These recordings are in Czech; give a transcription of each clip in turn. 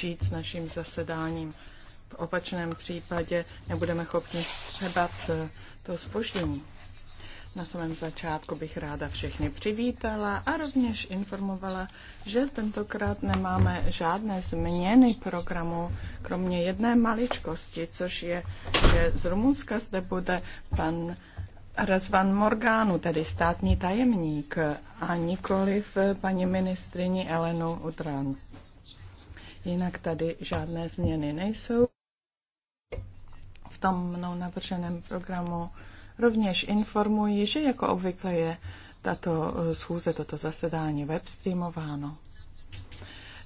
začít s naším zasedáním. V opačném případě nebudeme schopni střebat eh, to spoždění. Na samém začátku bych ráda všechny přivítala a rovněž informovala, že tentokrát nemáme žádné změny programu, kromě jedné maličkosti, což je, že z Rumunska zde bude pan Razvan Morgánu, tedy státní tajemník, a nikoliv paní ministrině Elenu Utran. Jinak tady žádné změny nejsou. V tom mnou navrženém programu rovněž informuji, že jako obvykle je tato eh, schůze, toto zasedání webstreamováno.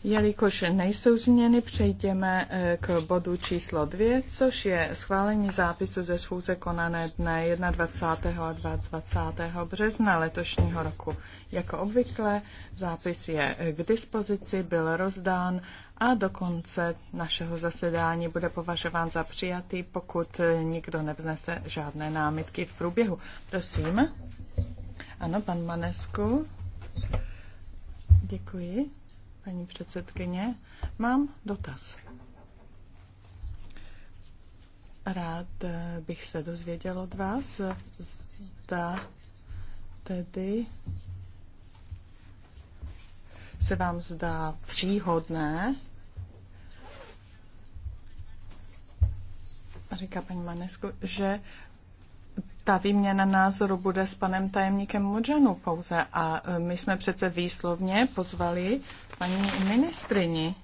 Jelikož nejsou změny, přejdeme eh, k bodu číslo 2, což je schválení zápisu ze schůze konané dne 21. a 22. března letošního roku. Jako obvykle zápis je eh, k dispozici, byl rozdán a do konce našeho zasedání bude považován za přijatý, pokud nikdo nevznese žádné námitky v průběhu. Prosím. Ano, pan Manesku. Děkuji, paní předsedkyně. Mám dotaz. Rád bych se dozvěděl od vás, zda tedy se vám zdá příhodné říká paní Manesku, že ta výměna názoru bude s panem tajemníkem Modžanu pouze a e, my jsme přece výslovně pozvali paní ministrini.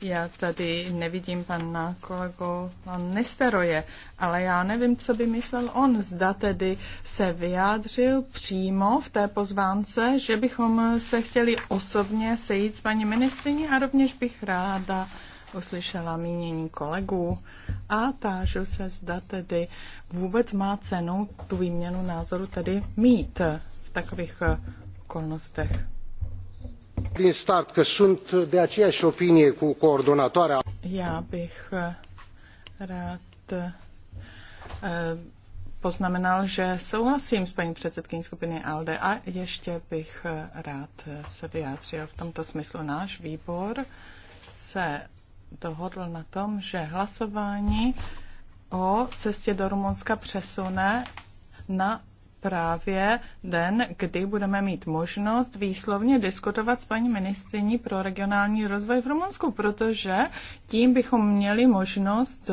Já tady nevidím pana kolegu pan Nesteroje, ale já nevím, co by myslel on. Zda tedy se vyjádřil přímo v té pozvánce, že bychom se chtěli osobně sejít s paní ministrině a rovněž bych ráda poslyšela mínění kolegů a tážu se, zda tedy vůbec má cenu tu výměnu názoru tedy mít v takových eh, okolnostech. Din start că sunt de aceeași opinie cu coordonatoarea. Já bych eh, rád eh, poznamenal, že souhlasím s paní předsedkyní skupiny ALDE a ještě bych rád se vyjádřil v tomto smyslu. Náš výbor se dohodl na tom, že hlasování o cestě do Rumunska přesune na právě den, kdy budeme mít možnost výslovně diskutovat s paní ministriní pro regionální rozvoj v Rumunsku, protože tím bychom měli možnost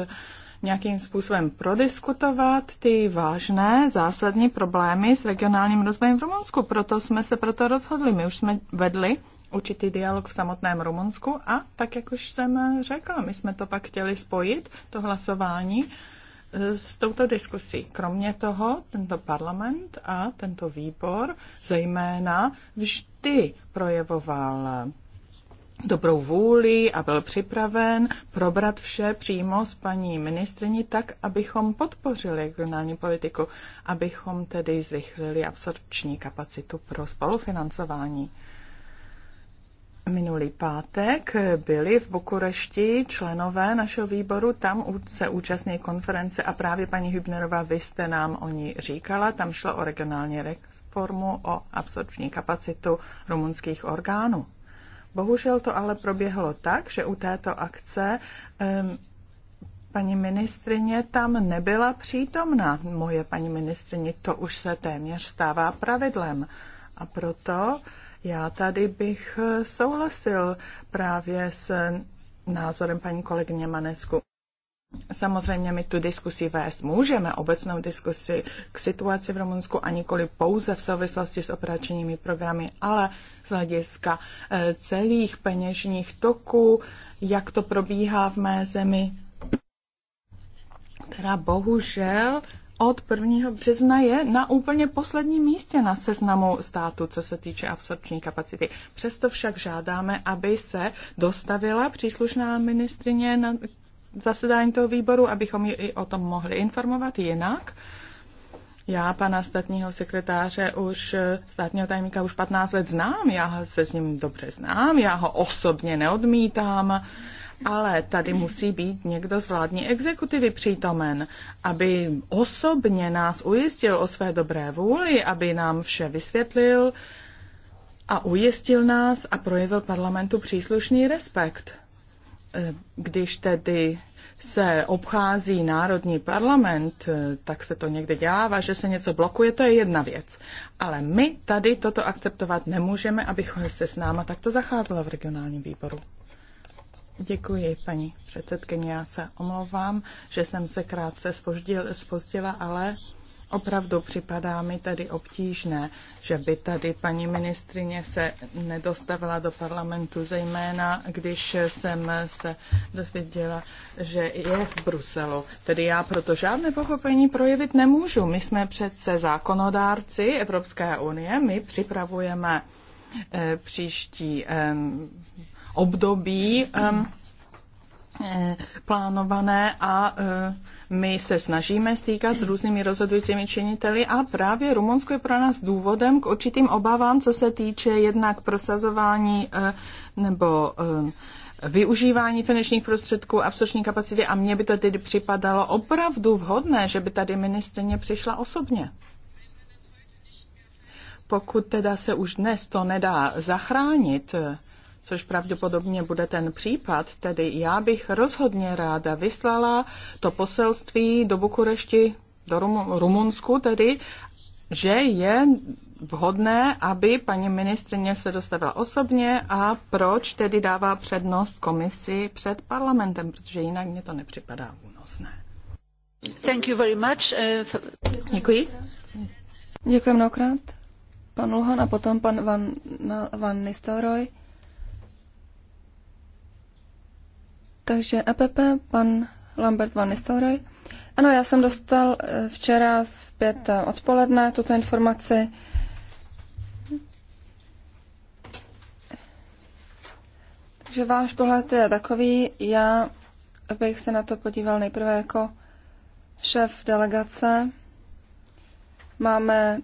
nějakým způsobem prodiskutovat ty vážné zásadní problémy s regionálním rozvojem v Rumunsku. Proto jsme se proto rozhodli. My už jsme vedli určitý dialog v samotném Rumunsku a tak, jak už jsem řekla, my jsme to pak chtěli spojit, to hlasování, eh, s touto diskusí. Kromě toho, tento parlament a tento výbor zejména vždy projevoval dobrou vůli a byl připraven probrat vše přímo s paní ministrní tak, abychom podpořili regionální politiku, abychom tedy zrychlili absorpční kapacitu pro spolufinancování. Minulý pátek byli v Bukurešti členové našeho výboru, tam se účastní konference a právě paní Hübnerová, vy jste nám o ní říkala, tam šlo o regionální reformu, o absorpční kapacitu rumunských orgánů. Bohužel to ale proběhlo tak, že u této akce um, paní ministrině tam nebyla přítomna. Moje paní ministrině to už se téměř stává pravidlem. A proto uh, já tady bych eh, souhlasil právě s názorem paní kolegyně Manesku. Samozřejmě my tu diskusi vést můžeme, obecnou diskusi k situaci v Rumunsku a nikoli pouze v souvislosti s operačními programy, ale z hlediska eh, celých peněžních toků, jak to probíhá v mé zemi, která bohužel od 1. března je na úplně posledním místě na seznamu státu, co se týče absorpční kapacity. Přesto však žádáme, aby se dostavila příslušná ministrině na zasedání toho výboru, abychom ji i o tom mohli informovat jinak. Já pana statního sekretáře už, státního tajemníka už 15 let znám, já se s ním dobře znám, já ho osobně neodmítám ale tady musí být někdo z vládní exekutivy přítomen, aby osobně nás ujistil o své dobré vůli, aby nám vše vysvětlil a ujistil nás a projevil parlamentu příslušný respekt. Eh, když tedy se obchází národní parlament, eh, tak se to někde dělá, že se něco blokuje, to je jedna věc. Ale my tady toto akceptovat nemůžeme, abychom se s náma takto zacházelo v regionálním výboru. Děkuji, paní předsedkyně. Já se omlouvám, že jsem se krátce spozdila, ale opravdu připadá mi tady obtížné, že by tady paní ministrině se nedostavila do parlamentu, zejména když jsem se dozvěděla, že je v Bruselu. Tedy já proto žádné pochopení projevit nemůžu. My jsme přece zákonodárci Evropské unie, my připravujeme eh, příští eh, období eh, plánované a eh, my se snažíme stýkat s různými rozhodujícími činiteli a právě Rumunsko je pro nás důvodem k určitým obavám, co se týče jednak prosazování eh, nebo využívání finančních prostředků a absorční kapacity a mně by to tedy připadalo opravdu vhodné, že by tady ministrně přišla osobně pokud teda se už dnes to nedá zachránit, což pravděpodobně bude ten případ, tedy já bych rozhodně ráda vyslala to poselství do Bukurešti, do Rum- Rumunsku tedy, že je vhodné, aby paní ministrině se dostavila osobně a proč tedy dává přednost komisi před parlamentem, protože jinak mě to nepřipadá únosné. Thank you very much. Eh, Děkuji. Děkuji mnohokrát. Pan Luhan a potom pan Van, Van Nistelrooy. Takže EPP, pan Lambert van Nistelrooy. Ano, já jsem dostal eh, včera v pět eh, odpoledne tuto informaci. Takže váš pohled je takový, já bych se na to podíval nejprve jako šéf delegace. Máme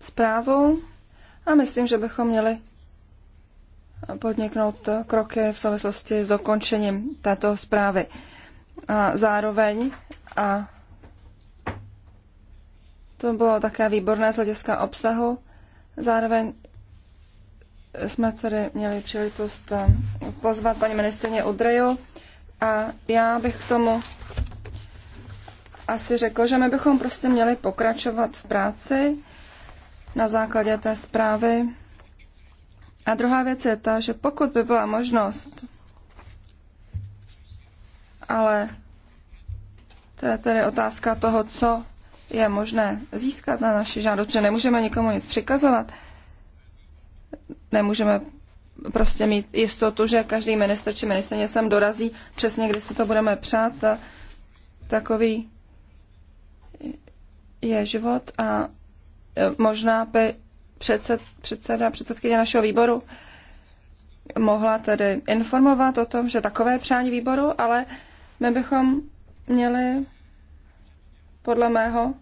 zprávu a myslím, že bychom měli podniknout kroky v souvislosti s dokončením této zprávy. A zároveň, a to bylo také výborné z hlediska obsahu, zároveň jsme tedy měli příležitost eh, pozvat paní ministrině Udreju a já bych k tomu asi řekl, že my bychom prostě měli pokračovat v práci na základě té zprávy a druhá věc je ta, že pokud by byla možnost, ale to je tedy otázka toho, co je možné získat na naši žádost, že nemůžeme nikomu nic přikazovat, nemůžeme prostě mít jistotu, že každý minister či ministerně sem dorazí přesně, kdy se to budeme přát. Takový je život a možná by předsed, předseda, předsedkyně našeho výboru mohla tedy informovat o tom, že takové přání výboru, ale my bychom měli podle mého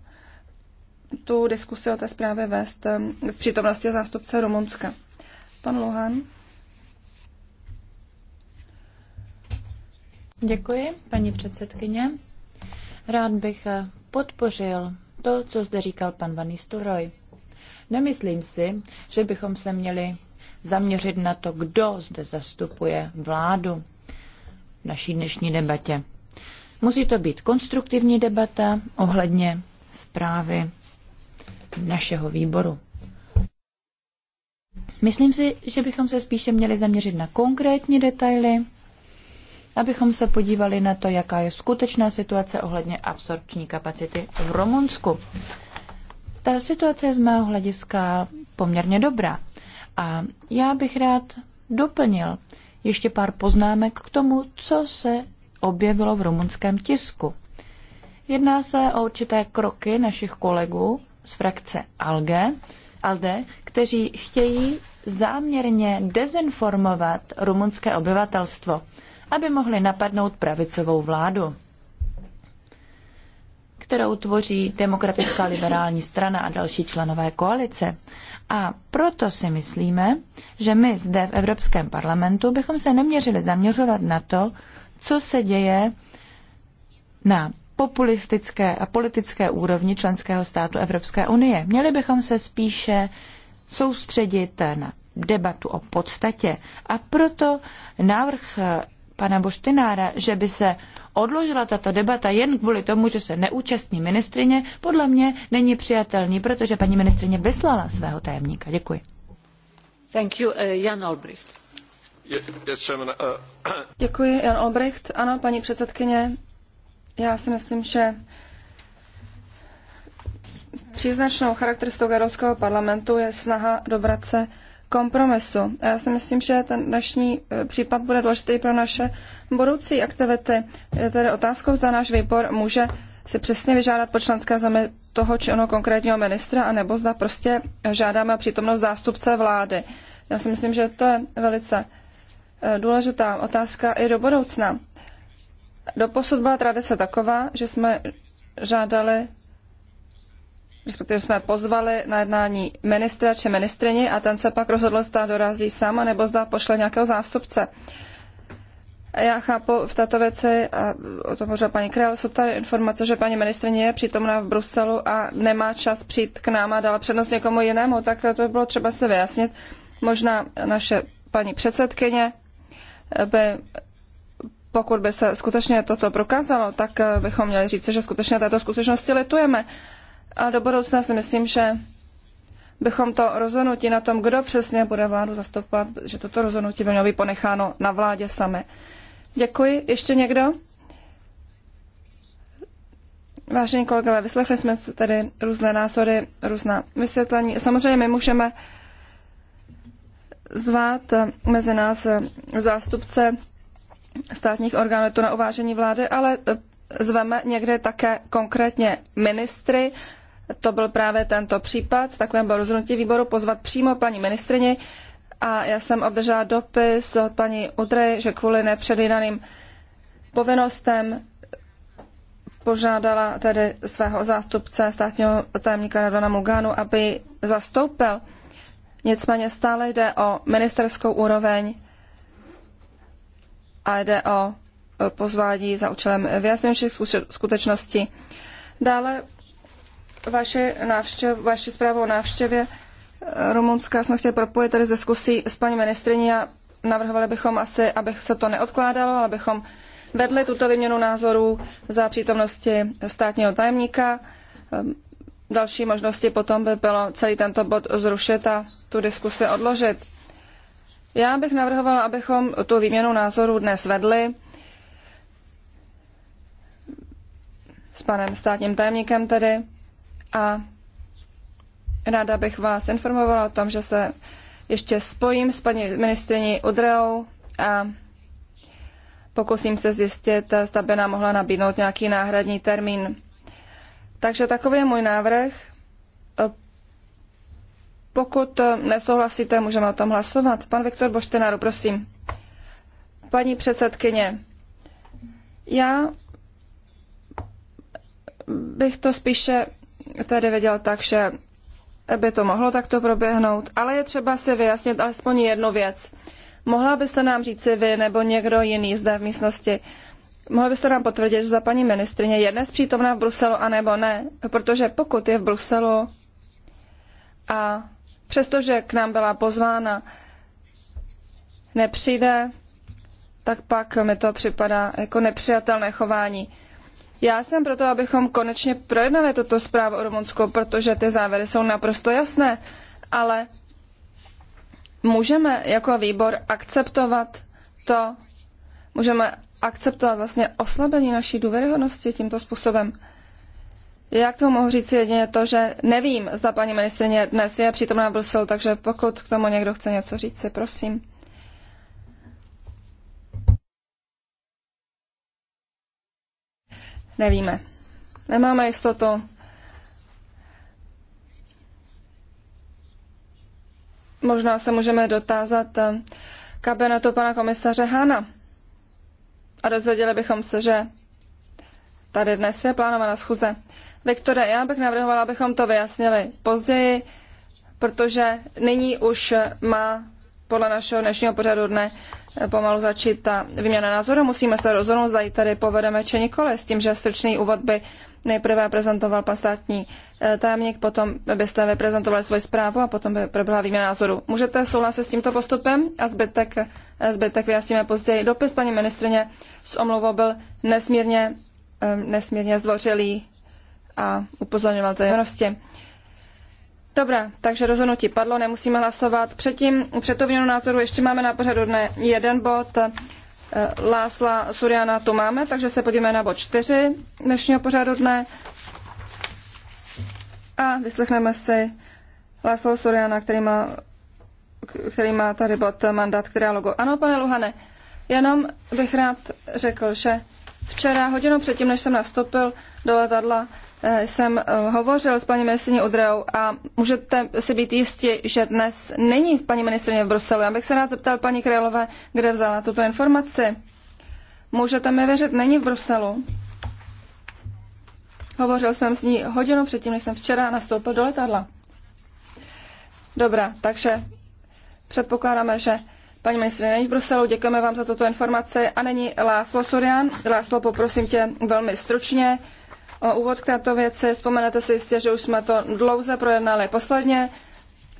tu diskusi o té zprávě vést eh, v přítomnosti zástupce Rumunska. Pan Luhan. Děkuji, paní předsedkyně. Rád bych eh, podpořil to, co zde říkal pan Van Nistelrooy. Nemyslím si, že bychom se měli zaměřit na to, kdo zde zastupuje vládu v naší dnešní debatě. Musí to být konstruktivní debata ohledně zprávy našeho výboru. Myslím si, že bychom se spíše měli zaměřit na konkrétní detaily, abychom se podívali na to, jaká je skutečná situace ohledně absorpční kapacity v Rumunsku. Ta situace je z mého hlediska poměrně dobrá. A já bych rád doplnil ještě pár poznámek k tomu, co se objevilo v rumunském tisku. Jedná se o určité kroky našich kolegů z frakce ALGE, ALDE, kteří chtějí záměrně dezinformovat rumunské obyvatelstvo, aby mohli napadnout pravicovou vládu kterou tvoří Demokratická liberální strana a další členové koalice. A proto si myslíme, že my zde v Evropském parlamentu bychom se neměřili zaměřovat na to, co se děje na populistické a politické úrovni členského státu Evropské unie. Měli bychom se spíše soustředit na debatu o podstatě. A proto návrh pana Boštinára, že by se odložila tato debata jen kvůli tomu, že se neúčastní ministrině, podle mě není přijatelný, protože paní ministrině vyslala svého tajemníka. Děkuji. Thank you, uh, Jan Olbricht. Yes, Chairman, uh... Děkuji, Jan Olbricht. Ano, paní předsedkyně, já si myslím, že příznačnou charakteristikou Evropského parlamentu je snaha dobrat se kompromisu. A já si myslím, že ten dnešní e, případ bude důležitý pro naše budoucí aktivity. Je tedy otázkou, zda náš výbor může si přesně vyžádat po členské zemi toho či ono konkrétního ministra, anebo zda prostě žádáme o přítomnost zástupce vlády. Já si myslím, že to je velice e, důležitá otázka i do budoucna. Doposud byla tradice taková, že jsme žádali respektive jsme pozvali na jednání ministra či ministrině a ten se pak rozhodl, zda dorazí sám, nebo zda pošle nějakého zástupce. Já chápu v této věci, a o tom možná paní Král, jsou tady informace, že paní ministrině je přítomná v Bruselu a nemá čas přijít k nám a dala přednost někomu jinému, tak to by bylo třeba se vyjasnit. Možná naše paní předsedkyně by pokud by se skutečně toto prokázalo, tak bychom měli říct, že skutečně této skutečnosti litujeme. A do budoucna si myslím, že bychom to rozhodnutí na tom, kdo přesně bude vládu zastupovat, že toto rozhodnutí by mělo být ponecháno na vládě samé. Děkuji. Ještě někdo? Vážení kolegové, vyslechli jsme tady různé názory, různá vysvětlení. Samozřejmě my můžeme zvát mezi nás zástupce státních orgánů, to na uvážení vlády, ale zveme někde také konkrétně ministry, to byl právě tento případ. Takovým bylo rozhodnutí výboru pozvat přímo paní ministrině a já jsem obdržela dopis od paní Udry, že kvůli nepředvídaným povinnostem požádala tedy svého zástupce státního tajemníka Radona Muganu, aby zastoupil. Nicméně stále jde o ministerskou úroveň a jde o pozvání za účelem vyjasnění skutečnosti. Dále vaši, návštěv, vaše zprávu o návštěvě eh, Rumunska jsme chtěli propojit tady ze zkusí s paní ministriní a navrhovali bychom asi, aby se to neodkládalo, ale abychom vedli tuto vyměnu názorů za přítomnosti státního tajemníka. Ehm, další možnosti potom by bylo celý tento bod zrušit a tu diskusi odložit. Já bych navrhovala, abychom tu výměnu názorů dnes vedli s panem státním tajemníkem tedy a ráda bych vás informovala o tom, že se ještě spojím s paní ministriní Udreou a pokusím se zjistit, zda by nám mohla nabídnout nějaký náhradní termín. Takže takový je můj návrh. E, pokud nesouhlasíte, můžeme o tom hlasovat. Pan Viktor Boštenáru, prosím. Paní předsedkyně, já bych to spíše tedy viděl tak, že by to mohlo takto proběhnout, ale je třeba si vyjasnit alespoň jednu věc. Mohla byste nám říci vy nebo někdo jiný zde v místnosti, mohla byste nám potvrdit, že za paní ministrině je dnes přítomná v Bruselu, a nebo ne? Protože pokud je v Bruselu a přestože k nám byla pozvána, nepřijde, tak pak mi to připadá jako nepřijatelné chování. Já jsem proto, abychom konečně projednali tuto zprávu o Rumunsku, protože ty závěry jsou naprosto jasné, ale můžeme jako výbor akceptovat to, můžeme akceptovat vlastně oslabení naší důvěryhodnosti tímto způsobem. Já k tomu mohu říct jedině to, že nevím, zda paní ministrině dnes je přítomná v Bruselu, takže pokud k tomu někdo chce něco říct, si prosím. nevíme. Nemáme jistotu. Možná se můžeme dotázat eh, kabinetu pana komisaře Hána. A dozvěděli bychom se, že tady dnes je plánovaná schůze. Viktore, já bych navrhovala, abychom to vyjasnili později, protože nyní už má podle našeho dnešního pořadu dne pomalu začít ta výměna názoru. Musíme se rozhodnout, zda ji tady povedeme či nikoli, s tím, že stručný úvod by nejprve prezentoval pan státní eh, tajemník, potom byste vyprezentovali svoji zprávu a potom by proběhla výměna názoru. Můžete souhlasit s tímto postupem a zbytek, eh, zbytek vyjasníme později. Dopis paní ministrině s omluvou byl nesmírně, eh, nesmírně zdvořilý a upozorňoval tajemnosti. Dobrá, takže rozhodnutí padlo, nemusíme hlasovat. Předtím, před to názoru ještě máme na pořadu dne jeden bod. Eh, Lásla Suriana tu máme, takže se podíváme na bod čtyři dnešního pořadu dne. A vyslechneme si Lásla Suriana, který má, který má tady bod mandát k dialogu. Ano, pane Luhane, jenom bych rád řekl, že včera, hodinu předtím, než jsem nastoupil do letadla, Eh, jsem eh, hovořil s paní ministriní Udrou a můžete si být jisti, že dnes není paní ministrině v Bruselu. Já bych se rád zeptal paní Krylové, kde vzala tuto informaci. Můžete mi věřit, není v Bruselu. Hovořil jsem s ní hodinu předtím, než jsem včera nastoupil do letadla. Dobrá, takže předpokládáme, že paní ministrině není v Bruselu. Děkujeme vám za tuto informaci. A není Láslo Sorian. Láslo, poprosím tě velmi stručně o úvod k této věci. Vzpomenete si jistě, že už jsme to dlouze projednali posledně,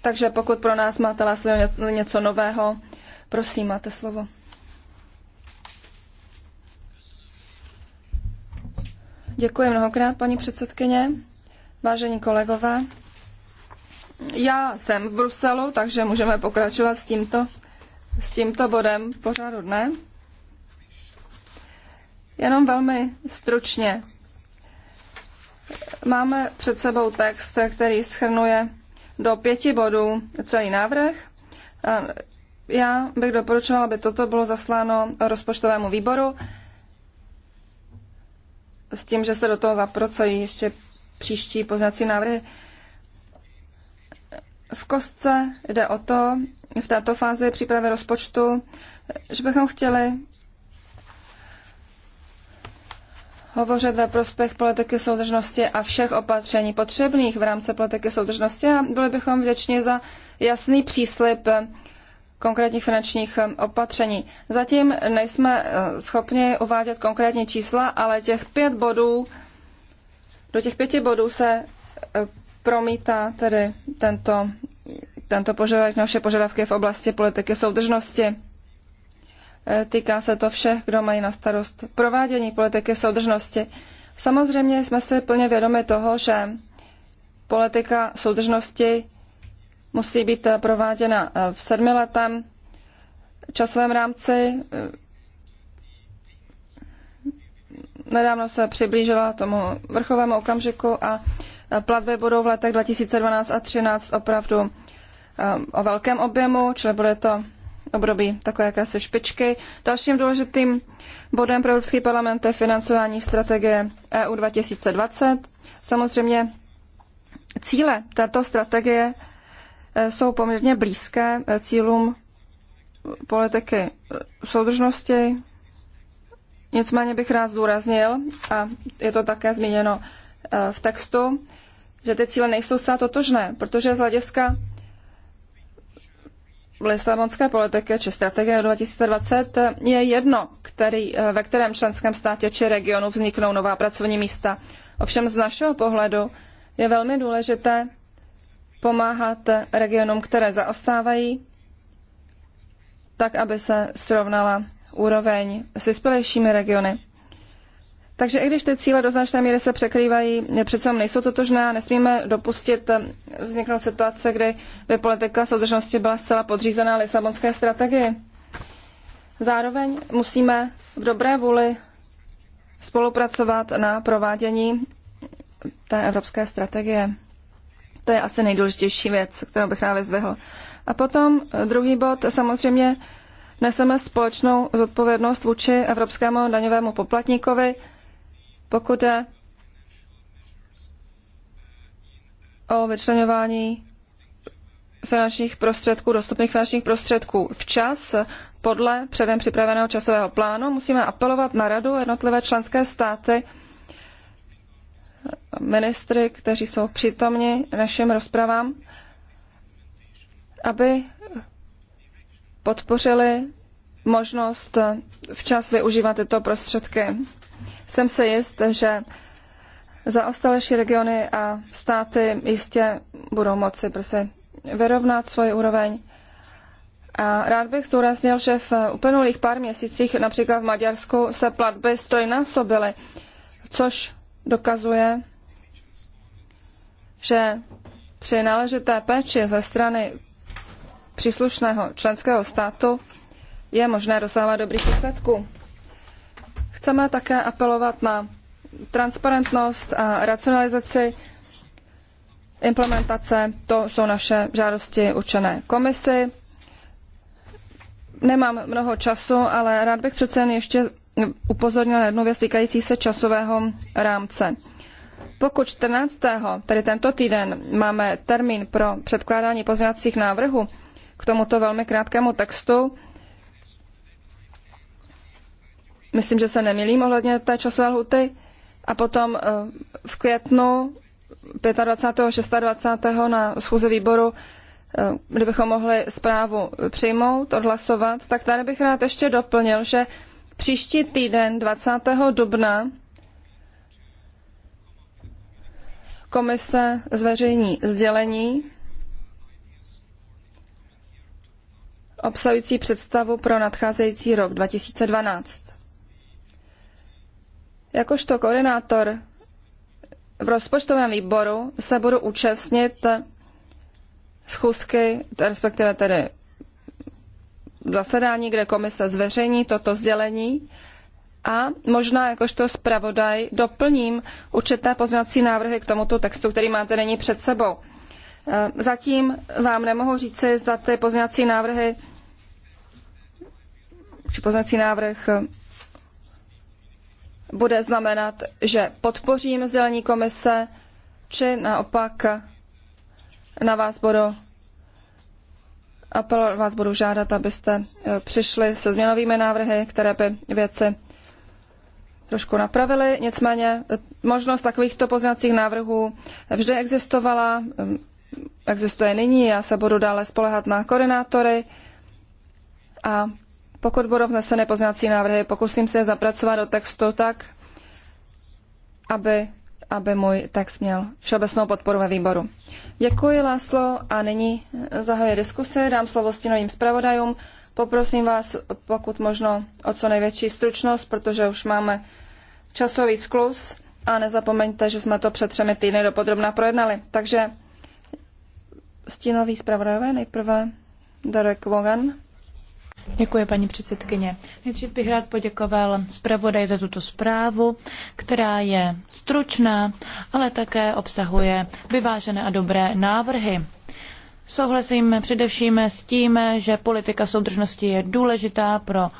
takže pokud pro nás máte Laslo něco nového, prosím, máte slovo. Děkuji mnohokrát, paní předsedkyně. Vážení kolegové, já jsem v Bruselu, takže můžeme pokračovat s tímto, s tímto bodem pořádu dne. Jenom velmi stručně Máme před sebou text, který schrnuje do pěti bodů celý návrh. Já bych doporučovala, aby toto bylo zasláno rozpočtovému výboru s tím, že se do toho zaprocojí ještě příští poznací návrhy. V kostce jde o to, v této fázi přípravy rozpočtu, že bychom chtěli hovořit ve prospěch politiky soudržnosti a všech opatření potřebných v rámci politiky soudržnosti a byli bychom vděční za jasný příslip konkrétních finančních eh, opatření. Zatím nejsme eh, schopni uvádět konkrétní čísla, ale těch pět bodů, do těch pěti bodů se eh, promítá tedy tento, tento požadavek, naše požadavky v oblasti politiky soudržnosti. Eh, týká se to všech, kdo mají na starost provádění politiky soudržnosti. Samozřejmě jsme si plně vědomi toho, že politika soudržnosti musí být eh, prováděna eh, v sedmiletém časovém rámci. Nedávno se přiblížila tomu vrchovému okamžiku a platby budou v letech 2012 a 2013 opravdu o velkém objemu, čili bude to období takové jakési špičky. Dalším důležitým bodem pro Evropský parlament je financování strategie EU 2020. Samozřejmě cíle této strategie e, jsou poměrně blízké e, cílům politiky e, soudržnosti. Nicméně bych rád zdůraznil, a je to také zmíněno v textu, že ty cíle nejsou zcela totožné, protože z hlediska Lisabonské politiky či strategie 2020 je jedno, který, eh, ve kterém členském státě či regionu vzniknou nová pracovní místa. Ovšem z našeho pohledu je velmi důležité pomáhat regionům, které zaostávají, tak, aby se srovnala úroveň s vyspělejšími regiony. Takže i když ty cíle do značné míry se překrývají, přece nejsou totožné a nesmíme dopustit eh, vzniknout situace, kdy by politika soudržnosti byla zcela podřízená Lisabonské strategii. Zároveň musíme v dobré vůli spolupracovat na provádění té evropské strategie. To je asi nejdůležitější věc, kterou bych rád vyzdvihl. A potom eh, druhý bod, samozřejmě neseme společnou zodpovědnost vůči evropskému daňovému poplatníkovi, pokud jde o vyčlenování finančních prostředků, dostupných finančních prostředků včas podle předem připraveného časového plánu. Musíme apelovat na radu jednotlivé členské státy, ministry, kteří jsou přítomni našim rozpravám, aby podpořili možnost včas využívat tyto prostředky. Jsem se jist, že zaostalejší regiony a státy jistě budou moci prostě vyrovnat svoji úroveň. A rád bych zdůraznil, že v uplynulých pár měsících, například v Maďarsku, se platby strojnásobily, což dokazuje, že při náležité péči ze strany příslušného členského státu je možné dosávat dobrých výsledků. Chceme také apelovat na transparentnost a racionalizaci implementace. To jsou naše žádosti určené komisi. Nemám mnoho času, ale rád bych přece jen ještě upozornil na jednu věc týkající se časového rámce. Pokud 14. tedy tento týden máme termín pro předkládání pozměňovacích návrhů k tomuto velmi krátkému textu, myslím, že se nemilím ohledně té časové lhuty, a potom eh, v květnu 25. 26. na schůze výboru, eh, kdybychom mohli zprávu přijmout, odhlasovat, tak tady bych rád ještě doplnil, že příští týden 20. dubna komise zveřejní sdělení obsahující představu pro nadcházející rok 2012. Jakožto koordinátor v rozpočtovém výboru se budu účastnit schůzky, respektive tedy zasedání, kde komise zveřejní toto sdělení a možná jakožto zpravodaj doplním určité pozměňovací návrhy k tomuto textu, který máte nyní před sebou. Zatím vám nemohu říci, zda ty pozměňovací návrhy či pozměňovací návrh bude znamenat, že podpořím sdělení komise, či naopak na vás budu apel vás budu žádat, abyste e, přišli se změnovými návrhy, které by věci trošku napravily. Nicméně e, možnost takovýchto pozměňovacích návrhů vždy existovala, existuje nyní, já se budu dále spolehat na koordinátory a pokud budou vzneseny pozměňovací návrhy, pokusím se je zapracovat do textu tak, aby, aby můj text měl všeobecnou podporu ve výboru. Děkuji, Láslo, a nyní zahajuji diskuse, dám slovo stínovým zpravodajům. Poprosím vás, pokud možno, o co největší stručnost, protože už máme časový sklus a nezapomeňte, že jsme to před třemi týdny dopodrobná projednali. Takže stínový zpravodajové nejprve Derek Wogan. Děkuji, paní předsedkyně. Nejdřív bych rád poděkoval zpravodaj za tuto zprávu, která je stručná, ale také obsahuje vyvážené a dobré návrhy. Souhlasím především s tím, že politika soudržnosti je důležitá pro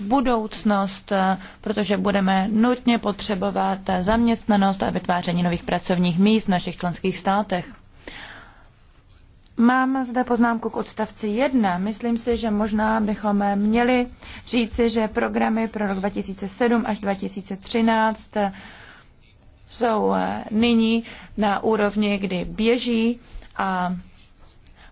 budoucnost, protože budeme nutně potřebovat zaměstnanost a vytváření nových pracovních míst v našich členských státech. Mám zde poznámku k odstavci 1. Myslím si, že možná bychom měli říci, že programy pro rok 2007 až 2013 jsou eh, nyní na úrovni, kdy běží a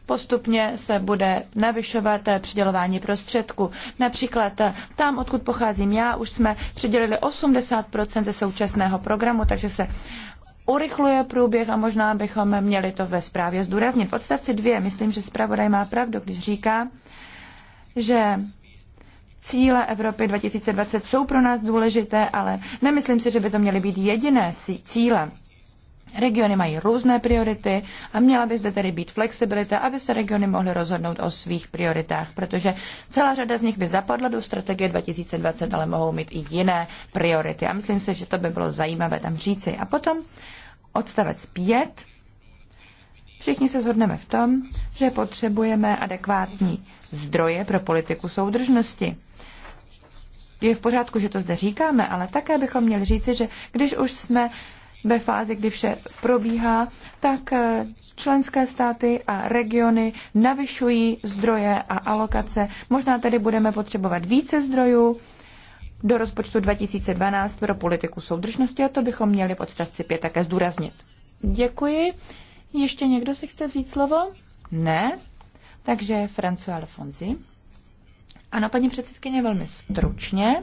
postupně se bude navyšovat eh, přidělování prostředků. Například eh, tam, odkud pocházím já, už jsme přidělili 80% ze současného programu, takže se urychluje průběh a možná bychom měli to ve zprávě zdůraznit. V odstavci dvě. myslím, že zpravodaj má pravdu, když říká, že cíle Evropy 2020 jsou pro nás důležité, ale nemyslím si, že by to měly být jediné cíle. Regiony mají různé priority a měla by zde tedy být flexibilita, aby se regiony mohly rozhodnout o svých prioritách, protože celá řada z nich by zapadla do strategie 2020, ale mohou mít i jiné priority. A myslím si, že to by bylo zajímavé tam říci. A potom odstavec 5. Všichni se shodneme v tom, že potřebujeme adekvátní zdroje pro politiku soudržnosti je v pořádku, že to zde říkáme, ale také bychom měli říci, že když už jsme ve fázi, kdy vše probíhá, tak eh, členské státy a regiony navyšují zdroje a alokace. Možná tedy budeme potřebovat více zdrojů do rozpočtu 2012 pro politiku soudržnosti a to bychom měli v odstavci 5 také zdůraznit. Děkuji. Ještě někdo si chce vzít slovo? Ne? Takže François Alfonzi. Ano, paní předsedkyně, velmi stručně.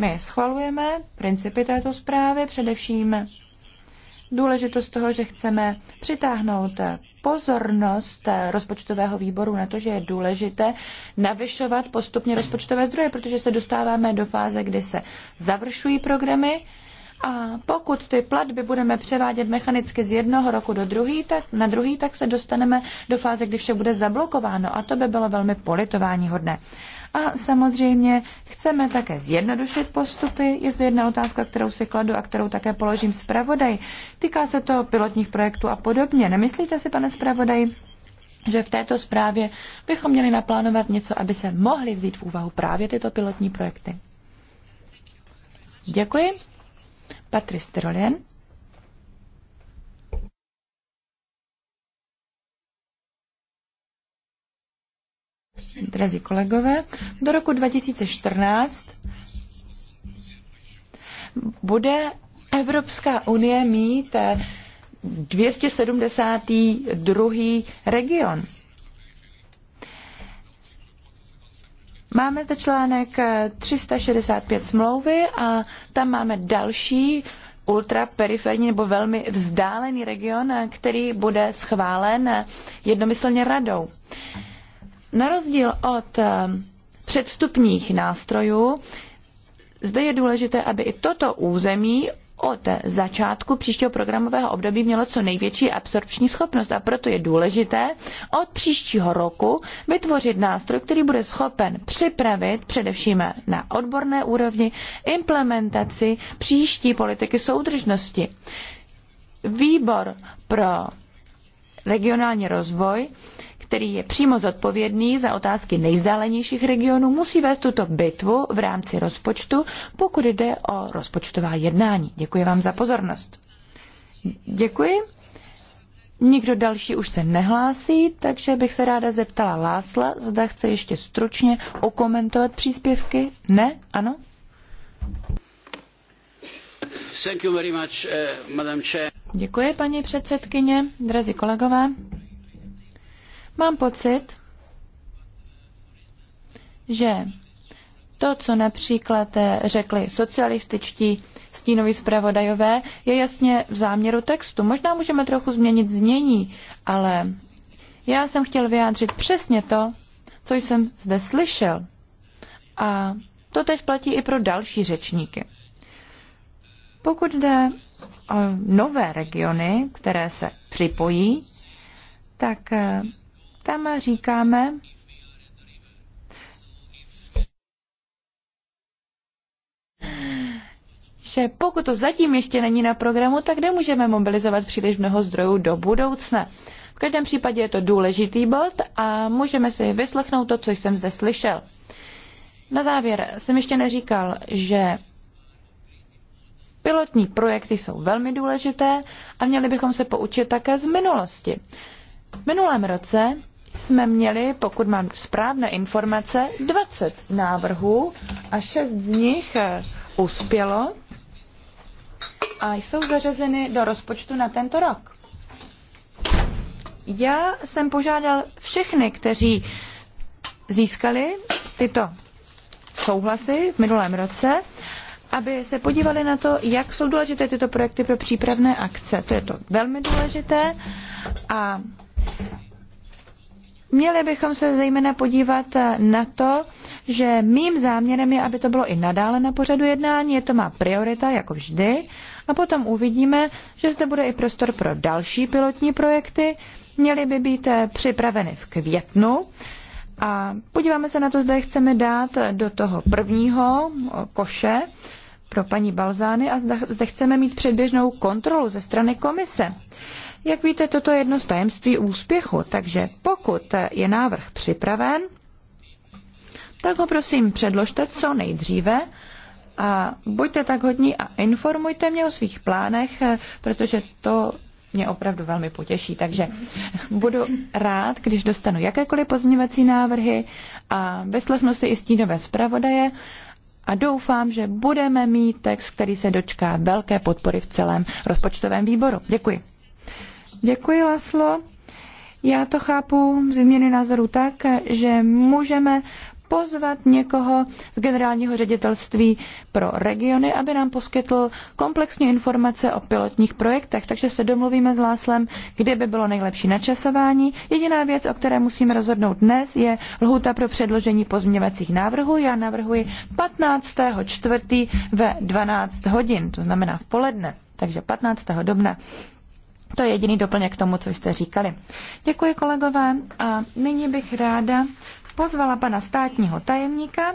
My schvalujeme principy této zprávy, především důležitost toho, že chceme přitáhnout pozornost rozpočtového výboru na to, že je důležité navyšovat postupně rozpočtové zdroje, protože se dostáváme do fáze, kdy se završují programy a pokud ty platby budeme převádět mechanicky z jednoho roku do druhý, tak, na druhý, tak se dostaneme do fáze, kdy vše bude zablokováno a to by bylo velmi politování hodné. A samozřejmě chceme také zjednodušit postupy. Je zde jedna otázka, kterou si kladu a kterou také položím zpravodaj. Týká se to pilotních projektů a podobně. Nemyslíte si, pane zpravodaj, že v této zprávě bychom měli naplánovat něco, aby se mohly vzít v úvahu právě tyto pilotní projekty? Děkuji. Patrice Tyrolien. drazí kolegové, do roku 2014 bude Evropská unie mít 272. region. Máme to článek 365 smlouvy a tam máme další ultraperiferní nebo velmi vzdálený region, který bude schválen jednomyslně radou. Na rozdíl od eh, předstupních nástrojů, zde je důležité, aby i toto území od začátku příštího programového období mělo co největší absorpční schopnost a proto je důležité od příštího roku vytvořit nástroj, který bude schopen připravit především na odborné úrovni implementaci příští politiky soudržnosti. Výbor pro regionální rozvoj který je přímo zodpovědný za otázky nejvzdálenějších regionů, musí vést tuto bitvu v rámci rozpočtu, pokud jde o rozpočtová jednání. Děkuji vám za pozornost. Děkuji. Nikdo další už se nehlásí, takže bych se ráda zeptala Lásla, zda chce ještě stručně okomentovat příspěvky. Ne? Ano? Eh, Děkuji, paní předsedkyně, drazí kolegové. Mám pocit, že to, co například eh, řekli socialističtí stínoví zpravodajové, je jasně v záměru textu. Možná můžeme trochu změnit znění, ale já jsem chtěl vyjádřit přesně to, co jsem zde slyšel. A to tež platí i pro další řečníky. Pokud jde o nové regiony, které se připojí, tak eh, tam říkáme, že pokud to zatím ještě není na programu, tak nemůžeme mobilizovat příliš mnoho zdrojů do budoucna. V každém případě je to důležitý bod a můžeme si vyslechnout to, co jsem zde slyšel. Na závěr jsem ještě neříkal, že pilotní projekty jsou velmi důležité a měli bychom se poučit také z minulosti. V minulém roce jsme měli, pokud mám správné informace, 20 návrhů a 6 z nich eh, uspělo a jsou zařazeny do rozpočtu na tento rok. Já jsem požádal všechny, kteří získali tyto souhlasy v minulém roce, aby se podívali na to, jak jsou důležité tyto projekty pro přípravné akce. To je to velmi důležité a Měli bychom se zejména podívat eh, na to, že mým záměrem je, aby to bylo i nadále na pořadu jednání, je to má priorita, jako vždy, a potom uvidíme, že zde bude i prostor pro další pilotní projekty, měly by být eh, připraveny v květnu. A podíváme se na to, zda je chceme dát eh, do toho prvního koše pro paní Balzány a zde chceme mít předběžnou kontrolu ze strany komise. Jak víte, toto je jedno z tajemství úspěchu, takže pokud je návrh připraven, tak ho prosím předložte co nejdříve a buďte tak hodní a informujte mě o svých plánech, protože to mě opravdu velmi potěší. Takže budu rád, když dostanu jakékoliv pozměňovací návrhy a vyslechnu si i stínové zpravodaje a doufám, že budeme mít text, který se dočká velké podpory v celém rozpočtovém výboru. Děkuji. Děkuji, Laslo. Já to chápu z změny názoru tak, že můžeme pozvat někoho z generálního ředitelství pro regiony, aby nám poskytl komplexní informace o pilotních projektech. Takže se domluvíme s Láslem, kde by bylo nejlepší načasování. Jediná věc, o které musíme rozhodnout dnes, je lhůta pro předložení pozměňovacích návrhů. Já navrhuji 15. čtvrtý ve 12 hodin, to znamená v poledne, takže 15. dubna. To je jediný doplněk k tomu, co jste říkali. Děkuji kolegové a nyní bych ráda pozvala pana státního tajemníka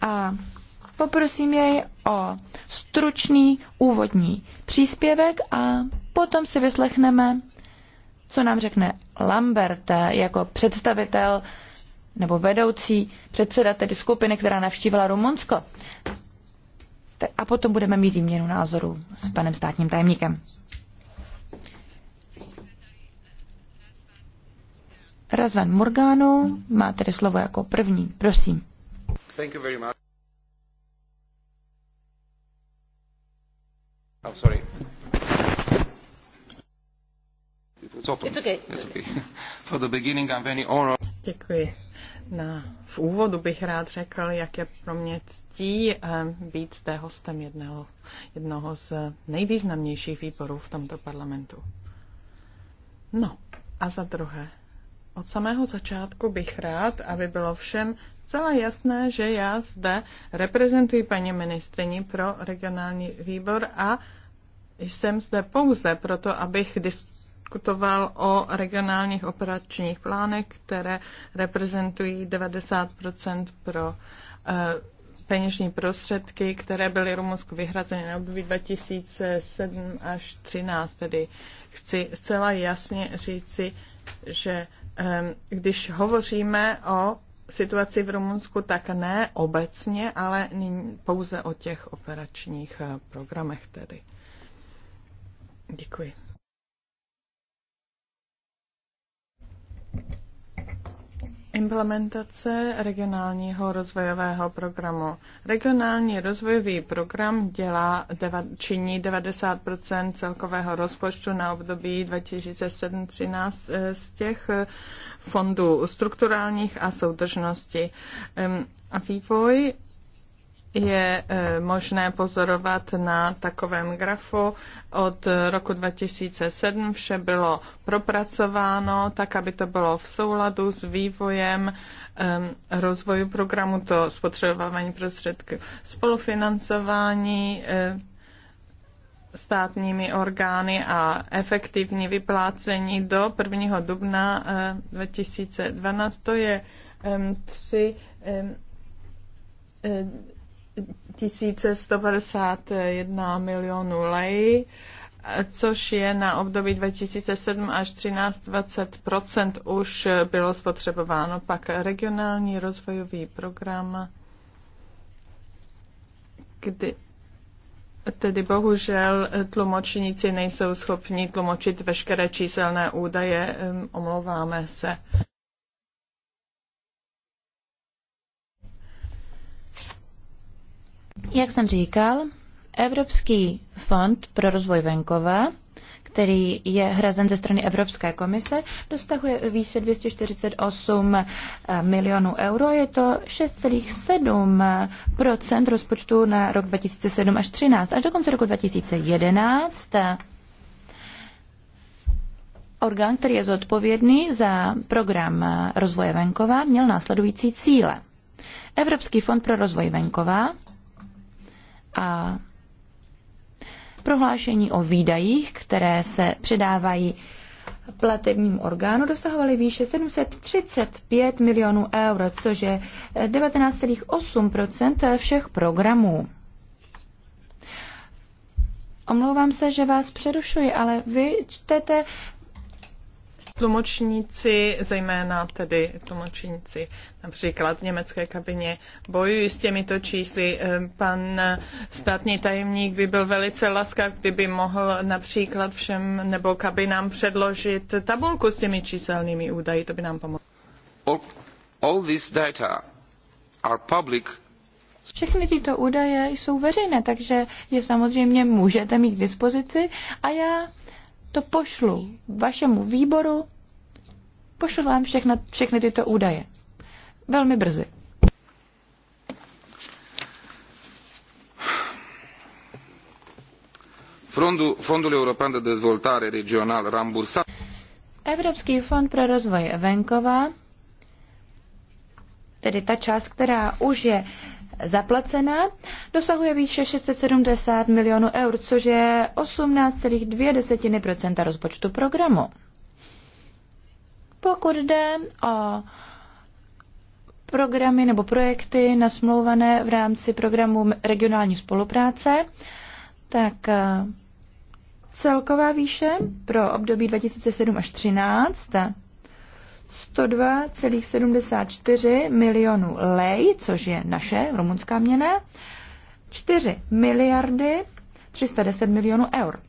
a poprosím jej o stručný úvodní příspěvek a potom si vyslechneme, co nám řekne Lambert jako představitel nebo vedoucí předseda tedy skupiny, která navštívila Rumunsko. A potom budeme mít výměnu názorů s panem státním tajemníkem. Razvan Morgano má tedy slovo jako první. Prosím. Thank you very much. I'm oh, sorry. It's open. It's okay. It's okay. For the beginning, I'm very honored. Děkuji. Na, v úvodu bych rád řekl, jak je pro mě ctí eh, být zde hostem jedného, jednoho z nejvýznamnějších výborů v tomto parlamentu. No, a za druhé, od samého začátku bych rád, aby bylo všem celé jasné, že já zde reprezentuji paní ministrině pro regionální výbor a jsem zde pouze proto, abych diskutoval o regionálních operačních plánech, které reprezentují 90 pro eh, peněžní prostředky, které byly Rumunsku vyhrazeny na období 2007 až 2013. Tedy chci zcela jasně říci, že když hovoříme o situaci v Rumunsku, tak ne obecně, ale pouze o těch operačních eh, programech tedy. Děkuji. Implementace regionálního rozvojového programu. Regionální rozvojový program dělá, deva, činí 90 celkového rozpočtu na období 2017 2013 eh, z těch eh, fondů strukturálních a soudržnosti. A vývoj je eh, možné pozorovat na takovém grafu. Od roku 2007 vše bylo propracováno tak, aby to bylo v souladu s vývojem ehm, rozvoju programu, to spotřebování prostředků, spolufinancování eh, státními orgány a efektivní vyplácení do 1. dubna 2012. Eh, to je 3 ehm, 1151 milionů lei, což je na období 2007 až 13 20 už bylo spotřebováno. Pak regionální rozvojový program, kdy Tedy bohužel tlumočníci nejsou schopni tlumočit veškeré číselné údaje, omlouváme se. Jak jsem říkal, Evropský fond pro rozvoj venkova, který je hrazen ze strany Evropské komise, dostahuje výše 248 eh, milionů euro. Je to 6,7 rozpočtu na rok 2007 až 2013. Až do konce roku 2011 eh, orgán, který je zodpovědný za program eh, rozvoje venkova, měl následující cíle. Evropský fond pro rozvoj venkova a prohlášení o výdajích, které se předávají platebním orgánu dosahovaly výše 735 milionů eur, což je 19,8 všech programů. Omlouvám se, že vás přerušuji, ale vy čtete Tlumočníci, zejména tedy tlumočníci například v německé kabině, bojují s těmito čísly. Eh, Pan státní tajemník by byl velice laskav, kdyby mohl například všem nebo kabinám předložit tabulku s těmi číselnými údaji, to by nám pomohlo. All, all these data are public všechny tyto údaje jsou veřejné, takže je samozřejmě můžete mít k dispozici a já to pošlu vašemu výboru, pošlu vám všechna, všechny tyto údaje. Velmi brzy. Fondul, Fondul European de Dezvoltare Regional Evropský fond pro rozvoj venkova, tedy ta část, která už je zaplacena, dosahuje výše 670 milionů eur, což je 18,2 rozpočtu programu. Pokud jde o programy nebo projekty nasmlouvané v rámci programu regionální spolupráce, tak eh, celková výše pro období 2007 až 2013 102,74 milionů lej, což je naše rumunská měna, 4 miliardy 310 milionů eur.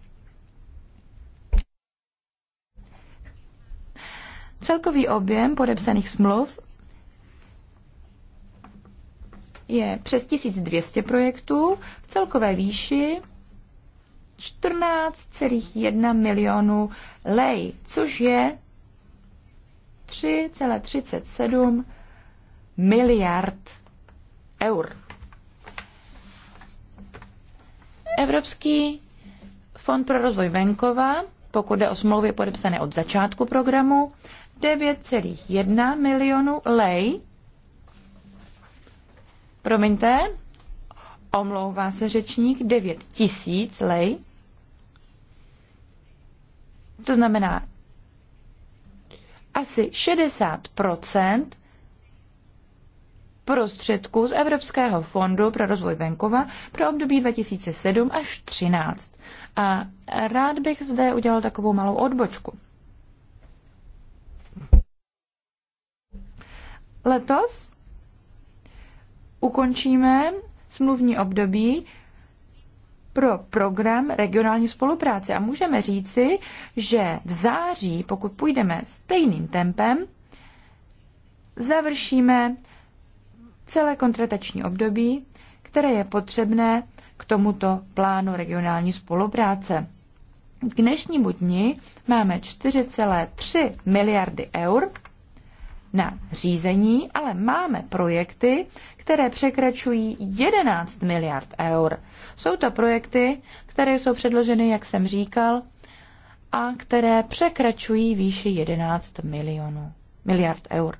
Celkový objem podepsaných smluv je přes 1200 projektů v celkové výši 14,1 milionů lej, což je 3,37 miliard eur. Evropský fond pro rozvoj venkova, pokud jde o smlouvy podepsané od začátku programu, 9,1 milionu lej. Promiňte, omlouvá se řečník 9 tisíc lej. To znamená asi 60 prostředků z Evropského fondu pro rozvoj venkova pro období 2007 až 2013. A rád bych zde udělal takovou malou odbočku. Letos ukončíme smluvní období pro program regionální spolupráce. A můžeme říci, že v září, pokud půjdeme stejným tempem, završíme celé kontratační období, které je potřebné k tomuto plánu regionální spolupráce. K dnešnímu dni máme 4,3 miliardy eur na řízení, ale máme projekty, které překračují 11 miliard eur. Jsou to projekty, které jsou předloženy, jak jsem říkal, a které překračují výši 11 milionů, miliard eur.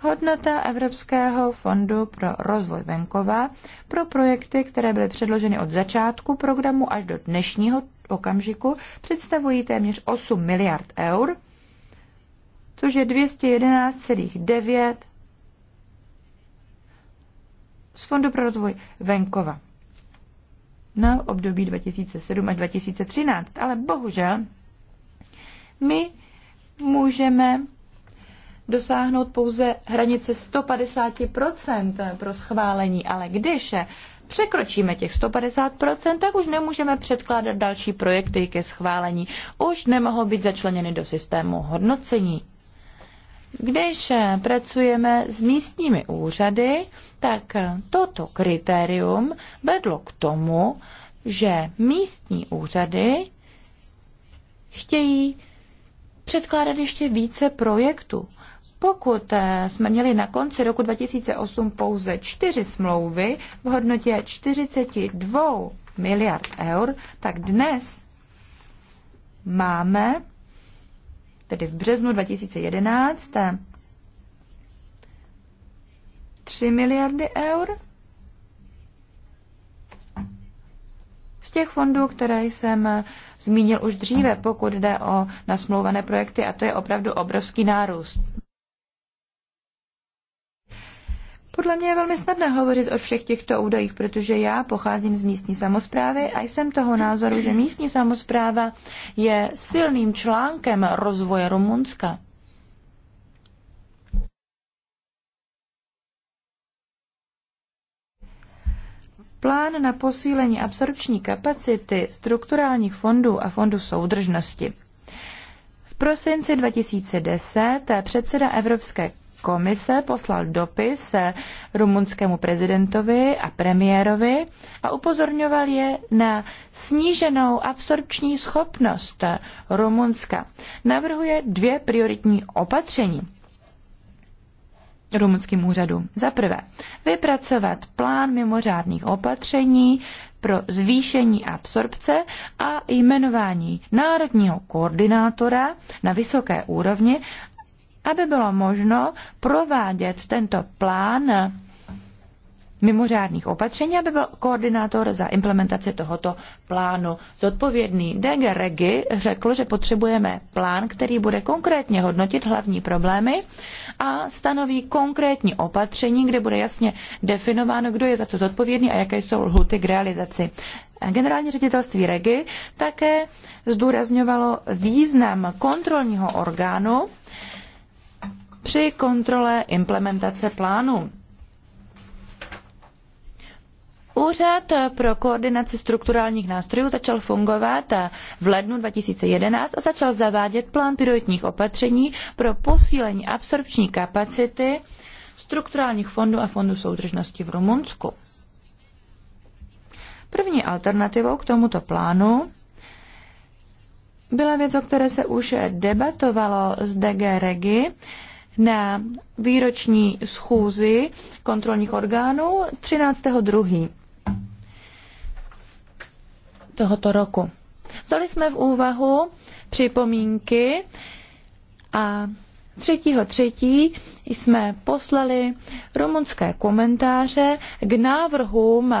Hodnota Evropského fondu pro rozvoj venkova pro projekty, které byly předloženy od začátku programu až do dnešního okamžiku, představují téměř 8 miliard eur což je 211,9 z Fondu pro rozvoj venkova na období 2007 až 2013. Ale bohužel my můžeme dosáhnout pouze hranice 150% pro schválení, ale když překročíme těch 150%, tak už nemůžeme předkládat další projekty ke schválení. Už nemohou být začleněny do systému hodnocení. Když pracujeme s místními úřady, tak toto kritérium vedlo k tomu, že místní úřady chtějí předkládat ještě více projektů. Pokud eh, jsme měli na konci roku 2008 pouze čtyři smlouvy v hodnotě 42 miliard eur, tak dnes máme tedy v březnu 2011, 3 miliardy eur z těch fondů, které jsem zmínil už dříve, pokud jde o nasmluvané projekty, a to je opravdu obrovský nárůst. Podle mě je velmi snadné hovořit o všech těchto údajích, protože já pocházím z místní samozprávy a jsem toho názoru, že místní samozpráva je silným článkem rozvoje Rumunska. Plán na posílení absorpční kapacity strukturálních fondů a fondů soudržnosti. V prosinci 2010 předseda Evropské komise poslal dopis rumunskému prezidentovi a premiérovi a upozorňoval je na sníženou absorpční schopnost Rumunska. Navrhuje dvě prioritní opatření rumunským úřadům. Za prvé, vypracovat plán mimořádných opatření pro zvýšení absorpce a jmenování národního koordinátora na vysoké úrovni aby bylo možno provádět tento plán mimořádných opatření, aby byl koordinátor za implementaci tohoto plánu zodpovědný. DG Regi řekl, že potřebujeme plán, který bude konkrétně hodnotit hlavní problémy a stanoví konkrétní opatření, kde bude jasně definováno, kdo je za to zodpovědný a jaké jsou lhuty k realizaci. Generální ředitelství Regi také zdůrazňovalo význam kontrolního orgánu, při kontrole implementace plánu. Úřad pro koordinaci strukturálních nástrojů začal fungovat v lednu 2011 a začal zavádět plán prioritních opatření pro posílení absorpční kapacity strukturálních fondů a fondů soudržnosti v Rumunsku. První alternativou k tomuto plánu byla věc, o které se už debatovalo z DG Regi na výroční schůzi kontrolních orgánů 13.2. tohoto roku. Vzali jsme v úvahu připomínky a 3.3. jsme poslali rumunské komentáře k návrhům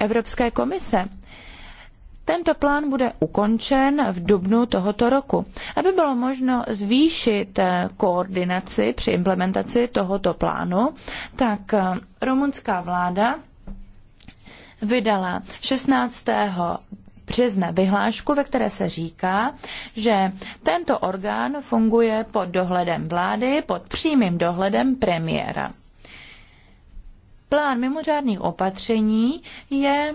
Evropské komise. Tento plán bude ukončen v dubnu tohoto roku. Aby bylo možno zvýšit eh, koordinaci při implementaci tohoto plánu, tak eh, rumunská vláda vydala 16 března vyhlášku, ve které se říká, že tento orgán funguje pod dohledem vlády, pod přímým dohledem premiéra. Plán mimořádných opatření je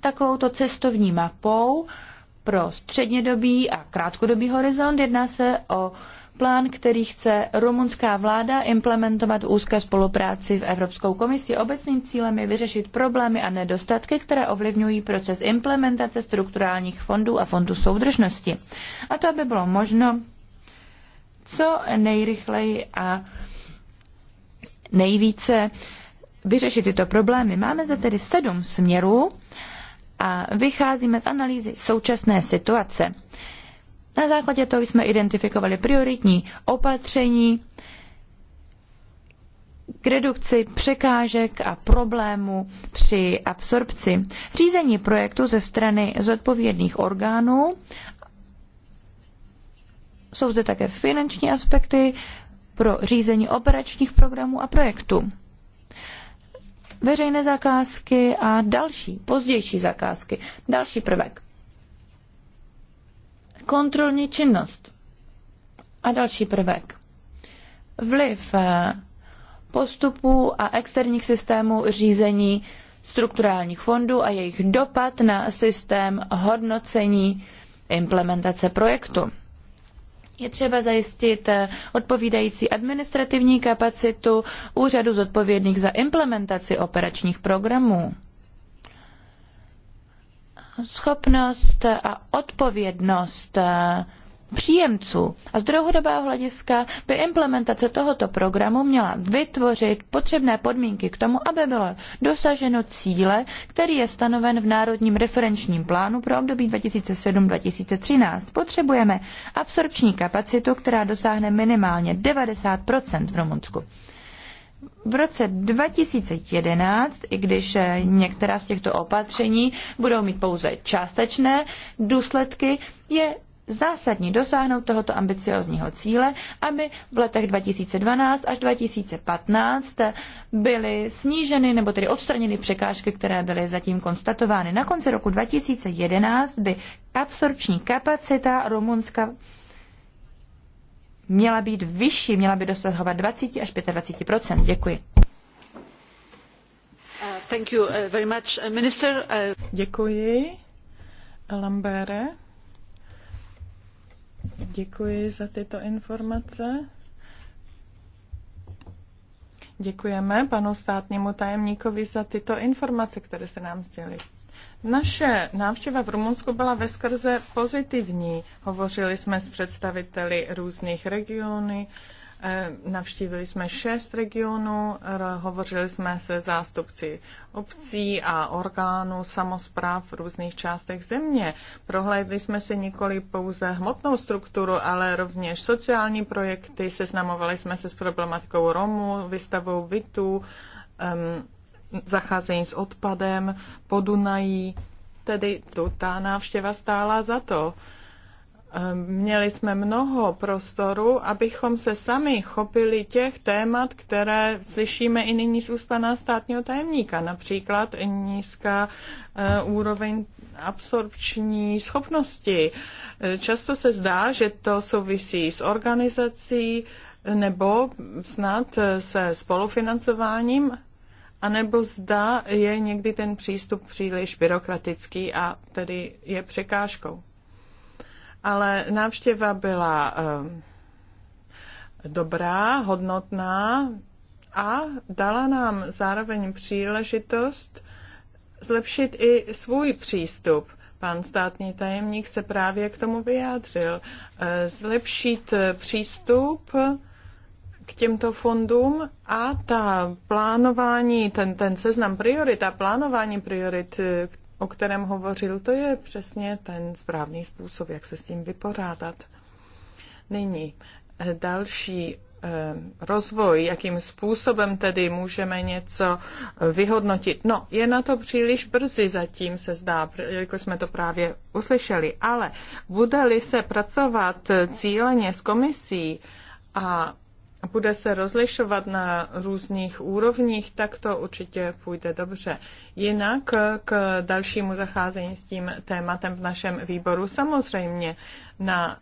takovouto cestovní mapou pro střednědobý a krátkodobý horizont. Jedná se o plán, který chce rumunská vláda implementovat v úzké spolupráci v Evropskou komisi. Obecným cílem je vyřešit problémy a nedostatky, které ovlivňují proces implementace strukturálních fondů a fondů soudržnosti. A to, aby bylo možno co nejrychleji a nejvíce vyřešit tyto problémy. Máme zde tedy sedm směrů, a vycházíme z analýzy současné situace. Na základě toho jsme identifikovali prioritní opatření k redukci překážek a problémů při absorpci, řízení projektu ze strany zodpovědných orgánů. Jsou zde také finanční aspekty pro řízení operačních programů a projektů veřejné zakázky a další, pozdější zakázky. Další prvek. Kontrolní činnost a další prvek. Vliv eh, postupů a externích systémů řízení strukturálních fondů a jejich dopad na systém hodnocení implementace projektu. Je třeba zajistit eh, odpovídající administrativní kapacitu úřadu zodpovědných za implementaci operačních programů. Schopnost a odpovědnost eh, příjemců. A z dlouhodobého hlediska by implementace tohoto programu měla vytvořit potřebné podmínky k tomu, aby bylo dosaženo cíle, který je stanoven v Národním referenčním plánu pro období 2007-2013. Potřebujeme absorpční kapacitu, která dosáhne minimálně 90 v Rumunsku. V roce 2011, i když eh, některá z těchto opatření budou mít pouze částečné důsledky, je zásadně dosáhnout tohoto ambiciozního cíle, aby v letech 2012 až 2015 byly sníženy nebo tedy odstraněny překážky, které byly zatím konstatovány. Na konci roku 2011 by absorpční kapacita Rumunska měla být vyšší, měla by dosahovat 20 až 25 Děkuji. Uh, thank you uh, very much, uh, Minister. Děkuji, Lambere. Děkuji za tyto informace. Děkujeme panu státnímu tajemníkovi za tyto informace, které se nám sdělili. Naše návštěva v Rumunsku byla ve skrze pozitivní. Hovořili jsme s představiteli různých regionů, Eh, navštívili jsme šest regionů, eh, hovořili jsme se zástupci obcí a orgánů samozpráv v různých částech země. Prohlédli jsme se nikoli pouze hmotnou strukturu, ale rovněž sociální projekty, seznamovali jsme se s problematikou Romů, vystavou Vitu, um, zacházení s odpadem, Podunají, tedy ta návštěva stála za to. Ehm, měli jsme mnoho prostoru, abychom se sami chopili těch témat, které slyšíme i nyní z úst pana státního tajemníka, například nízká eh, úroveň absorpční schopnosti. Eh, často se zdá, že to souvisí s organizací eh, nebo snad se spolufinancováním, anebo zda je někdy ten přístup příliš byrokratický a tedy je překážkou ale návštěva byla eh, dobrá, hodnotná a dala nám zároveň příležitost zlepšit i svůj přístup. Pan státní tajemník se právě k tomu vyjádřil. Eh, zlepšit eh, přístup k těmto fondům a ta plánování, ten, ten seznam priorit a plánování priorit, o kterém hovořil, to je přesně ten správný způsob, jak se s tím vypořádat. Nyní eh, další eh, rozvoj, jakým způsobem tedy můžeme něco vyhodnotit. No, je na to příliš brzy zatím, se zdá, jako jsme to právě uslyšeli, ale bude-li se pracovat cíleně s komisí a bude se rozlišovat na různých úrovních, tak to určitě půjde dobře. Jinak k dalšímu zacházení s tím tématem v našem výboru samozřejmě na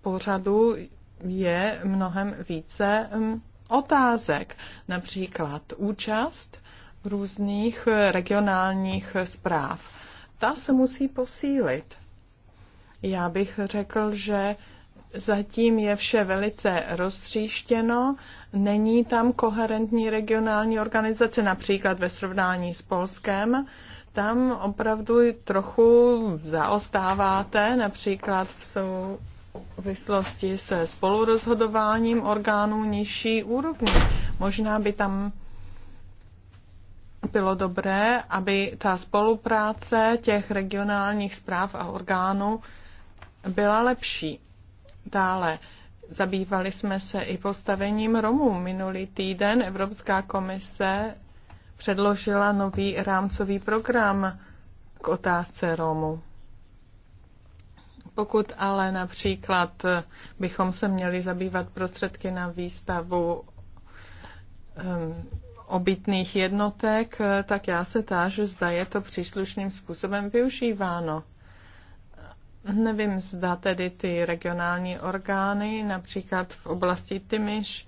pořadu je mnohem více hm, otázek, například účast různých regionálních zpráv. Ta se musí posílit. Já bych řekl, že Zatím je vše velice roztříštěno, není tam koherentní regionální organizace, například ve srovnání s Polskem. Tam opravdu trochu zaostáváte, například v souvislosti se spolurozhodováním orgánů nižší úrovně. Možná by tam bylo dobré, aby ta spolupráce těch regionálních zpráv a orgánů byla lepší. Dále, zabývali jsme se i postavením Romů. Minulý týden Evropská komise předložila nový rámcový program k otázce Romů. Pokud ale například bychom se měli zabývat prostředky na výstavu um, obytných jednotek, tak já se tážu, zda je to příslušným způsobem využíváno. Nevím, zda tedy ty regionální orgány, například v oblasti Tymiš,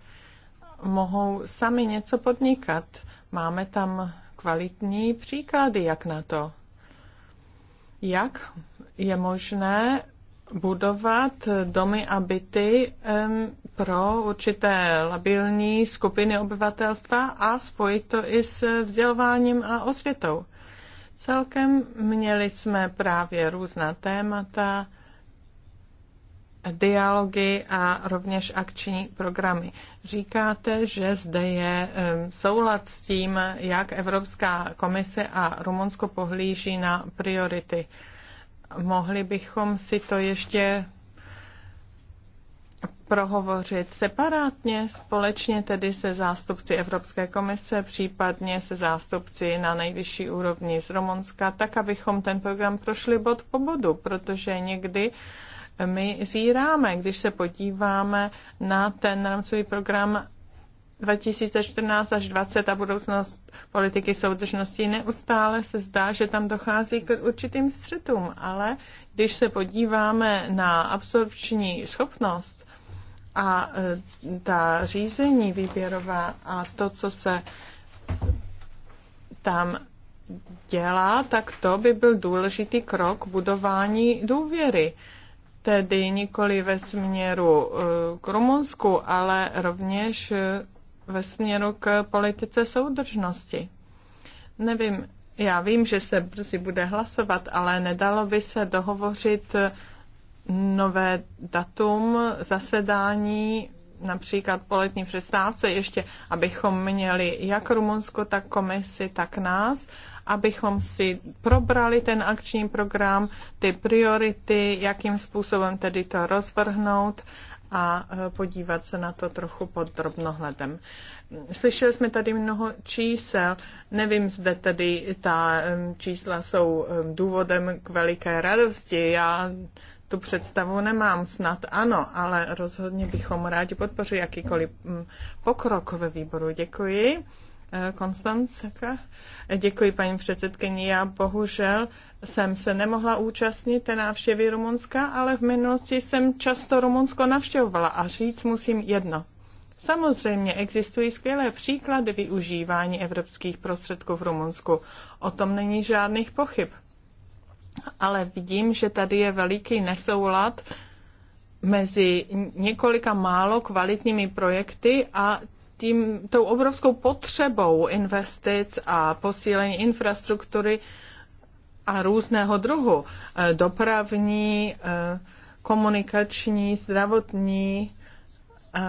mohou sami něco podnikat. Máme tam kvalitní příklady, jak na to. Jak je možné budovat domy a byty um, pro určité labilní skupiny obyvatelstva a spojit to i s vzděláváním a osvětou. Celkem měli jsme právě různá témata, dialogy a rovněž akční programy. Říkáte, že zde je soulad s tím, jak Evropská komise a Rumunsko pohlíží na priority. Mohli bychom si to ještě prohovořit separátně, společně tedy se zástupci Evropské komise, případně se zástupci na nejvyšší úrovni z Romonska, tak abychom ten program prošli bod po bodu, protože někdy my zíráme, když se podíváme na ten rámcový program 2014 až 20 a budoucnost politiky soudržnosti neustále se zdá, že tam dochází k určitým střetům, ale když se podíváme na absorpční schopnost, a e, ta řízení výběrová a to, co se tam dělá, tak to by byl důležitý krok budování důvěry. Tedy nikoli ve směru e, k Rumunsku, ale rovněž ve směru k politice soudržnosti. Nevím, já vím, že se brzy bude hlasovat, ale nedalo by se dohovořit nové datum zasedání, například po letní přestávce, ještě abychom měli jak Rumunsko, tak komisi, tak nás, abychom si probrali ten akční program, ty priority, jakým způsobem tedy to rozvrhnout a e, podívat se na to trochu pod drobnohledem. Slyšeli jsme tady mnoho čísel, nevím, zde tedy ta e, čísla jsou e, důvodem k veliké radosti. Já tu představu nemám, snad ano, ale rozhodně bychom rádi podpořili jakýkoliv mm, pokrok ve výboru. Děkuji. Eh, Konstance, děkuji paní předsedkyni. Já bohužel jsem se nemohla účastnit té návštěvy Rumunska, ale v minulosti jsem často Rumunsko navštěvovala a říct musím jedno. Samozřejmě existují skvělé příklady využívání evropských prostředků v Rumunsku. O tom není žádných pochyb ale vidím, že tady je veliký nesoulad mezi několika málo kvalitními projekty a tím, tou obrovskou potřebou investic a posílení infrastruktury a různého druhu. Eh, dopravní, eh, komunikační, zdravotní, eh,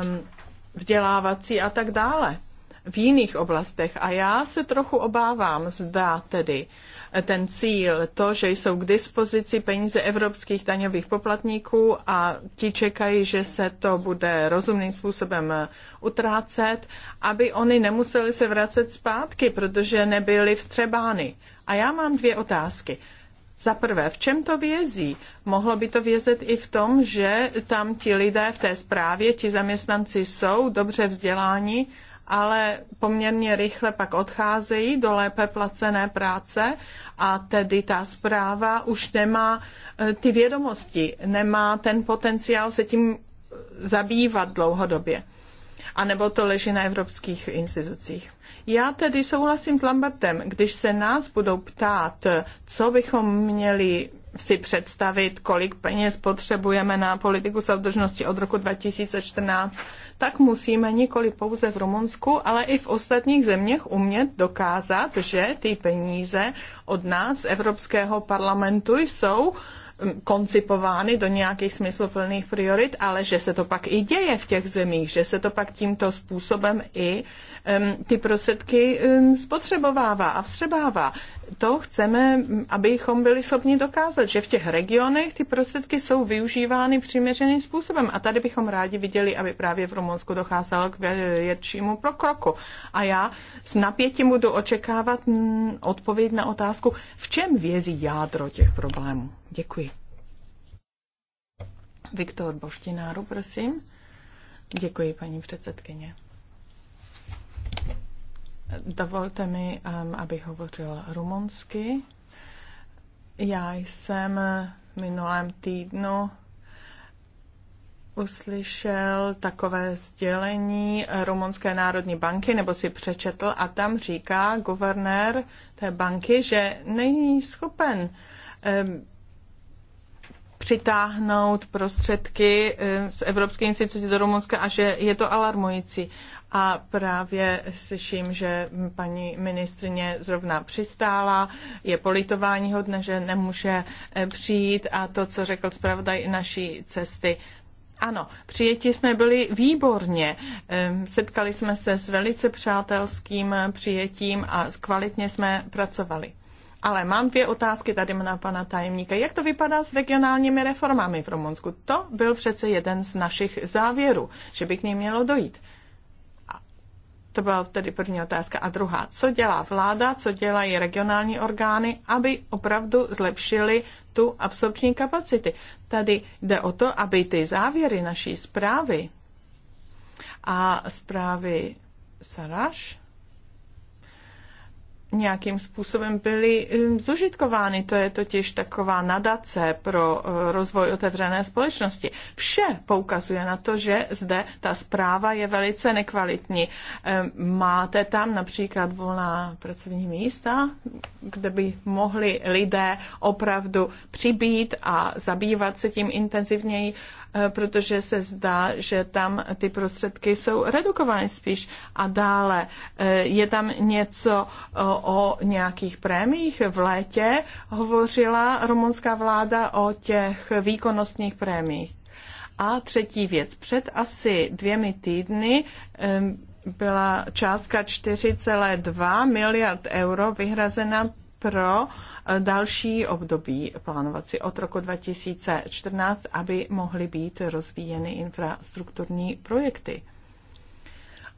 vzdělávací a tak dále v jiných oblastech. A já se trochu obávám, zda tedy ten cíl, to, že jsou k dispozici peníze evropských daňových poplatníků a ti čekají, že se to bude rozumným způsobem utrácet, aby oni nemuseli se vracet zpátky, protože nebyli vstřebány. A já mám dvě otázky. Za prvé, v čem to vězí? Mohlo by to vězet i v tom, že tam ti lidé v té správě, ti zaměstnanci jsou dobře vzděláni ale poměrně rychle pak odcházejí do lépe placené práce a tedy ta zpráva už nemá eh, ty vědomosti, nemá ten potenciál se tím eh, zabývat dlouhodobě. A nebo to leží na evropských institucích. Já tedy souhlasím s Lambertem, když se nás budou ptát, eh, co bychom měli si představit, kolik peněz potřebujeme na politiku soudržnosti od roku 2014, tak musíme nikoli pouze v Rumunsku, ale i v ostatních zeměch umět dokázat, že ty peníze od nás, Evropského parlamentu, jsou koncipovány do nějakých smysluplných priorit, ale že se to pak i děje v těch zemích, že se to pak tímto způsobem i um, ty prostředky um, spotřebovává a vstřebává. To chceme, abychom byli schopni dokázat, že v těch regionech ty prostředky jsou využívány přiměřeným způsobem. A tady bychom rádi viděli, aby právě v Rumunsku docházelo k většímu prokroku. A já s napětím budu očekávat mm, odpověď na otázku, v čem vězí jádro těch problémů. Děkuji. Viktor Boštináru, prosím. Děkuji, paní předsedkyně. Dovolte mi, um, abych hovořil rumunsky. Já jsem v minulém týdnu uslyšel takové sdělení Rumunské národní banky, nebo si přečetl, a tam říká guvernér té banky, že není schopen um, přitáhnout prostředky eh, z Evropské instituce do Rumunska a že je to alarmující. A právě slyším, že paní ministrině zrovna přistála, je politování hodné, že nemůže eh, přijít a to, co řekl zpravodaj naší cesty, ano, přijetí jsme byli výborně. Ehm, setkali jsme se s velice přátelským eh, přijetím a kvalitně jsme pracovali. Ale mám dvě otázky tady na pana tajemníka. Jak to vypadá s regionálními reformami v Rumunsku? To byl přece jeden z našich závěrů, že by k ním mělo dojít. To byla tedy první otázka. A druhá, co dělá vláda, co dělají regionální orgány, aby opravdu zlepšili tu absorpční kapacity. Tady jde o to, aby ty závěry naší zprávy a zprávy Saraš nějakým způsobem byly eh, zužitkovány. To je totiž taková nadace pro eh, rozvoj otevřené společnosti. Vše poukazuje na to, že zde ta zpráva je velice nekvalitní. Ehm, máte tam například volná pracovní místa, kde by mohli lidé opravdu přibít a zabývat se tím intenzivněji Eh, protože se zdá, že tam ty prostředky jsou redukovány spíš. A dále eh, je tam něco eh, o nějakých prémích. V létě hovořila rumunská vláda o těch výkonnostních prémích. A třetí věc. Před asi dvěmi týdny byla částka 4,2 miliard euro vyhrazena pro eh, další období plánovací od roku 2014, aby mohly být rozvíjeny infrastrukturní projekty.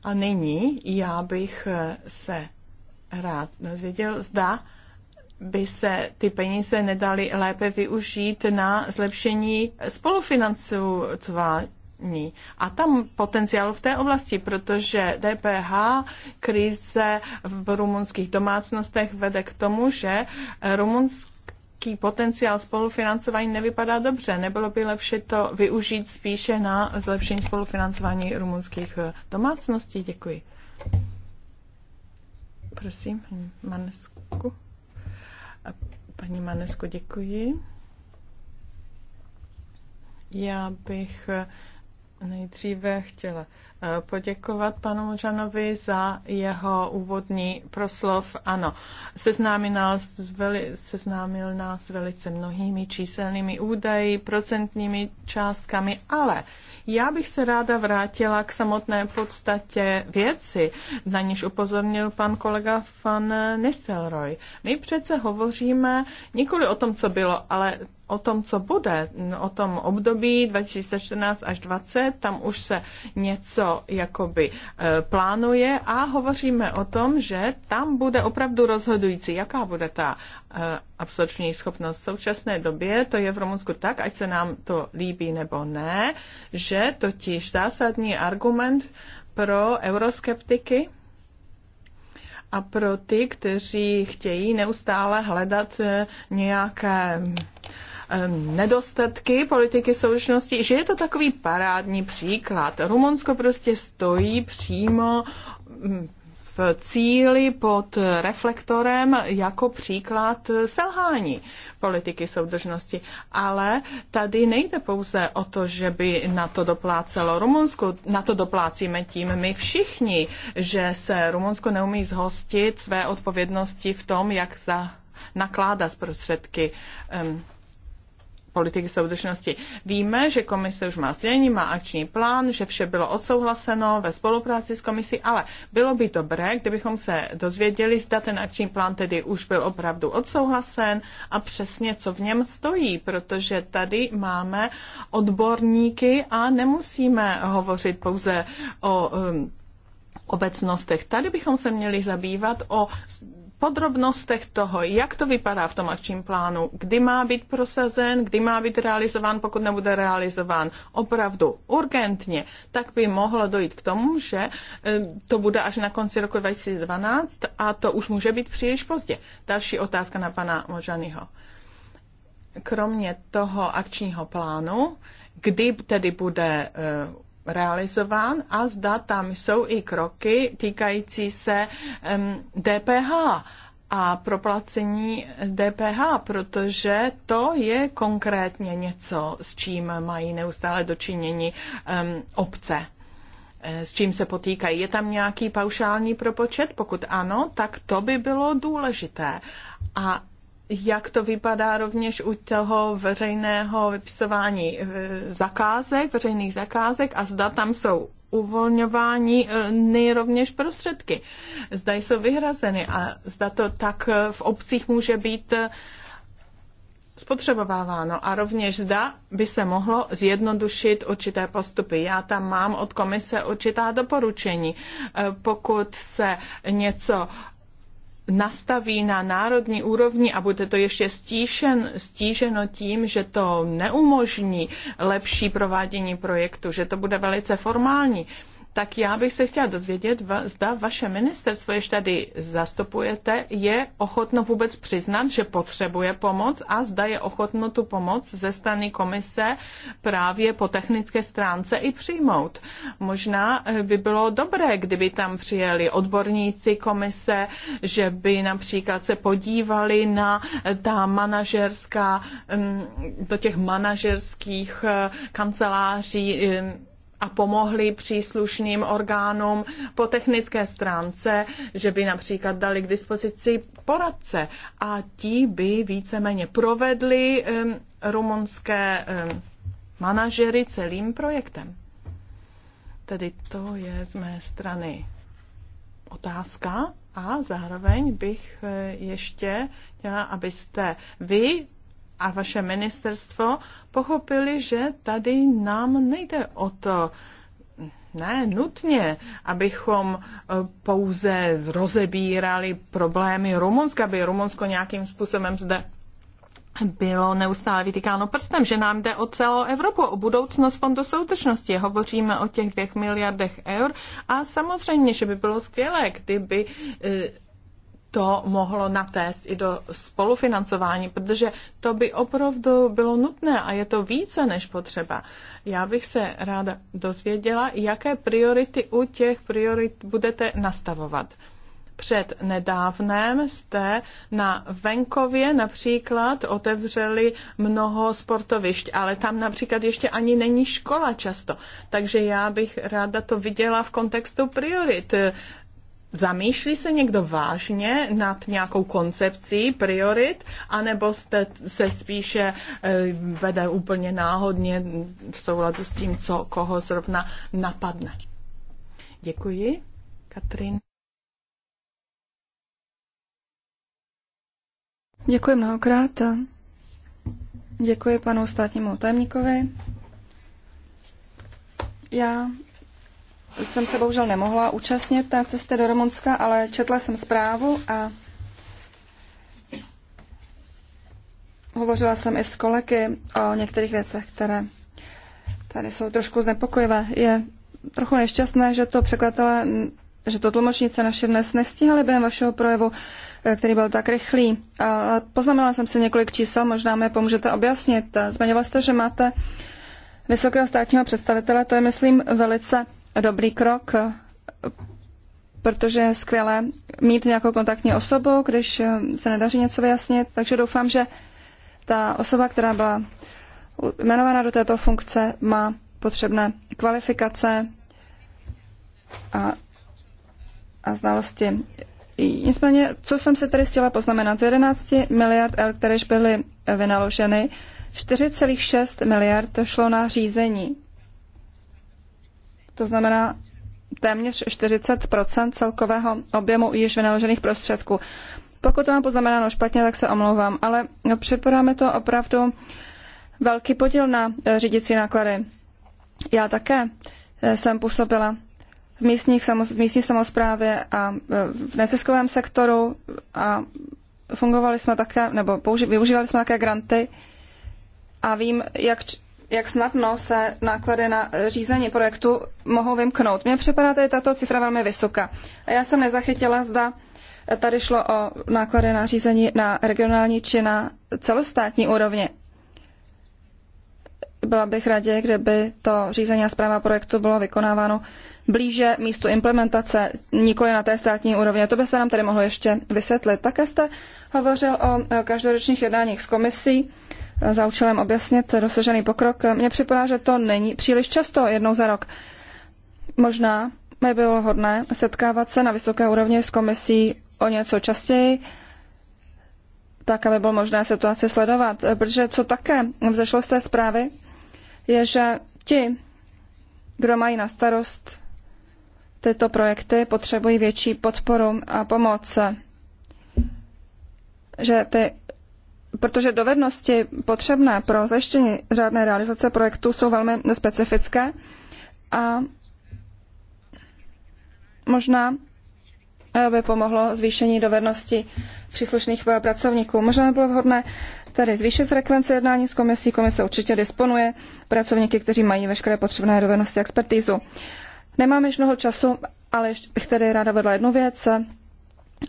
A nyní já bych eh, se rád dozvěděl, zda by se ty peníze nedaly lépe využít na zlepšení spolufinancování ní. A tam potenciál v té oblasti, protože DPH krize v rumunských domácnostech vede k tomu, že rumunský potenciál spolufinancování nevypadá dobře. Nebylo by lepší to využít spíše na zlepšení spolufinancování rumunských eh, domácností? Děkuji. Prosím, paní Manesku. Paní Manesku, děkuji. Já bych eh, Nejdříve chtěla eh, poděkovat panu Možanovi za jeho úvodní proslov. Ano, seznámil nás, veli, seznámil nás velice mnohými číselnými údaji, procentními částkami, ale já bych se ráda vrátila k samotné podstatě věci, na níž upozornil pan kolega van Nistelrooy. My přece hovoříme nikoli o tom, co bylo, ale o tom, co bude, o tom období 2014 až 2020, tam už se něco jakoby e, plánuje a hovoříme o tom, že tam bude opravdu rozhodující, jaká bude ta e, absorpční schopnost. V současné době to je v Rumunsku tak, ať se nám to líbí nebo ne, že totiž zásadní argument pro euroskeptiky a pro ty, kteří chtějí neustále hledat e, nějaké Ehm, nedostatky politiky soudržnosti, že je to takový parádní příklad. Rumunsko prostě stojí přímo hm, v cíli pod reflektorem jako příklad selhání politiky soudržnosti. Ale tady nejde pouze o to, že by na to doplácelo Rumunsko, na to doplácíme tím my všichni, že se Rumunsko neumí zhostit své odpovědnosti v tom, jak za nakládá s prostředky um, politiky soudržnosti. Víme, že komise už má sdělení, má akční plán, že vše bylo odsouhlaseno ve spolupráci s komisí, ale bylo by dobré, kdybychom se dozvěděli, zda ten akční plán tedy už byl opravdu odsouhlasen a přesně co v něm stojí, protože tady máme odborníky a nemusíme hovořit pouze o um, obecnostech. Tady bychom se měli zabývat o podrobnostech toho, jak to vypadá v tom akčním plánu, kdy má být prosazen, kdy má být realizován, pokud nebude realizován opravdu urgentně, tak by mohlo dojít k tomu, že e, to bude až na konci roku 2012 a to už může být příliš pozdě. Další otázka na pana Možanyho. Kromě toho akčního plánu, kdy tedy bude e, realizován a zda tam jsou i kroky týkající se DPH a proplacení DPH, eh, protože to je konkrétně něco, s čím mají neustále dočinění obce eh, s čím se potýkají. Je tam nějaký paušální propočet? Pokud ano, tak to by bylo důležité. A jak to vypadá rovněž u toho veřejného vypisování eh, zakázek, veřejných zakázek a zda tam jsou uvolňování eh, nejrovněž prostředky. Zda jsou vyhrazeny a zda to tak eh, v obcích může být spotřebováváno a rovněž zda by se mohlo zjednodušit určité postupy. Já tam mám od komise určitá doporučení. Pokud se něco nastaví na národní úrovni a bude to ještě stíšen, stíženo tím, že to neumožní lepší provádění projektu, že to bude velice formální, tak já bych se chtěla dozvědět, zda vaše ministerstvo, jež tady zastupujete, je ochotno vůbec přiznat, že potřebuje pomoc a zda je ochotno tu pomoc ze strany komise právě po technické stránce i přijmout. Možná eh, by bylo dobré, kdyby tam přijeli odborníci komise, že by například se podívali na eh, ta manažerská, mm, do těch manažerských eh, kanceláří, a pomohli příslušným orgánům po technické stránce, že by například dali k dispozici poradce a ti by víceméně provedli um, rumunské um, manažery celým projektem. Tedy to je z mé strany otázka a zároveň bych eh, ještě chtěla, abyste vy a vaše ministerstvo pochopili, že tady nám nejde o to, ne nutně, abychom eh, pouze rozebírali problémy Rumunska, aby Rumunsko nějakým způsobem zde bylo neustále vytýkáno prstem, že nám jde o celou Evropu, o budoucnost fondu soudržnosti. Hovoříme o těch dvěch miliardech eur a samozřejmě, že by bylo skvělé, kdyby eh, to mohlo natést i do spolufinancování, protože to by opravdu bylo nutné a je to více než potřeba. Já bych se ráda dozvěděla, jaké priority u těch priorit budete nastavovat. Před nedávném jste na venkově například otevřeli mnoho sportovišť, ale tam například ještě ani není škola často. Takže já bych ráda to viděla v kontextu priorit Zamýšlí se někdo vážně nad nějakou koncepcí priorit, anebo jste se spíše e, vede úplně náhodně v souladu s tím, co koho zrovna napadne? Děkuji, Katrin. Děkuji mnohokrát. Děkuji panu státnímu tajemníkovi. Já jsem se bohužel nemohla účastnit té cesty do Rumunska, ale četla jsem zprávu a hovořila jsem i s kolegy o některých věcech, které tady jsou trošku znepokojivé. Je trochu nešťastné, že to překladatelé, že to tlumočnice naše dnes nestíhali během vašeho projevu, eh, který byl tak rychlý. A poznamenala jsem si několik čísel, možná mi pomůžete objasnit. Zmiňovala jste, že máte vysokého státního představitele, to je, myslím, velice dobrý krok, protože je skvělé mít nějakou kontaktní osobu, když se nedaří něco vyjasnit. Takže doufám, že ta osoba, která byla jmenována do této funkce, má potřebné kvalifikace a, a znalosti. Nicméně, co jsem se tady chtěla poznamenat, z 11 miliard eur, kteréž byly vynaloženy, 4,6 miliard šlo na řízení to znamená téměř 40 celkového objemu již vynaložených prostředků. Pokud to mám poznamenáno špatně, tak se omlouvám, ale připadáme to opravdu velký podíl na eh, řídící náklady. Já také eh, jsem působila v, místních, v místní samozprávě a eh, v neziskovém sektoru a fungovali jsme také, nebo použi, využívali jsme také granty a vím, jak jak snadno se náklady na řízení projektu mohou vymknout. Mně připadá tady tato cifra velmi vysoká. A já jsem nezachytila, zda tady šlo o náklady na řízení na regionální či na celostátní úrovni. Byla bych raději, kdyby to řízení a zpráva projektu bylo vykonáváno blíže místu implementace, nikoli na té státní úrovni. To by se nám tady mohlo ještě vysvětlit. Také jste hovořil o každoročních jednáních s komisí za účelem objasnit dosažený pokrok. Mně připadá, že to není příliš často, jednou za rok. Možná by bylo hodné setkávat se na vysoké úrovni s komisí o něco častěji, tak, aby bylo možné situaci sledovat. Protože co také vzešlo z té zprávy, je, že ti, kdo mají na starost tyto projekty, potřebují větší podporu a pomoc. Že ty protože dovednosti potřebné pro zajištění řádné realizace projektu jsou velmi specifické a možná eh, by pomohlo zvýšení dovednosti příslušných eh, pracovníků. Možná by bylo vhodné tedy zvýšit frekvenci jednání s komisí. Komise určitě disponuje pracovníky, kteří mají veškeré potřebné dovednosti a expertízu. Nemám již mnoho času, ale ještě bych tedy ráda vedla jednu věc.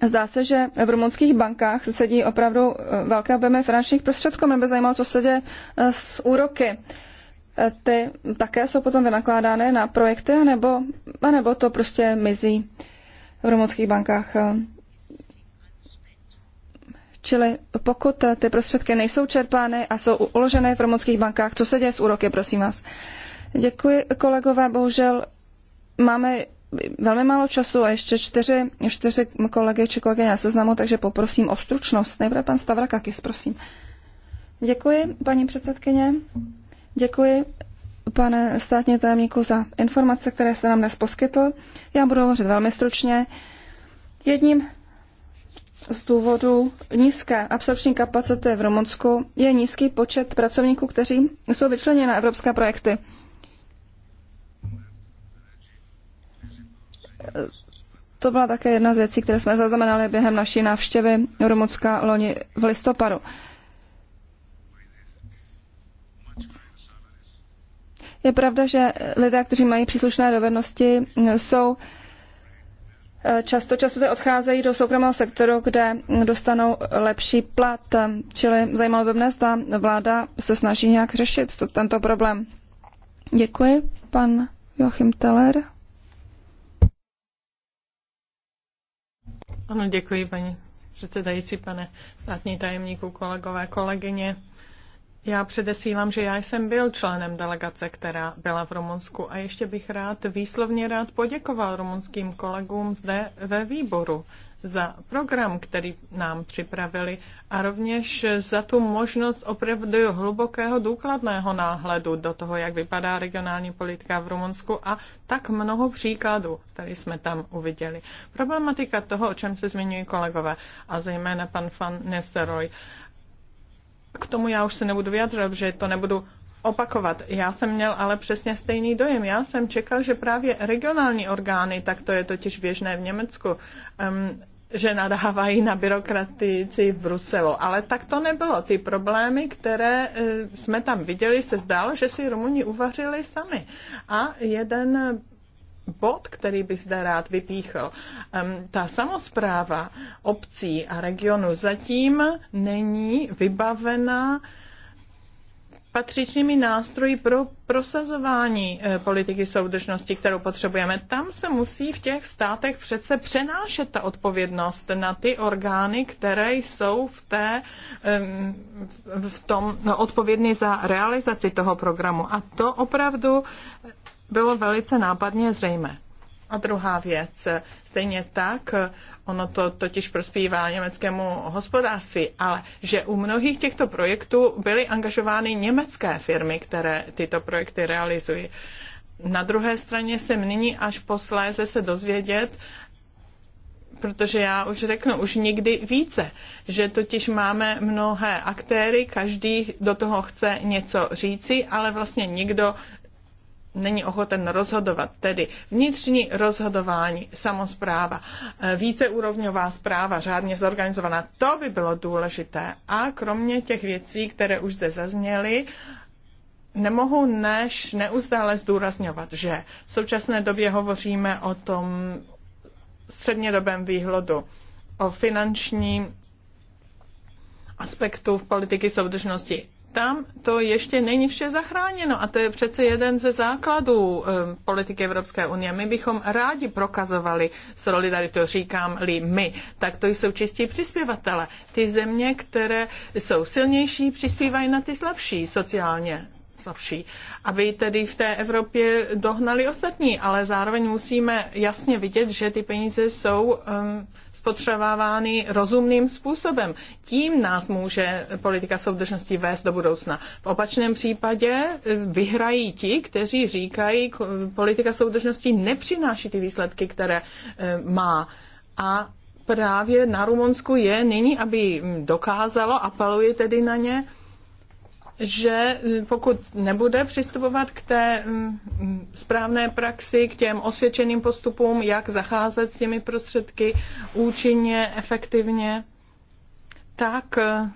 Zdá se, že v rumunských bankách sedí opravdu eh, velké objemy finančních prostředků. Mě by zajímalo, co se děje eh, s úroky. Eh, ty také jsou potom vynakládány na projekty, anebo, anebo to prostě mizí v rumunských bankách. Čili pokud ty prostředky nejsou čerpány a jsou uloženy v rumunských bankách, co se děje s úroky, prosím vás? Děkuji, kolegové. Bohužel máme velmi málo času a ještě čtyři, čtyři kolegy či kolegy na seznamu, takže poprosím o stručnost. Nejprve pan Stavrakakis, prosím. Děkuji, paní předsedkyně. Děkuji, pane státní tajemníku, za informace, které jste nám dnes poskytl. Já budu hovořit velmi stručně. Jedním z důvodu nízké absorpční kapacity v Rumunsku je nízký počet pracovníků, kteří jsou vyčleněni na evropské projekty. to byla také jedna z věcí, které jsme zaznamenali během naší návštěvy Rumunska loni v listopadu. Je pravda, že lidé, kteří mají příslušné dovednosti, jsou eh, často, často ty odcházejí do soukromého sektoru, kde dostanou lepší plat. Čili zajímalo by mě, zda vláda se snaží nějak řešit to, tento problém. Děkuji, pan Joachim Teller. Ano, děkuji, paní předsedající, pane státní tajemníku, kolegové, kolegyně. Já předesílám, že já jsem byl členem delegace, která byla v Rumunsku a ještě bych rád výslovně rád poděkoval rumunským kolegům zde ve výboru za program, který nám připravili a rovněž za tu možnost opravdu hlubokého důkladného náhledu do toho, jak vypadá regionální politika v Rumunsku a tak mnoho příkladů, které jsme tam uviděli. Problematika toho, o čem se zmiňují kolegové a zejména pan Van Neseroy, k tomu já už se nebudu vyjadřovat, že to nebudu opakovat. Já jsem měl ale přesně stejný dojem. Já jsem čekal, že právě regionální orgány, tak to je totiž běžné v Německu, um, že nadávají na byrokratici v Bruselu. Ale tak to nebylo. Ty problémy, které eh, jsme tam viděli, se zdálo, že si Rumuni uvařili sami. A jeden bod, který bych zde rád vypíchl. Ehm, ta samozpráva obcí a regionu zatím není vybavena patřičnými nástroji pro prosazování e, politiky soudržnosti, kterou potřebujeme. Tam se musí v těch státech přece přenášet ta odpovědnost na ty orgány, které jsou v, té, v tom no, odpovědny za realizaci toho programu. A to opravdu bylo velice nápadně zřejmé. A druhá věc, Stejně tak, eh, ono to totiž prospívá německému hospodářství, ale že u mnohých těchto projektů byly angažovány německé firmy, které tyto projekty realizují. Na druhé straně jsem nyní až posléze se dozvědět, protože já už řeknu, už nikdy více, že totiž máme mnohé aktéry, každý do toho chce něco říci, ale vlastně nikdo není ochoten rozhodovat. Tedy vnitřní rozhodování, samozpráva, e, víceúrovňová zpráva, řádně zorganizovaná, to by bylo důležité. A kromě těch věcí, které už zde zazněly, nemohu než neustále zdůrazňovat, že v současné době hovoříme o tom střednědobém výhledu, o finančním aspektu v politiky soudržnosti tam to ještě není vše zachráněno a to je přece jeden ze základů um, politiky Evropské unie. My bychom rádi prokazovali solidaritu, říkám-li my, tak to jsou čistí přispěvatele. Ty země, které jsou silnější, přispívají na ty slabší sociálně slabší, aby tedy v té Evropě dohnali ostatní, ale zároveň musíme jasně vidět, že ty peníze jsou um, spotřebovávány rozumným způsobem. Tím nás může politika soudržnosti vést do budoucna. V opačném případě eh, vyhrají ti, kteří říkají, politika soudržnosti nepřináší ty výsledky, které eh, má. A právě na Rumunsku je nyní, aby dokázalo, apeluje tedy na ně, že pokud nebude přistupovat k té správné praxi, k těm osvědčeným postupům, jak zacházet s těmi prostředky účinně, efektivně, tak e,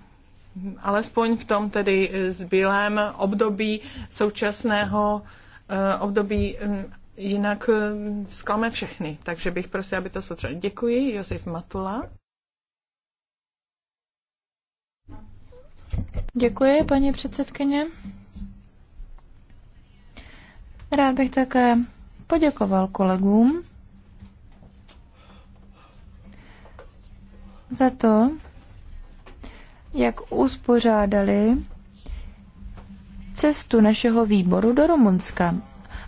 alespoň v tom tedy e, zbylém období současného e, období jinak zklame všechny. Takže bych prosila, aby to spotřebovali. Děkuji, Josef Matula. Děkuji, paní předsedkyně. Rád bych také poděkoval kolegům za to, jak uspořádali cestu našeho výboru do Rumunska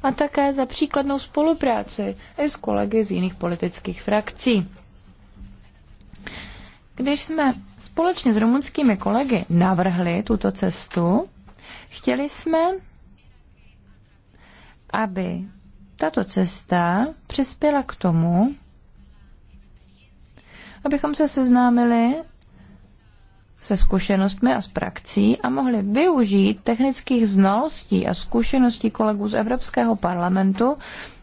a také za příkladnou spolupráci i s kolegy z jiných politických frakcí. Když jsme společně s rumunskými kolegy navrhli tuto cestu, chtěli jsme, aby tato cesta přispěla k tomu, abychom se seznámili se zkušenostmi a s praxí a mohli využít technických znalostí a zkušeností kolegů z Evropského parlamentu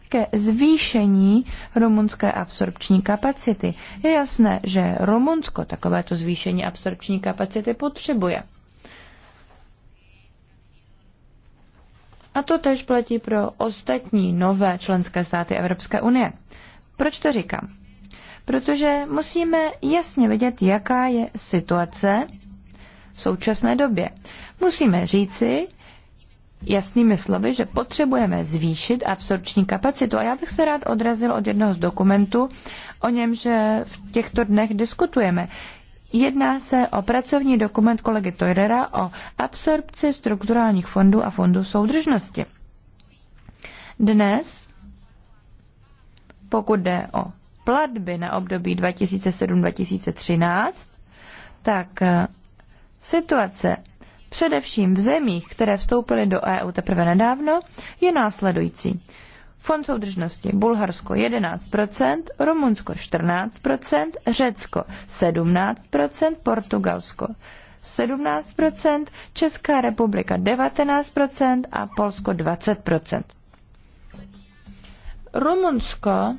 ke zvýšení rumunské absorpční kapacity. Je jasné, že Rumunsko takovéto zvýšení absorpční kapacity potřebuje. A to tež platí pro ostatní nové členské státy Evropské unie. Proč to říkám? Protože musíme jasně vidět, jaká je situace v současné době. Musíme říci, jasnými slovy, že potřebujeme zvýšit absorpční kapacitu. A já bych se rád odrazil od jednoho z dokumentů, o němž eh, v těchto dnech diskutujeme. Jedná se o pracovní dokument kolegy Toirera o absorpci strukturálních fondů a fondů soudržnosti. Dnes, pokud jde o platby na období 2007-2013, tak eh, situace především v zemích, které vstoupily do EU teprve nedávno, je následující. Fond soudržnosti Bulharsko 11%, Rumunsko 14%, Řecko 17%, Portugalsko 17%, Česká republika 19% a Polsko 20%. Rumunsko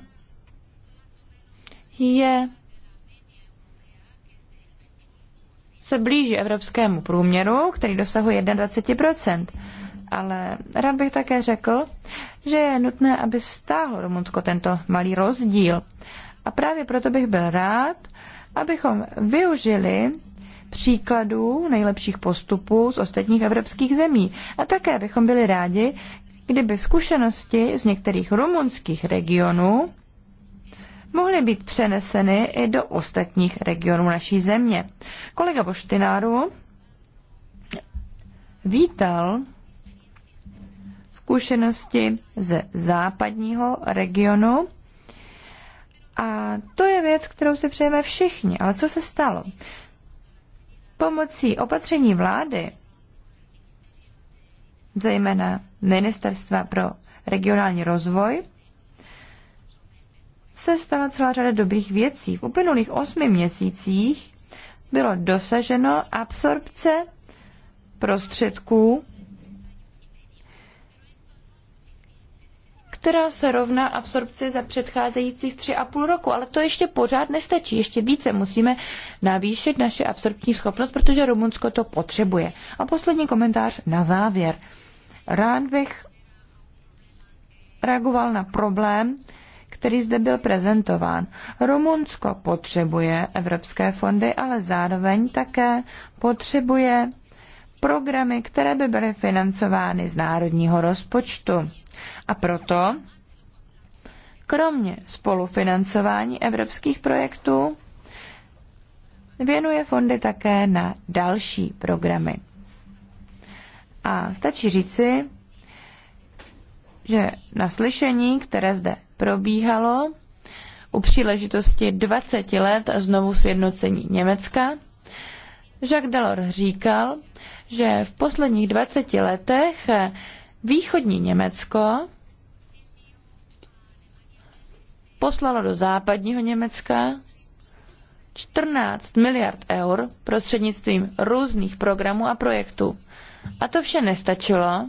je se blíží evropskému průměru, který dosahuje 21%. Ale rád bych také řekl, že je nutné, aby stáhlo Rumunsko tento malý rozdíl. A právě proto bych byl rád, abychom využili příkladů nejlepších postupů z ostatních evropských zemí. A také bychom byli rádi, kdyby zkušenosti z některých rumunských regionů mohly být přeneseny i do ostatních regionů naší země. Kolega Boštináru vítal zkušenosti ze západního regionu a to je věc, kterou si přejeme všichni. Ale co se stalo? Pomocí opatření vlády, zejména Ministerstva pro regionální rozvoj, se stala celá řada dobrých věcí. V uplynulých osmi měsících bylo dosaženo absorpce prostředků, která se rovná absorpci za předcházejících tři a půl roku, ale to ještě pořád nestačí, ještě více musíme navýšit naše absorpční schopnost, protože Rumunsko to potřebuje. A poslední komentář na závěr. Rád bych reagoval na problém, který zde byl prezentován. Rumunsko potřebuje evropské fondy, ale zároveň také potřebuje programy, které by byly financovány z národního rozpočtu. A proto, kromě spolufinancování evropských projektů, věnuje fondy také na další programy. A stačí říci, že na slyšení, které zde probíhalo u příležitosti 20 let znovu sjednocení Německa. Jacques Delors říkal, že v posledních 20 letech východní Německo poslalo do západního Německa 14 miliard eur prostřednictvím různých programů a projektů. A to vše nestačilo,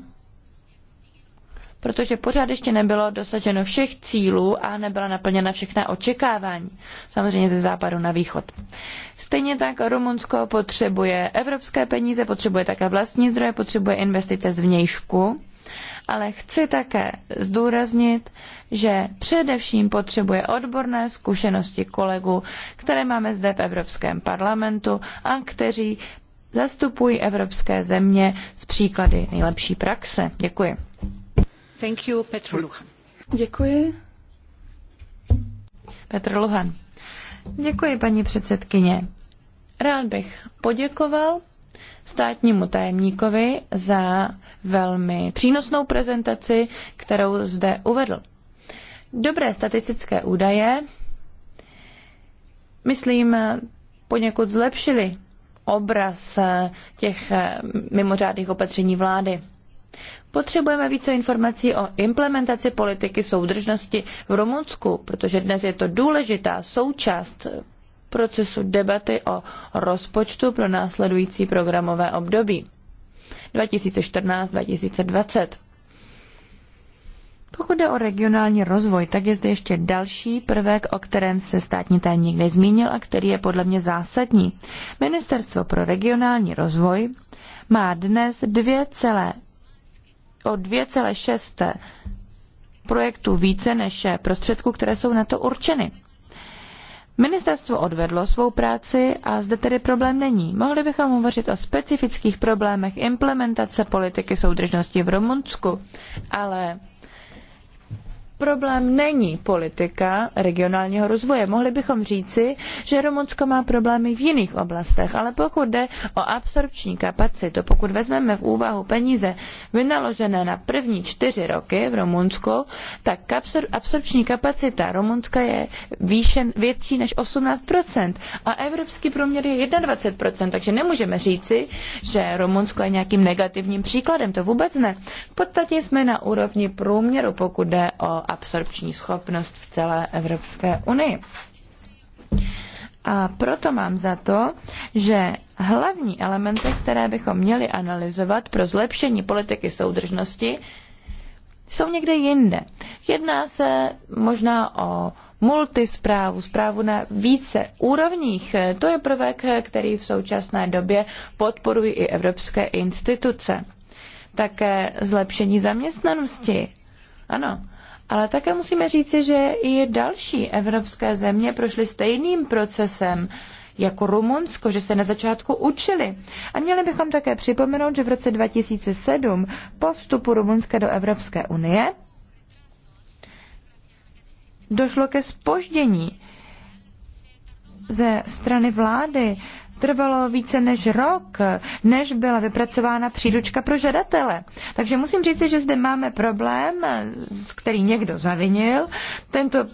protože pořád ještě nebylo dosaženo všech cílů a nebyla naplněna všechna očekávání, samozřejmě ze západu na východ. Stejně tak Rumunsko potřebuje evropské peníze, potřebuje také vlastní zdroje, potřebuje investice z vnějšku, ale chci také zdůraznit, že především potřebuje odborné zkušenosti kolegů, které máme zde v Evropském parlamentu a kteří zastupují evropské země s příklady nejlepší praxe. Děkuji. Děkuji. Petr Děkuji, paní předsedkyně. Rád bych poděkoval státnímu tajemníkovi za velmi přínosnou prezentaci, kterou zde uvedl. Dobré statistické údaje, myslím, poněkud zlepšily obraz eh, těch eh, mimořádných opatření vlády. Potřebujeme více informací o implementaci politiky soudržnosti v Rumunsku, protože dnes je to důležitá součást procesu debaty o rozpočtu pro následující programové období 2014-2020. Pokud jde o regionální rozvoj, tak je zde ještě další prvek, o kterém se státní tajemník nezmínil a který je podle mě zásadní. Ministerstvo pro regionální rozvoj má dnes celé o 2,6 projektu více než prostředků, které jsou na to určeny. Ministerstvo odvedlo svou práci a zde tedy problém není. Mohli bychom hovořit o specifických problémech implementace politiky soudržnosti v Rumunsku, ale problém není politika regionálního rozvoje. Mohli bychom říci, že Rumunsko má problémy v jiných oblastech, ale pokud jde o absorpční kapacitu, pokud vezmeme v úvahu peníze vynaložené na první čtyři roky v Rumunsku, tak absorpční kapacita Rumunska je výšen, větší než 18% a evropský průměr je 21%, takže nemůžeme říci, že Rumunsko je nějakým negativním příkladem, to vůbec ne. V podstatě jsme na úrovni průměru, pokud jde o absorpční schopnost v celé Evropské unii. A proto mám za to, že hlavní elementy, které bychom měli analyzovat pro zlepšení politiky soudržnosti, jsou někde jinde. Jedná se možná o multisprávu, zprávu na více úrovních. To je prvek, který v současné době podporují i evropské instituce. Také zlepšení zaměstnanosti. Ano, ale také musíme říci, že i další evropské země prošly stejným procesem jako Rumunsko, že se na začátku učili. A měli bychom také připomenout, že v roce 2007 po vstupu Rumunska do Evropské unie došlo ke spoždění ze strany vlády trvalo více než rok, než byla vypracována příručka pro žadatele. Takže musím říct, že zde máme problém, který někdo zavinil. Tento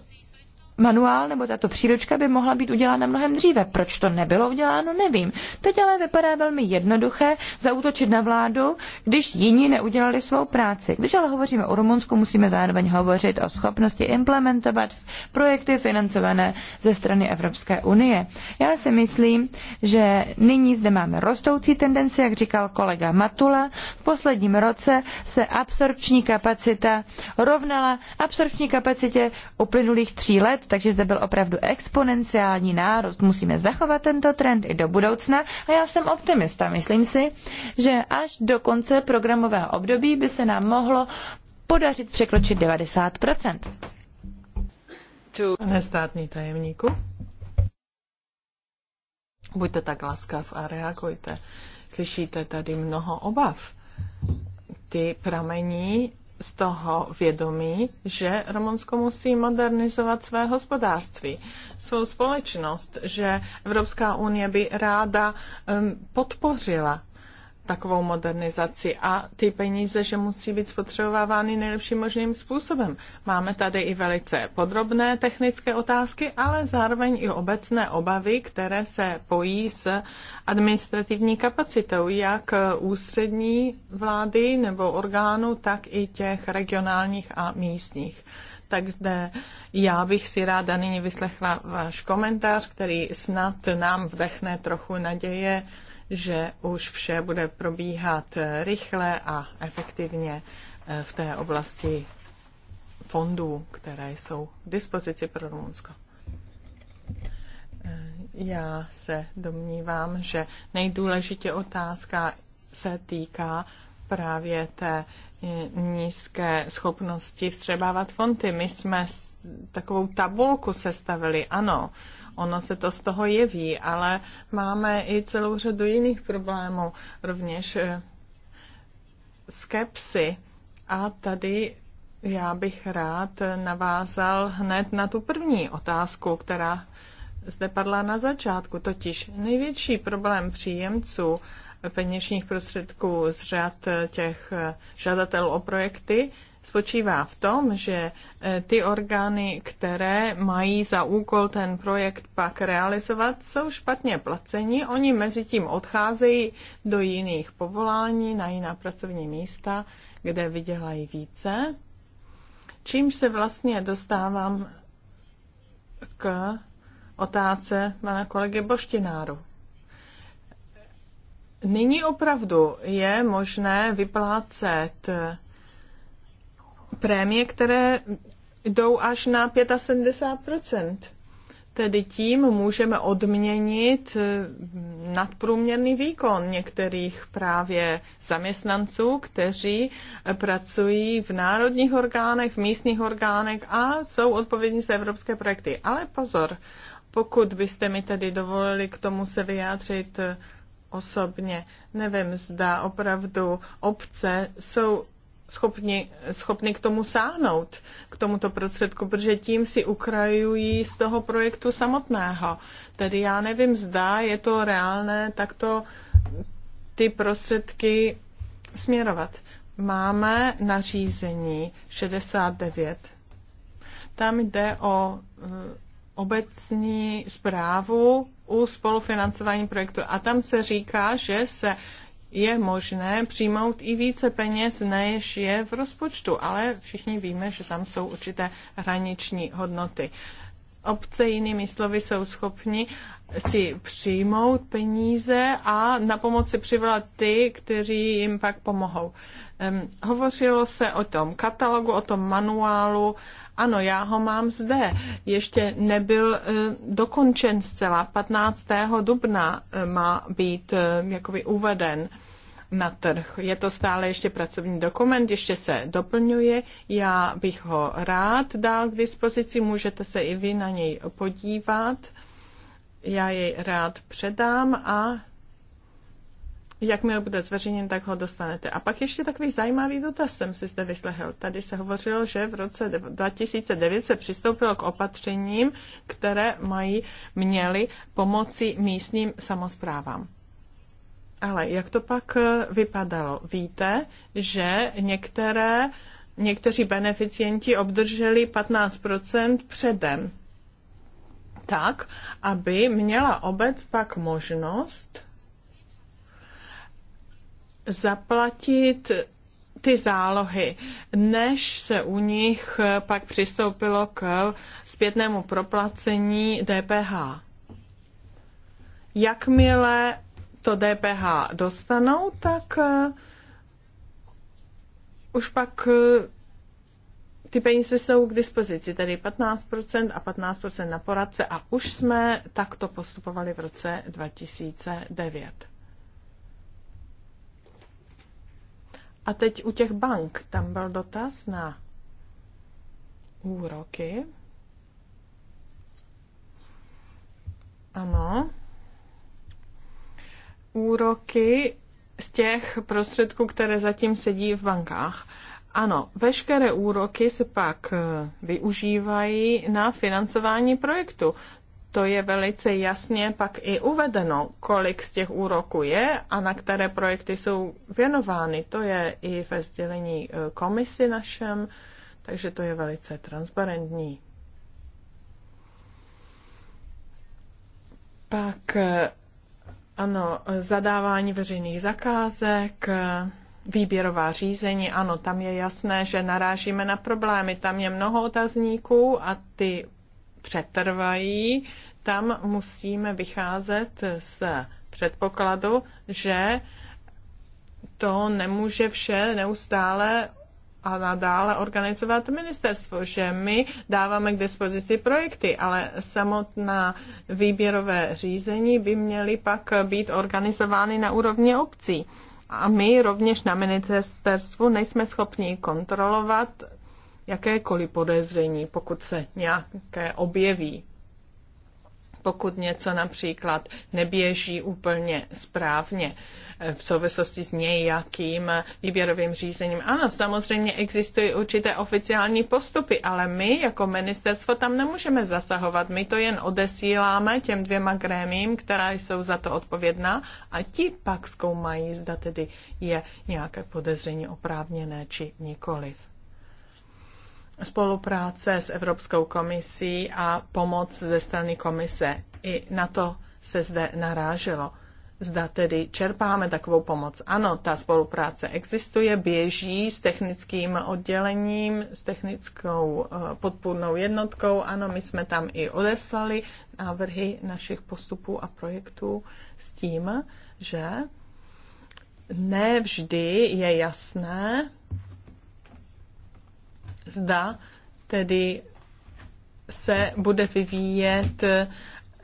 manuál nebo tato příručka by mohla být udělána mnohem dříve. Proč to nebylo uděláno, nevím. Teď ale vypadá velmi jednoduché zautočit na vládu, když jiní neudělali svou práci. Když ale hovoříme o Rumunsku, musíme zároveň hovořit o schopnosti implementovat projekty financované ze strany Evropské unie. Já si myslím, že nyní zde máme rostoucí tendenci, jak říkal kolega Matula. V posledním roce se absorpční kapacita rovnala absorpční kapacitě uplynulých tří let takže zde byl opravdu exponenciální nárůst. Musíme zachovat tento trend i do budoucna a já jsem optimista. Myslím si, že až do konce programového období by se nám mohlo podařit překročit 90 Pane státní tajemníku, buďte tak laskav a reagujte. Slyšíte tady mnoho obav. Ty pramení z toho vědomí, že Rumunsko musí modernizovat své hospodářství, svou společnost, že Evropská unie by ráda um, podpořila takovou modernizaci a ty peníze, že musí být spotřebovávány nejlepším možným způsobem. Máme tady i velice podrobné technické otázky, ale zároveň i obecné obavy, které se pojí s administrativní kapacitou, jak ústřední vlády nebo orgánů, tak i těch regionálních a místních takže já bych si ráda nyní vyslechla váš komentář, který snad nám vdechne trochu naděje že už vše bude probíhat rychle a efektivně eh, v té oblasti fondů, které jsou k dispozici pro Rumunsko. Eh, já se domnívám, že nejdůležitě otázka se týká právě té eh, nízké schopnosti vstřebávat fonty. My jsme takovou tabulku sestavili, ano, Ono se to z toho jeví, ale máme i celou řadu jiných problémů, rovněž eh, skepsy. A tady já bych rád navázal hned na tu první otázku, která zde padla na začátku, totiž největší problém příjemců peněžních prostředků z řad eh, těch eh, žadatelů o projekty spočívá v tom, že e, ty orgány, které mají za úkol ten projekt pak realizovat, jsou špatně placeni. Oni mezi tím odcházejí do jiných povolání, na jiná pracovní místa, kde vydělají více. Čímž se vlastně dostávám k otázce pana kolegy Boštináru. Nyní opravdu je možné vyplácet prémie, které jdou až na 75%. Tedy tím můžeme odměnit eh, nadprůměrný výkon některých právě zaměstnanců, kteří eh, pracují v národních orgánech, v místních orgánech a jsou odpovědní za evropské projekty. Ale pozor, pokud byste mi tedy dovolili k tomu se vyjádřit eh, osobně, nevím, zda opravdu obce jsou schopni, schopni k tomu sáhnout, k tomuto prostředku, protože tím si ukrajují z toho projektu samotného. Tedy já nevím, zda je to reálné takto ty prostředky směrovat. Máme nařízení 69. Tam jde o eh, obecní zprávu u spolufinancování projektu. A tam se říká, že se je možné přijmout i více peněz, než je v rozpočtu, ale všichni víme, že tam jsou určité hraniční hodnoty. Obce jinými slovy jsou schopni si přijmout peníze a na pomoci přivolat ty, kteří jim pak pomohou. Um, hovořilo se o tom katalogu, o tom manuálu. Ano, já ho mám zde. Ještě nebyl uh, dokončen zcela. 15. dubna uh, má být uh, jakoby uveden. Uh, na trh. Je to stále ještě pracovní dokument, ještě se doplňuje. Já bych ho rád dal k dispozici, můžete se i vy na něj podívat. Já jej rád předám a Jakmile bude zveřejněn, tak ho dostanete. A pak ještě takový zajímavý dotaz jsem si zde vyslechl. Tady se hovořilo, že v roce 2009 se přistoupilo k opatřením, které mají, měly pomoci místním samozprávám. Ale jak to pak eh, vypadalo? Víte, že některé, někteří beneficienti obdrželi 15% předem, tak, aby měla obec pak možnost zaplatit ty zálohy, než se u nich eh, pak přistoupilo k zpětnému proplacení DPH. Jakmile to DPH dostanou, tak eh, už pak eh, ty peníze jsou k dispozici, tedy 15% a 15% na poradce a už jsme takto postupovali v roce 2009. A teď u těch bank, tam byl dotaz na úroky. Ano úroky z těch prostředků, které zatím sedí v bankách. Ano, veškeré úroky se pak eh, využívají na financování projektu. To je velice jasně pak i uvedeno, kolik z těch úroků je a na které projekty jsou věnovány. To je i ve sdělení eh, komisi našem, takže to je velice transparentní. Pak eh, ano, zadávání veřejných zakázek, výběrová řízení, ano, tam je jasné, že narážíme na problémy. Tam je mnoho otazníků a ty přetrvají. Tam musíme vycházet z předpokladu, že to nemůže vše neustále a nadále organizovat ministerstvo, že my dáváme k dispozici projekty, ale samotná výběrové řízení by měly pak být organizovány na úrovni obcí. A my rovněž na ministerstvu nejsme schopni kontrolovat jakékoliv podezření, pokud se nějaké objeví pokud něco například neběží úplně správně eh, v souvislosti s nějakým výběrovým řízením. Ano, samozřejmě existují určité oficiální postupy, ale my jako ministerstvo tam nemůžeme zasahovat. My to jen odesíláme těm dvěma grémím, která jsou za to odpovědná a ti pak zkoumají, zda tedy je nějaké podezření oprávněné či nikoliv spolupráce s Evropskou komisí a pomoc ze strany komise. I na to se zde naráželo. Zda tedy čerpáme takovou pomoc. Ano, ta spolupráce existuje, běží s technickým oddělením, s technickou eh, podpůrnou jednotkou. Ano, my jsme tam i odeslali návrhy našich postupů a projektů s tím, že ne vždy je jasné, zda tedy se bude vyvíjet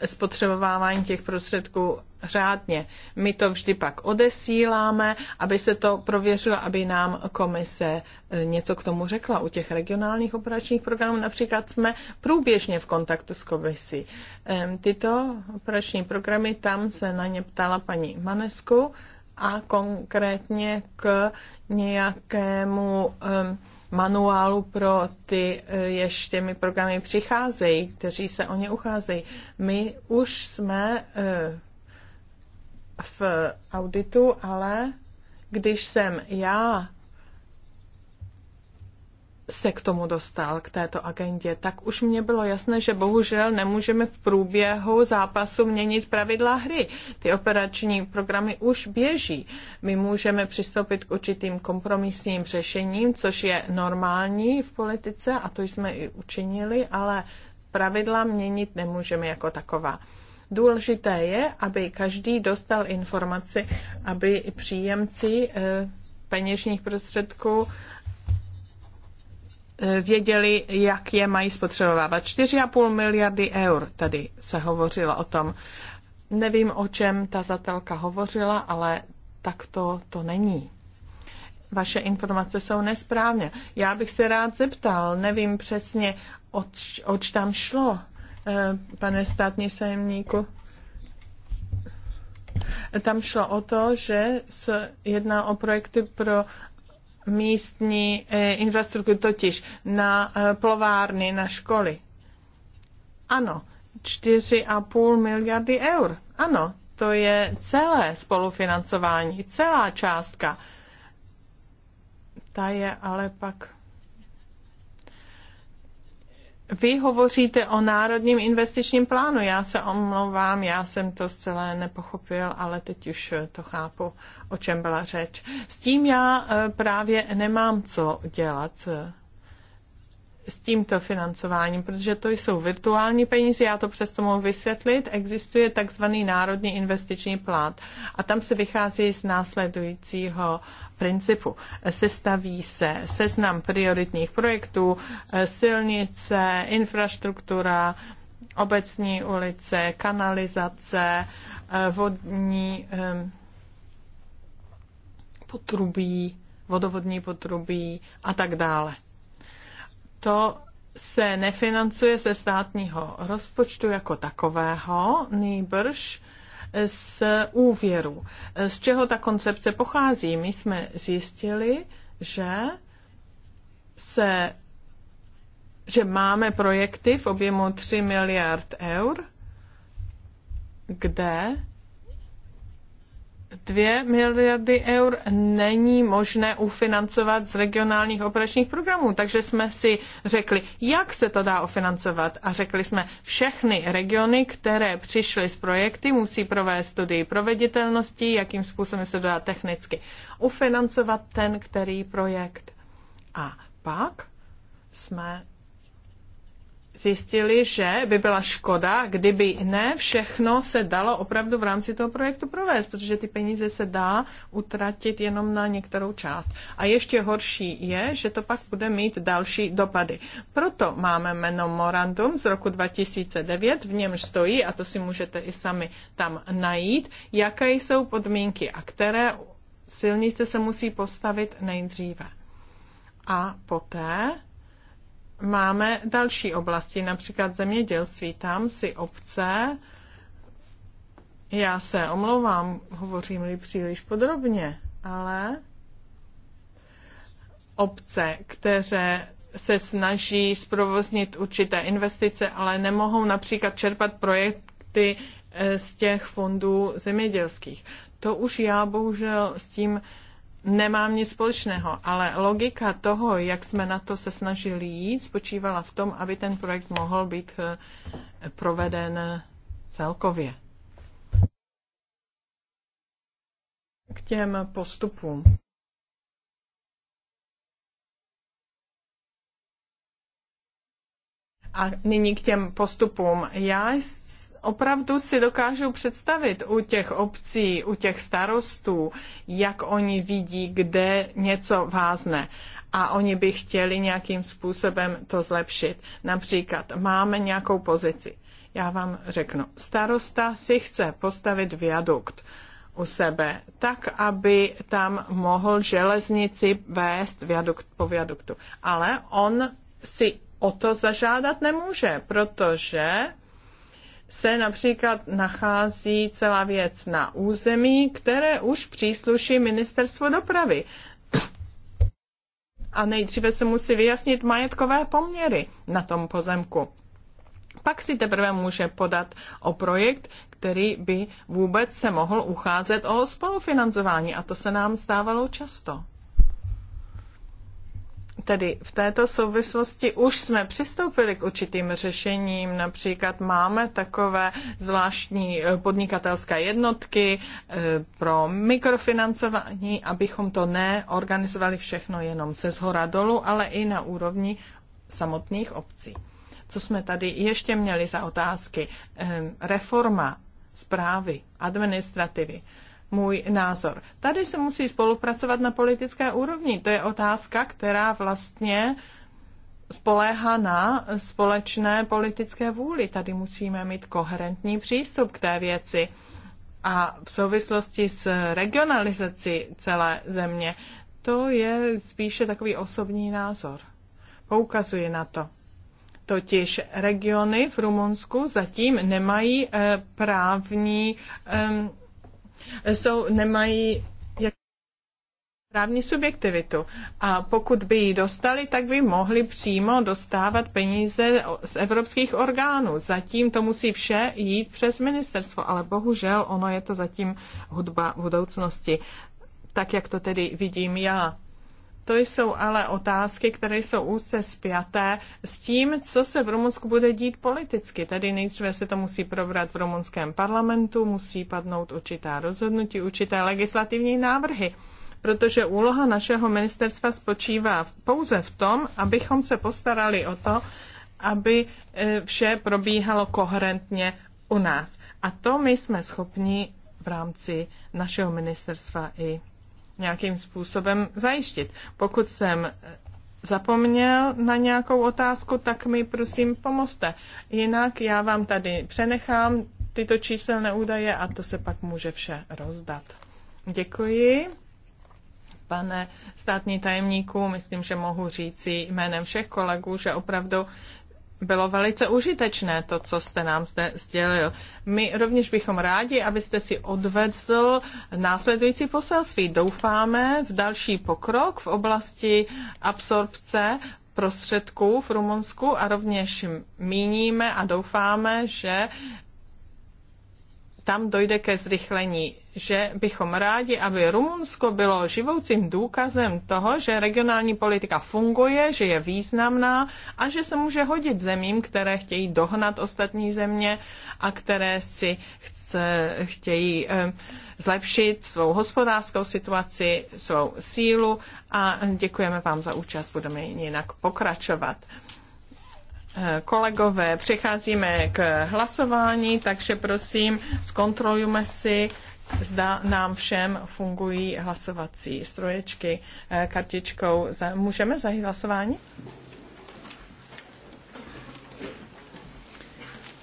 spotřebovávání těch prostředků řádně. My to vždy pak odesíláme, aby se to prověřilo, aby nám komise eh, něco k tomu řekla. U těch regionálních operačních programů například jsme průběžně v kontaktu s komisí. Ehm, tyto operační programy, tam se na ně ptala paní Manesku a konkrétně k nějakému um, manuálu pro ty, e, jež těmi programy přicházejí, kteří se o ně ucházejí. My už jsme e, v auditu, ale když jsem já se k tomu dostal, k této agendě, tak už mě bylo jasné, že bohužel nemůžeme v průběhu zápasu měnit pravidla hry. Ty operační programy už běží. My můžeme přistoupit k určitým kompromisním řešením, což je normální v politice a to jsme i učinili, ale pravidla měnit nemůžeme jako taková. Důležité je, aby každý dostal informaci, aby příjemci eh, peněžních prostředků věděli, jak je mají spotřebovávat. 4,5 miliardy eur tady se hovořilo o tom. Nevím, o čem ta zatelka hovořila, ale tak to, to není. Vaše informace jsou nesprávně. Já bych se rád zeptal, nevím přesně, oč, oč tam šlo, eh, pane státní sajemníku. Tam šlo o to, že se jedná o projekty pro místní eh, infrastrukturu, totiž na eh, plovárny, na školy. Ano, 4,5 miliardy eur. Ano, to je celé spolufinancování, celá částka. Ta je ale pak vy hovoříte o Národním investičním plánu. Já se omlouvám, já jsem to zcela nepochopil, ale teď už to chápu, o čem byla řeč. S tím já eh, právě nemám co dělat s tímto financováním, protože to jsou virtuální peníze, já to přesto mohu vysvětlit, existuje takzvaný národní investiční plán a tam se vychází z následujícího principu. Sestaví se seznam prioritních projektů, silnice, infrastruktura, obecní ulice, kanalizace, vodní potrubí, vodovodní potrubí a tak dále to se nefinancuje ze státního rozpočtu jako takového, nýbrž z úvěru. Z čeho ta koncepce pochází? My jsme zjistili, že se že máme projekty v objemu 3 miliard eur, kde 2 miliardy eur není možné ufinancovat z regionálních operačních programů. Takže jsme si řekli, jak se to dá ufinancovat, A řekli jsme, všechny regiony, které přišly s projekty, musí provést studii proveditelnosti, jakým způsobem se dá technicky ufinancovat ten, který projekt. A pak jsme zjistili, že by byla škoda, kdyby ne všechno se dalo opravdu v rámci toho projektu provést, protože ty peníze se dá utratit jenom na některou část. A ještě horší je, že to pak bude mít další dopady. Proto máme memorandum z roku 2009, v němž stojí, a to si můžete i sami tam najít, jaké jsou podmínky a které silnice se musí postavit nejdříve. A poté máme další oblasti, například zemědělství. Tam si obce, já se omlouvám, hovořím-li příliš podrobně, ale obce, které se snaží zprovoznit určité investice, ale nemohou například čerpat projekty eh, z těch fondů zemědělských. To už já bohužel s tím nemám nic společného, ale logika toho, jak jsme na to se snažili jít, spočívala v tom, aby ten projekt mohl být eh, proveden eh, celkově. K těm postupům. A nyní k těm postupům. Já opravdu si dokážu představit u těch obcí, u těch starostů, jak oni vidí, kde něco vázne. A oni by chtěli nějakým způsobem to zlepšit. Například máme nějakou pozici. Já vám řeknu, starosta si chce postavit viadukt u sebe, tak, aby tam mohl železnici vést viadukt po viaduktu. Ale on si o to zažádat nemůže, protože se například nachází celá věc na území, které už přísluší ministerstvo dopravy. A nejdříve se musí vyjasnit majetkové poměry na tom pozemku. Pak si teprve může podat o projekt, který by vůbec se mohl ucházet o spolufinancování. A to se nám stávalo často. Tedy v této souvislosti už jsme přistoupili k určitým řešením, například máme takové zvláštní eh, podnikatelské jednotky eh, pro mikrofinancování, abychom to neorganizovali všechno jenom se zhora dolu, ale i na úrovni samotných obcí. Co jsme tady ještě měli za otázky? Ehm, reforma zprávy, administrativy můj názor. Tady se musí spolupracovat na politické úrovni. To je otázka, která vlastně spoléhá na společné politické vůli. Tady musíme mít koherentní přístup k té věci. A v souvislosti s regionalizací celé země, to je spíše takový osobní názor. Poukazuji na to. Totiž regiony v Rumunsku zatím nemají eh, právní jsou, nemají jak právní subjektivitu. A pokud by ji dostali, tak by mohli přímo dostávat peníze z evropských orgánů. Zatím to musí vše jít přes ministerstvo, ale bohužel ono je to zatím hudba budoucnosti. Tak, jak to tedy vidím já. To jsou ale otázky, které jsou úzce spjaté s tím, co se v Rumunsku bude dít politicky. Tedy nejdříve se to musí probrat v rumunském parlamentu, musí padnout určitá rozhodnutí, určité legislativní návrhy. Protože úloha našeho ministerstva spočívá pouze v tom, abychom se postarali o to, aby e, vše probíhalo koherentně u nás. A to my jsme schopni v rámci našeho ministerstva i nějakým způsobem zajištit. Pokud jsem zapomněl na nějakou otázku, tak mi prosím pomozte. Jinak já vám tady přenechám tyto číselné údaje a to se pak může vše rozdat. Děkuji. Pane státní tajemníku, myslím, že mohu říci jménem všech kolegů, že opravdu bylo velice užitečné to, co jste nám zde sdělil. My rovněž bychom rádi, abyste si odvedl následující poselství. Doufáme v další pokrok v oblasti absorpce prostředků v Rumunsku a rovněž míníme a doufáme, že tam dojde ke zrychlení, že bychom rádi, aby Rumunsko bylo živoucím důkazem toho, že regionální politika funguje, že je významná a že se může hodit zemím, které chtějí dohnat ostatní země a které si chce, chtějí eh, zlepšit svou hospodářskou situaci, svou sílu a děkujeme vám za účast, budeme jinak pokračovat. Eh, kolegové, přicházíme k hlasování, takže prosím, zkontrolujeme si, zda nám všem fungují hlasovací stroječky eh, kartičkou. Můžeme zajít hlasování?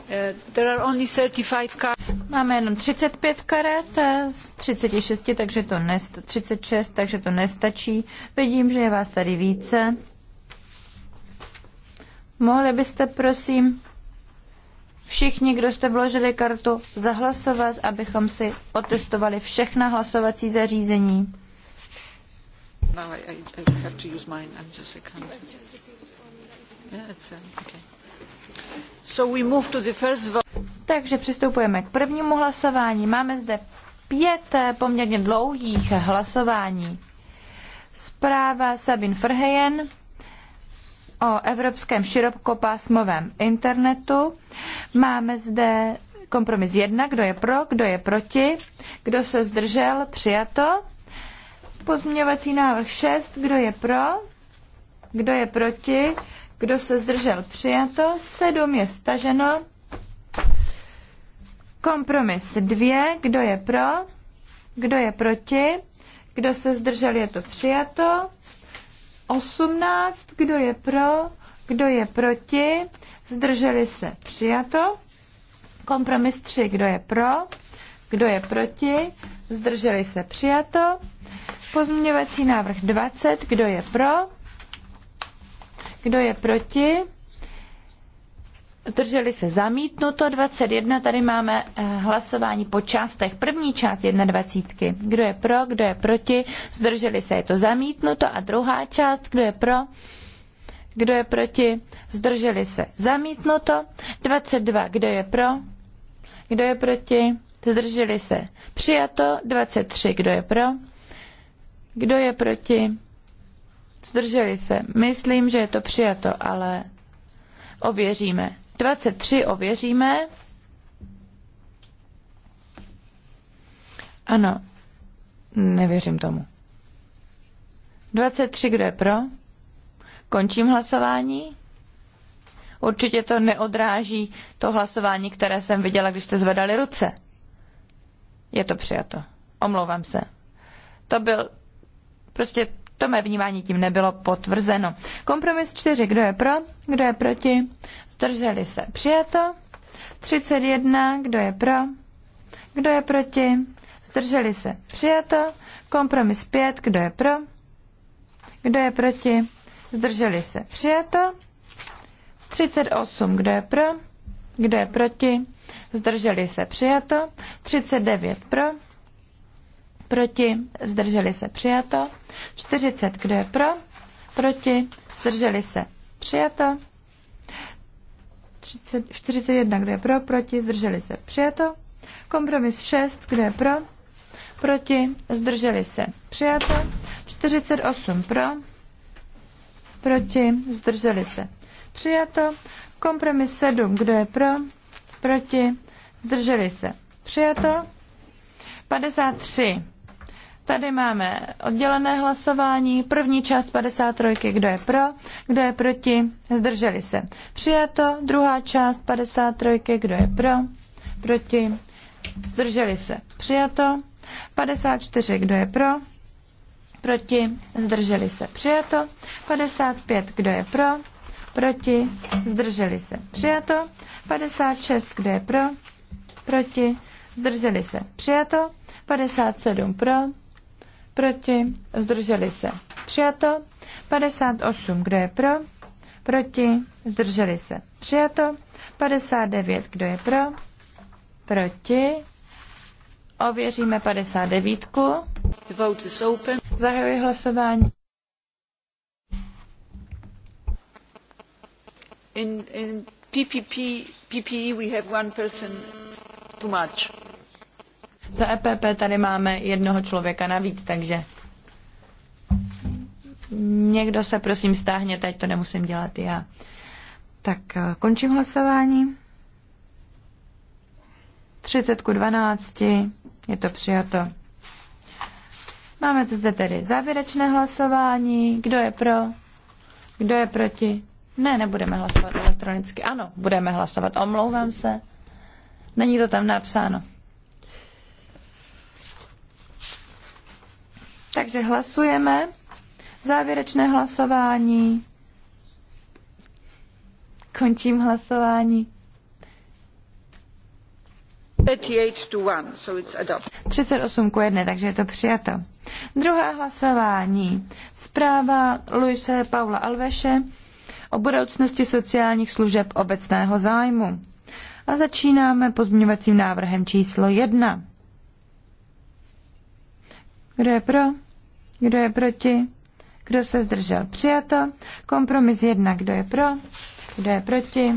Eh, there are only 35 Máme jenom 35 karet z 36, takže to nest, 36, takže to nestačí. Vidím, že je vás tady více. Mohli byste prosím všichni, kdo jste vložili kartu, zahlasovat, abychom si otestovali všechna hlasovací zařízení. Um, Takže přistupujeme k prvnímu hlasování. Máme zde pět eh, poměrně dlouhých hlasování. Zpráva Sabin Frhejen o evropském širokopásmovém internetu. Máme zde kompromis jedna, kdo je pro, kdo je proti, kdo se zdržel, přijato. Pozměňovací návrh 6, kdo je pro, kdo je proti, kdo se zdržel, přijato. 7 je staženo. Kompromis 2, kdo je pro, kdo je proti, kdo se zdržel, je to přijato. 18. Kdo je pro? Kdo je proti? Zdrželi se přijato. Kompromis 3. Kdo je pro? Kdo je proti? Zdrželi se přijato. Pozměňovací návrh 20. Kdo je pro? Kdo je proti? Drželi se zamítnuto 21. Tady máme eh, hlasování po částech. První část 21. Kdo je pro, kdo je proti? Zdrželi se, je to zamítnuto. A druhá část, kdo je pro? Kdo je proti? Zdrželi se. Zamítnuto. 22. Kdo je pro? Kdo je proti? Zdrželi se. Přijato. 23. Kdo je pro? Kdo je proti? Zdrželi se. Myslím, že je to přijato, ale ověříme. 23 ověříme. Ano, nevěřím tomu. 23, kdo je pro? Končím hlasování. Určitě to neodráží to hlasování, které jsem viděla, když jste zvedali ruce. Je to přijato. Omlouvám se. To byl prostě to mé vnímání tím nebylo potvrzeno. Kompromis 4. Kdo je pro? Kdo je proti? Zdrželi se. Přijato. 31. Kdo je pro? Kdo je proti? Zdrželi se. Přijato. Kompromis 5. Kdo je pro? Kdo je proti? Zdrželi se. Přijato. 38. Kdo je pro? Kdo je proti? Zdrželi se. Přijato. 39 pro proti, zdrželi se přijato. 40, kdo je pro, proti, zdrželi se přijato. 30, 41, kdo je pro, proti, zdrželi se přijato. Kompromis 6, kdo je pro, proti, zdrželi se přijato. 48 pro, proti, zdrželi se přijato. Kompromis 7, kdo je pro, proti, zdrželi se přijato. 53 Tady máme oddělené hlasování. První část 53. Kdo je pro? Kdo je proti? Zdrželi se. Přijato. Druhá část 53. Kdo je pro? Proti? Zdrželi se. Přijato. 54. Kdo je pro? Proti? Zdrželi se. Přijato. 55. Kdo je pro? Proti? Zdrželi se. Přijato. 56. Kdo je pro? Proti? Zdrželi se. Přijato. 57 pro proti, zdrželi se. Přijato. 58, kdo je pro, proti, zdrželi se. Přijato. 59, kdo je pro, proti. Ověříme 59. The vote is open. Zahajuji hlasování. In, in PPP, PPE we have one person too much. Za EPP tady máme jednoho člověka navíc, takže někdo se prosím stáhně, teď to nemusím dělat já. Tak eh, končím hlasování. 30 ku 12, je to přijato. Máme to zde tedy závěrečné hlasování. Kdo je pro? Kdo je proti? Ne, nebudeme hlasovat elektronicky. Ano, budeme hlasovat. Omlouvám se. Není to tam napsáno. Takže hlasujeme. Závěrečné hlasování. Končím hlasování. 38 ku 1, takže je to přijato. Druhé hlasování. Zpráva Luise Paula Alveše o budoucnosti sociálních služeb obecného zájmu. A začínáme pozměňovacím návrhem číslo 1. Kdo je pro? Kdo je proti? Kdo se zdržel? Přijato. Kompromis jedna. Kdo je pro? Kdo je proti?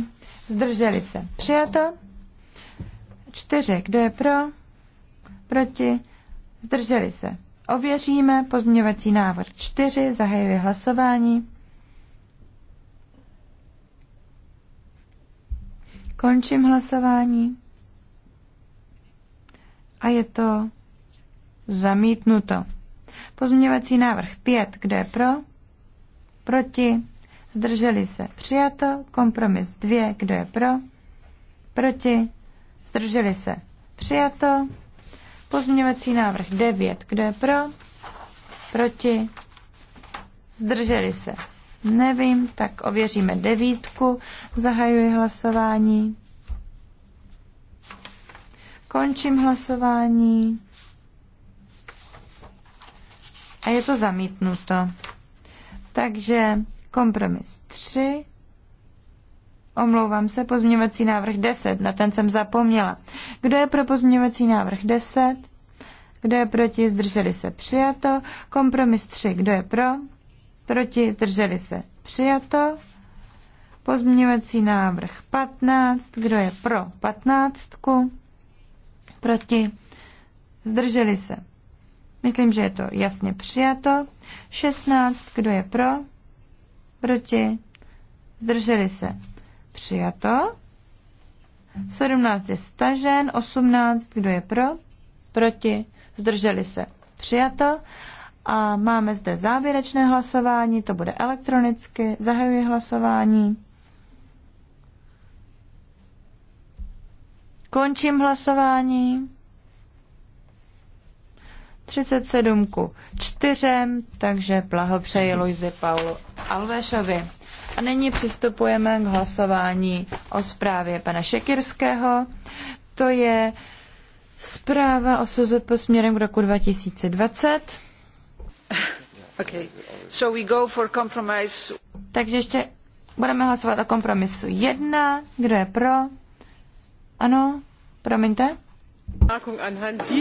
Zdrželi se. Přijato. Čtyři. Kdo je pro? Proti? Zdrželi se. Ověříme pozměňovací návrh 4. Zahajuje hlasování. Končím hlasování. A je to Zamítnuto. Pozměňovací návrh 5, kdo je pro? Proti. Zdrželi se. Přijato. Kompromis 2, kdo je pro? Proti. Zdrželi se. Přijato. Pozměňovací návrh 9, kdo je pro? Proti. Zdrželi se. Nevím, tak ověříme devítku. Zahajuji hlasování. Končím hlasování a je to zamítnuto. Takže kompromis 3. Omlouvám se, pozměňovací návrh 10, na ten jsem zapomněla. Kdo je pro pozměňovací návrh 10? Kdo je proti? Zdrželi se přijato. Kompromis 3. Kdo je pro? Proti? Zdrželi se přijato. Pozměňovací návrh 15. Kdo je pro 15? Proti? Zdrželi se Myslím, že je to jasně přijato. 16. Kdo je pro? Proti? Zdrželi se. Přijato. 17 je stažen. 18. Kdo je pro? Proti? Zdrželi se. Přijato. A máme zde závěrečné hlasování, to bude elektronicky. Zahajuji hlasování. Končím hlasování. 37 ku 4, takže blahopřeji Luizi Paulu Alvešovi. A nyní přistupujeme k hlasování o zprávě pana Šekirského. To je zpráva o SZP směrem k roku 2020. Okay. So we go for compromise. Takže ještě budeme hlasovat o kompromisu 1. Kdo je pro? Ano, promiňte.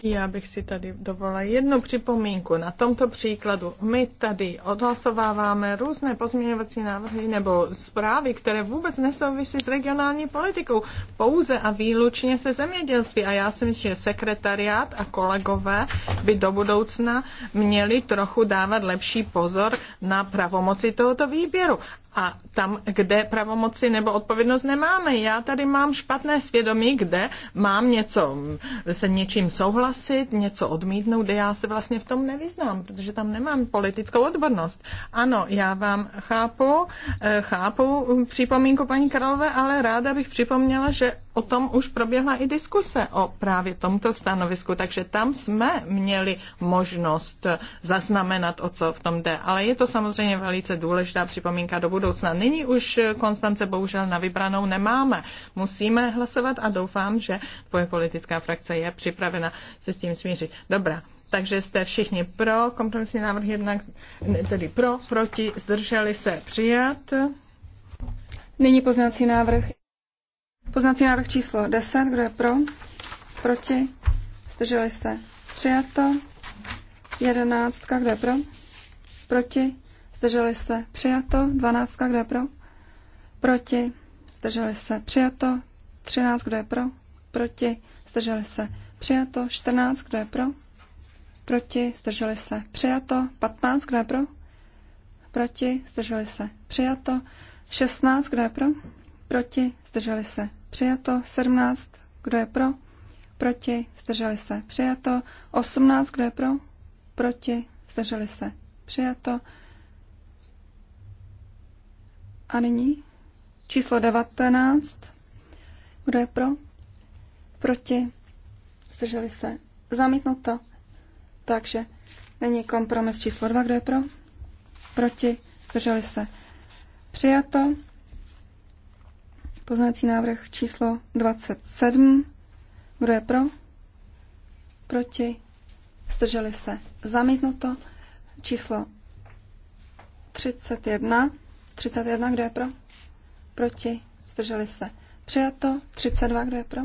Já bych si tady dovolila jednu připomínku. Na tomto příkladu my tady odhlasováváme různé pozměňovací návrhy nebo zprávy, které vůbec nesouvisí s regionální politikou, pouze a výlučně se zemědělství. A já si myslím, že sekretariát a kolegové by do budoucna měli trochu dávat lepší pozor na pravomoci tohoto výběru. A tam, kde pravomoci nebo odpovědnost nemáme. Já tady mám špatné svědomí, kde mám něco, se něčím souhlasit, něco odmítnout, kde já se vlastně v tom nevyznám, protože tam nemám politickou odbornost. Ano, já vám chápu, eh, chápu připomínku paní Karlové, ale ráda bych připomněla, že o tom už proběhla i diskuse o právě tomto stanovisku, takže tam jsme měli možnost zaznamenat, o co v tom jde. Ale je to samozřejmě velice důležitá připomínka do budoucna budoucna. Nyní už Konstance bohužel na vybranou nemáme. Musíme hlasovat a doufám, že tvoje politická frakce je připravena se s tím smířit. Dobrá. Takže jste všichni pro kompromisní návrh jednak, tedy pro, proti, zdrželi se přijat. Nyní poznací návrh. Poznací návrh číslo 10, kdo je pro, proti, zdrželi se přijato. Jedenáctka, kdo je pro, proti, zdrželi se, přijato. 12, kdo je pro? Proti, zdrželi se, přijato. 13, kdo je pro? Proti, zdrželi se, přijato. 14, kdo je pro? Proti, zdrželi se, přijato. 15, kdo je pro? Proti, zdrželi se, přijato. 16, kdo je pro? Proti, zdrželi se, přijato. 17, kdo je pro? Proti, zdrželi se, přijato. 18, kdo je pro? Proti, zdrželi se, přijato. A nyní číslo 19. Kdo je pro? Proti? Zdrželi se? Zamítnuto. Takže není kompromis číslo 2. Kdo je pro? Proti? Zdrželi se? Přijato. Poznací návrh číslo 27. Kdo je pro? Proti? Zdrželi se? Zamítnuto. Číslo 31. 31, kdo je pro? Proti? Zdrželi se. Přijato. 32, kdo je pro?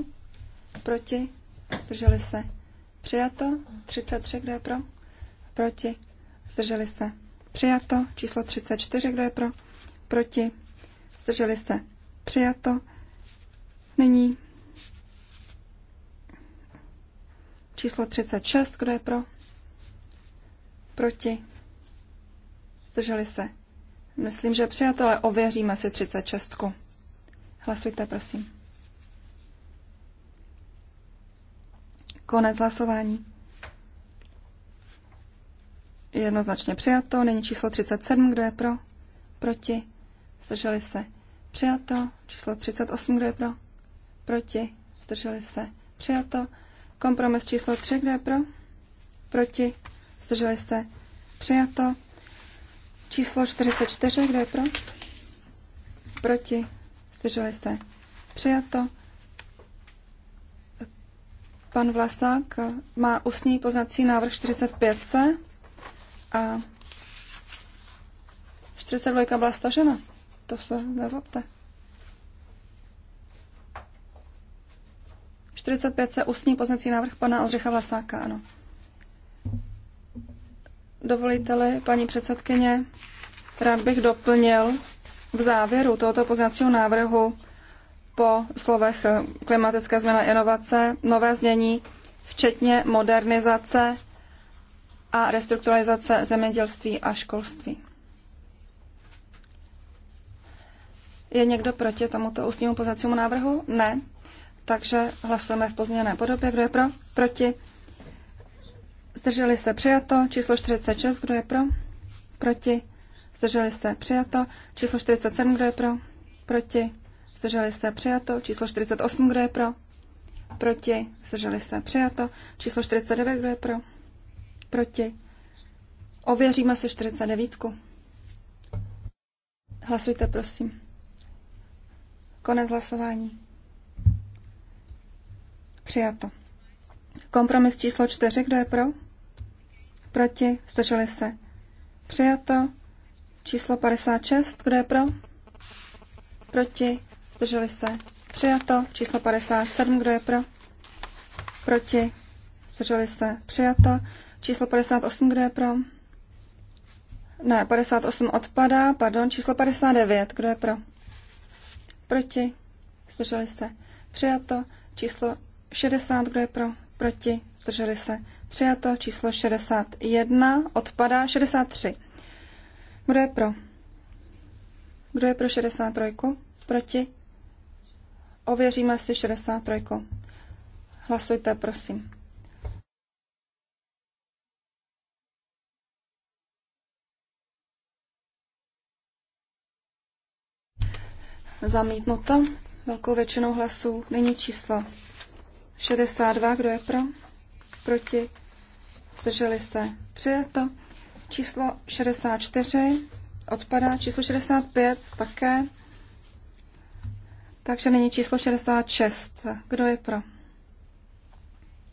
Proti? Zdrželi se. Přijato. 33, kdo je pro? Proti? Zdrželi se. Přijato. Číslo 34, kdo je pro? Proti? Zdrželi se. Přijato. Nyní číslo 36, kdo je pro? Proti? Zdrželi se. Myslím, že přijato, ověříme si 36. Hlasujte, prosím. Konec hlasování. Jednoznačně přijato. Není číslo 37. Kdo je pro? Proti? Zdrželi se. Přijato. Číslo 38. Kdo je pro? Proti? Zdrželi se. Přijato. Kompromis číslo 3. Kdo je pro? Proti? Zdrželi se. Přijato. Číslo 44, kdo je pro? Proti? Zdrželi se? Přijato. Pan Vlasák má ústní poznací návrh 45C a 42 byla stažena. To se nezlobte. 45 se ústní poznací návrh pana Oldřicha Vlasáka, ano. Dovolíte-li, paní předsedkyně, rád bych doplnil v závěru tohoto poznacího návrhu po slovech klimatické změna inovace nové znění, včetně modernizace a restrukturalizace zemědělství a školství. Je někdo proti tomuto ústnímu pozacímu návrhu? Ne. Takže hlasujeme v pozměněné podobě. Kdo je pro? Proti? Zdrželi se přijato. Číslo 46, kdo je pro? Proti. Zdrželi se přijato. Číslo 47, kdo je pro? Proti. Zdrželi se přijato. Číslo 48, kdo je pro? Proti. Zdrželi se přijato. Číslo 49, kdo je pro? Proti. Ověříme se 49. Hlasujte, prosím. Konec hlasování. Přijato. Kompromis číslo 4, kdo je pro? Proti? Zdrželi se. Přijato. Číslo 56. Kdo je pro? Proti? Zdrželi se. Přijato. Číslo 57. Kdo je pro? Proti? Zdrželi se. Přijato. Číslo 58. Kdo je pro? Ne, 58 odpadá. Pardon. Číslo 59. Kdo je pro? Proti? Zdrželi se. Přijato. Číslo 60. Kdo je pro? Proti? Zdrželi se. Přijato číslo 61 odpadá 63. Kdo je pro? Kdo je pro 63? Proti? Ověříme si 63. Hlasujte, prosím. Zamítnuto velkou většinou hlasů. Nyní číslo 62. Kdo je pro? proti, zdrželi se, přijeto. Číslo 64 odpadá, číslo 65 také. Takže není číslo 66. Kdo je pro?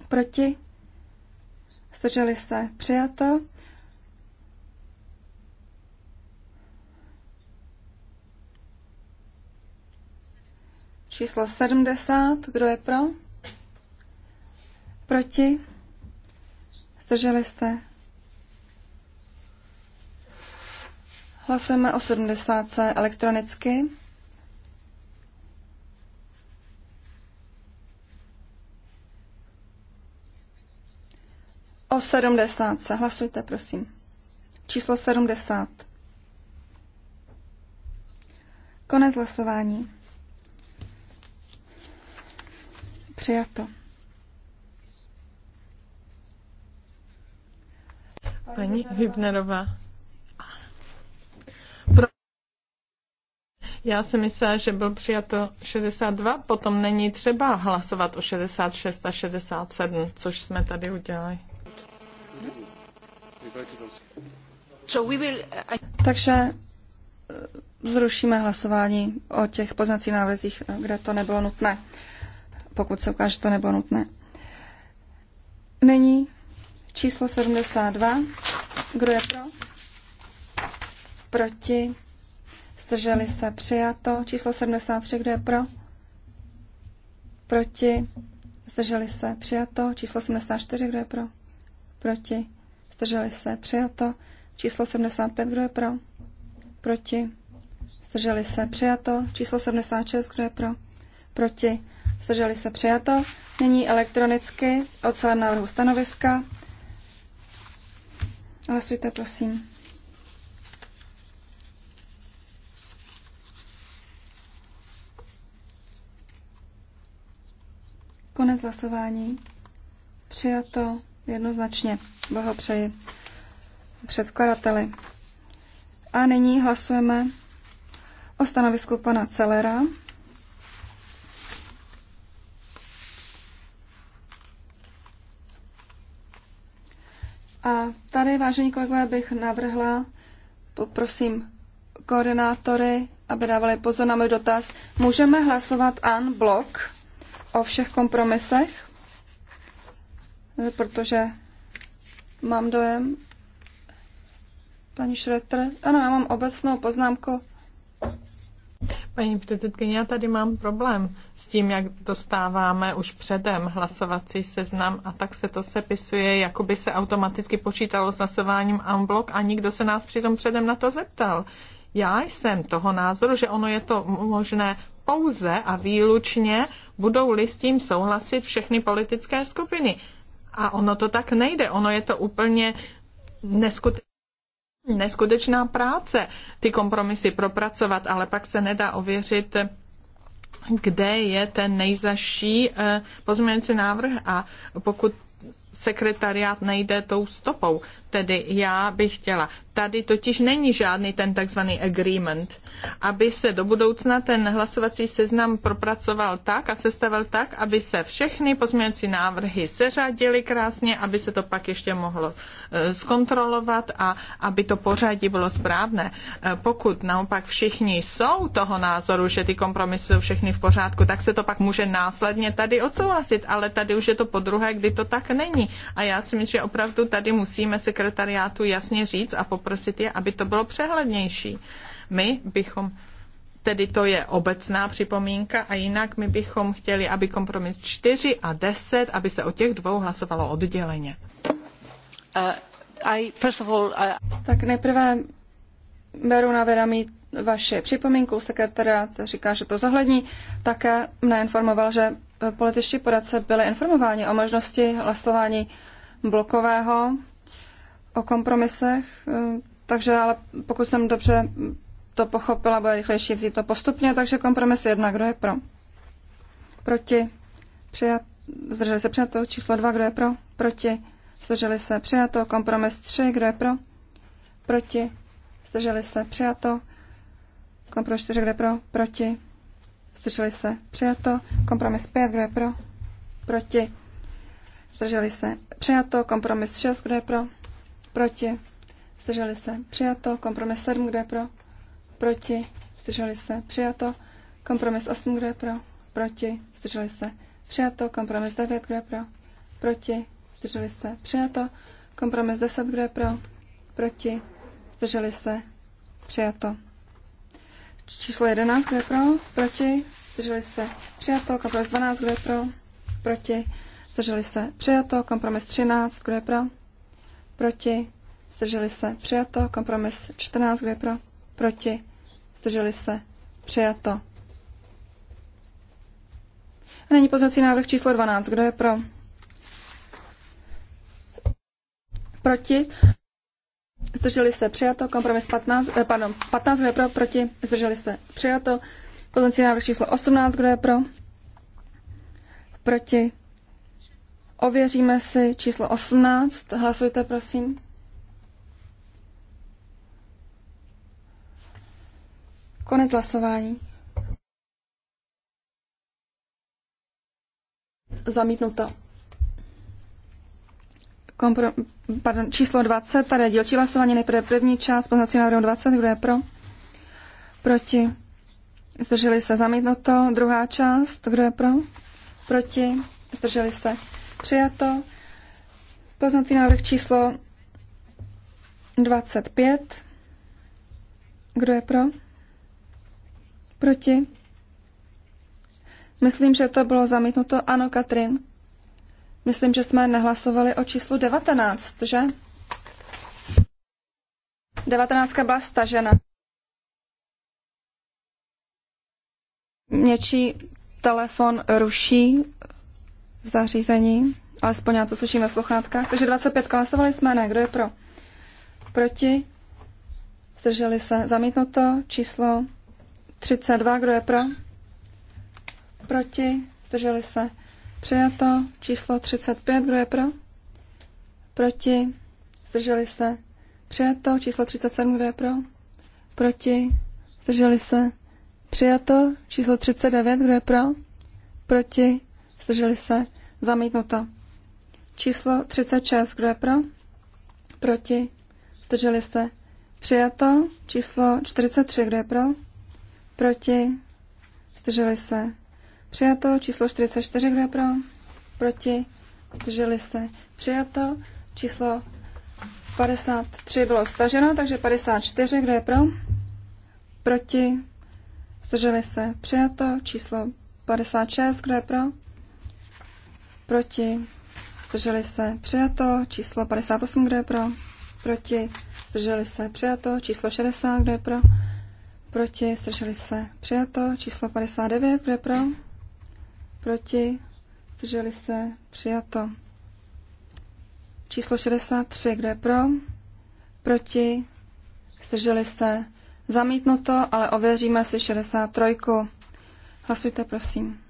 Proti? Zdrželi se, přijeto. Číslo 70. Kdo je pro? Proti? Zdrželi se? Hlasujeme o 70 elektronicky. O 70 se hlasujte, prosím. Číslo 70. Konec hlasování. Přijato. Paní Hübnerová. Pro... Já si myslela, že byl přijato 62, potom není třeba hlasovat o 66 a 67, což jsme tady udělali. Takže eh, zrušíme hlasování o těch poznacích návrzích, kde to nebylo nutné, pokud se ukáže, že to nebylo nutné. Nyní Číslo 72. Kdo je pro? Proti? Zdrželi se přijato. Číslo 73. Kdo je pro? Proti? Zdrželi se přijato. Číslo 74. Kdo je pro? Proti? Zdrželi se přijato. Číslo 75. Kdo je pro? Proti? Zdrželi se přijato. Číslo 76. Kdo je pro? Proti? Zdrželi se přijato. Nyní elektronicky o celém návrhu stanoviska. Hlasujte, prosím. Konec hlasování. Přijato jednoznačně. Blahopřeji předkladateli. A nyní hlasujeme o stanovisku pana Celera. A tady, vážení kolegové, bych navrhla, poprosím koordinátory, aby dávali pozor na můj dotaz. Můžeme hlasovat an blok o všech kompromisech? Protože mám dojem, paní Šretr, ano, já mám obecnou poznámku Paní předsedkyně, já tady mám problém s tím, jak dostáváme už předem hlasovací seznam a tak se to sepisuje, jako by se automaticky počítalo s hlasováním unblock a nikdo se nás přitom předem na to zeptal. Já jsem toho názoru, že ono je to možné pouze a výlučně budou listím s tím souhlasit všechny politické skupiny. A ono to tak nejde, ono je to úplně neskutečné neskutečná práce ty kompromisy propracovat, ale pak se nedá ověřit, kde je ten nejzaší eh, pozměňující návrh a pokud sekretariát nejde tou stopou. Tedy já bych chtěla. Tady totiž není žádný ten takzvaný agreement, aby se do budoucna ten hlasovací seznam propracoval tak a sestavil tak, aby se všechny pozměňovací návrhy seřadily krásně, aby se to pak ještě mohlo e, zkontrolovat a aby to pořadí bylo správné. E, pokud naopak všichni jsou toho názoru, že ty kompromisy jsou všechny v pořádku, tak se to pak může následně tady odsouhlasit, ale tady už je to po druhé, kdy to tak není zlepšení. A já si myslím, že opravdu tady musíme sekretariátu jasně říct a poprosit je, aby to bylo přehlednější. My bychom Tedy to je obecná připomínka a jinak my bychom chtěli, aby kompromis 4 a 10, aby se o těch dvou hlasovalo odděleně. Uh, I, first of all, I... Tak nejprve beru na vědomí vaše připomínku. Sekretariat říká, že to zohlední. Také mne informoval, že političtí poradce byli informováni o možnosti hlasování blokového, o kompromisech, eh, takže ale pokud jsem dobře to pochopila, bude rychlejší vzít to postupně, takže kompromis jedna, kdo je pro? Proti? Přijat, zdrželi se přijato, číslo dva, kdo je pro? Proti? Zdrželi se přijato, kompromis tři, kdo je pro? Proti? Zdrželi se přijato, kompromis čtyři, kdo je pro? Proti? zdrželi se, přijato. Kompromis 5, kdo je pro, proti, zdrželi se, přijato. Kompromis 6, kdo je pro, proti, zdrželi se, přijato. Kompromis 7, kdo je pro, proti, zdrželi se, přijato. Kompromis 8, kdo je pro, proti, zdrželi se, přijato. Kompromis 9, kdo je pro, proti, zdrželi se, přijato. Kompromis 10, kdo je pro, proti, zdrželi se, přijato. Číslo 11, kdo je pro? Proti? Zdrželi se? Přijato. Kompromis 12, kdo je pro? Proti? Zdrželi se? Přijato. Kompromis 13, kdo je pro? Proti? Zdrželi se? Přijato. Kompromis 14, kdo je pro? Proti? Zdrželi se? Přijato. A není pozvací návrh číslo 12. Kdo je pro? Proti? zdrželi se přijato, kompromis 15, eh, pardon, 15, kdo je pro, proti, zdrželi se přijato, pozornící návrh číslo 18, kdo je pro, proti, ověříme si číslo 18, hlasujte prosím. Konec hlasování. Zamítnuto. Kompro, pardon, číslo 20, tady je dílčí hlasování, nejprve první část poznací návrhu 20, kdo je pro? Proti? Zdrželi se zamítnuto. Druhá část, kdo je pro? Proti? Zdrželi se přijato. Poznací návrh číslo 25. Kdo je pro? Proti? Myslím, že to bylo zamítnuto. Ano, Katrin. Myslím, že jsme nehlasovali o číslu 19, že? 19 byla stažena. Něčí telefon ruší v zařízení, alespoň já to slyším ve sluchátkách. Takže 25 hlasovali jsme, ne, kdo je pro? Proti? Zdrželi se. Zamítnuto číslo 32, kdo je pro? Proti? Zdrželi se. Přijato číslo 35, kdo je pro? Proti? Zdrželi se? Přijato číslo 37, kdo je pro? Proti? Zdrželi se? Přijato číslo 39, kdo je pro? Proti? Zdrželi se? Zamítnuto. Číslo 36, kdo je pro? Proti? Zdrželi se? Přijato číslo 43, kdo je pro? Proti? Zdrželi se? Přijato číslo 44, kdo je pro? Proti? Zdrželi se. Přijato číslo 53 bylo staženo, takže 54, kdo je pro? Proti? Zdrželi se. Přijato číslo 56, kdo je pro? Proti? Zdrželi se. Přijato číslo 58, kdo je pro? Proti? Zdrželi se. Přijato číslo 60, kdo je pro? Proti? Zdrželi se. Přijato číslo 59, kdo je pro? proti, zdrželi se, přijato. Číslo 63, kdo je pro, proti, zdrželi se, zamítnuto, ale ověříme si 63. Hlasujte, prosím.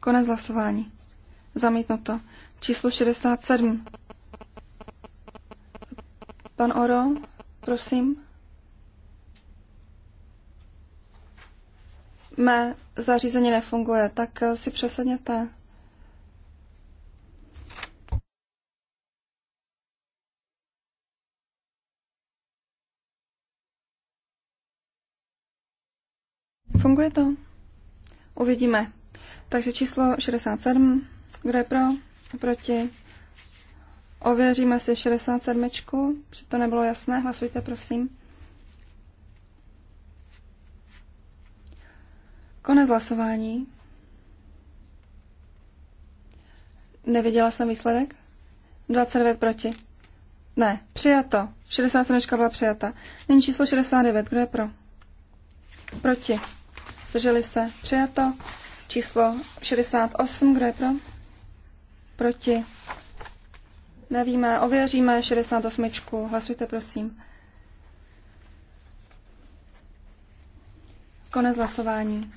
Konec hlasování. Zamítnuto. Číslo 67. Pan Oro, prosím. mé zařízení nefunguje, tak si přesedněte. Funguje to? Uvidíme. Takže číslo 67. Kdo je pro? Proti? Ověříme si 67. Při to nebylo jasné. Hlasujte, prosím. Konec hlasování. Neviděla jsem výsledek? 29 proti. Ne, přijato. 67 byla přijata. Nyní číslo 69. Kdo je pro? Proti. Zdrželi se. Přijato. Číslo 68. Kdo je pro? Proti. Nevíme, ověříme 68. Hlasujte, prosím. Konec hlasování.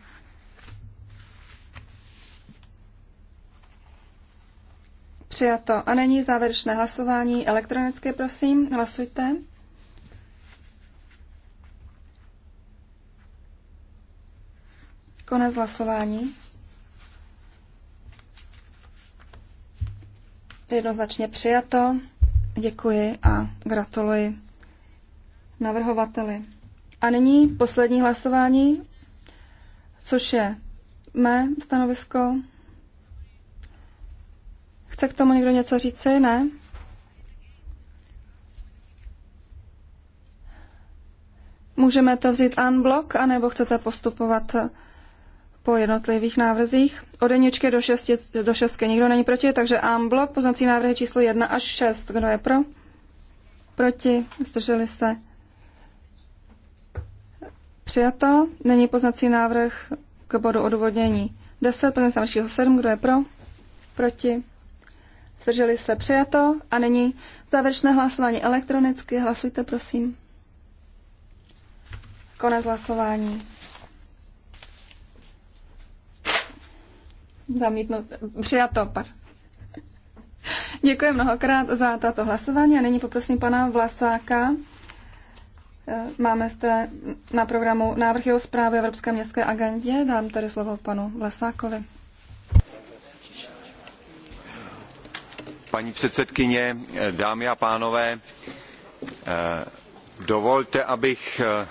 Přijato. A není závěrečné hlasování elektronicky, prosím. Hlasujte. Konec hlasování. Jednoznačně přijato. Děkuji a gratuluji navrhovateli. A nyní poslední hlasování, což je mé stanovisko Chce k tomu někdo něco říci? Ne? Můžeme to vzít unblock, anebo chcete postupovat po jednotlivých návrzích? Od jedničky do, šesti, do šestky nikdo není proti, takže unblock, poznací návrhy číslo 1 až 6. Kdo je pro? Proti? Zdrželi se? Přijato. Není poznací návrh k bodu odvodnění 10, poznací návrh číslo 7. Kdo je pro? Proti? Zdrželi se přijato a nyní závěrečné hlasování elektronicky. Hlasujte, prosím. Konec hlasování. Zamítnout. Přijato, par. Děkuji mnohokrát za tato hlasování a nyní poprosím pana Vlasáka. Eh, máme zde na programu návrh jeho zprávy Evropské městské agendě. Dám tady slovo panu Vlasákovi. paní předsedkyně, dámy a pánové, eh, dovolte, abych eh,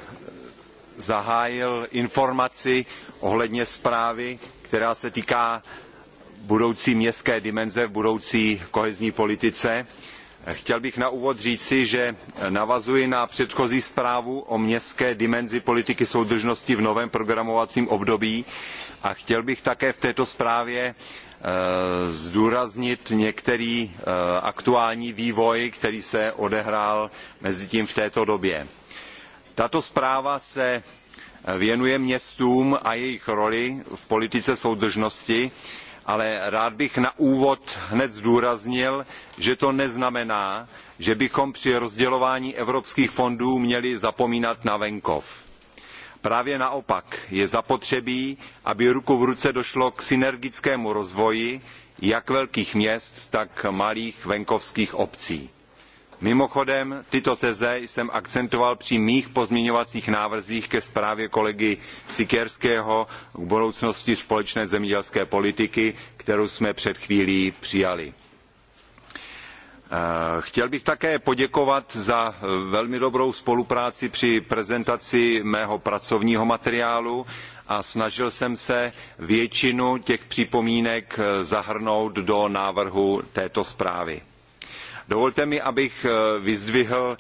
zahájil informaci ohledně zprávy, která se týká budoucí městské dimenze v budoucí kohezní politice. Chtěl bych na úvod říci, že navazuji na předchozí zprávu o městské dimenzi politiky soudržnosti v novém programovacím období a chtěl bych také v této zprávě Eh, zdůraznit některý eh, aktuální vývoj, který se odehrál mezitím v této době. Tato zpráva se eh, věnuje městům a jejich roli v politice soudržnosti, ale rád bych na úvod hned zdůraznil, že to neznamená, že bychom při rozdělování evropských fondů měli zapomínat na venkov Právě naopak je zapotřebí, aby ruku v ruce došlo k synergickému rozvoji jak velkých měst, tak malých venkovských obcí. Mimochodem, tyto teze jsem akcentoval při mých pozměňovacích návrzích ke zprávě kolegy Sikerského k budoucnosti společné zemědělské politiky, kterou jsme před chvílí přijali Eh, chtěl bych také poděkovat za eh, velmi dobrou spolupráci při prezentaci mého pracovního materiálu a snažil jsem se většinu těch připomínek eh, zahrnout do návrhu této zprávy. Dovolte mi, abych vyzdvihl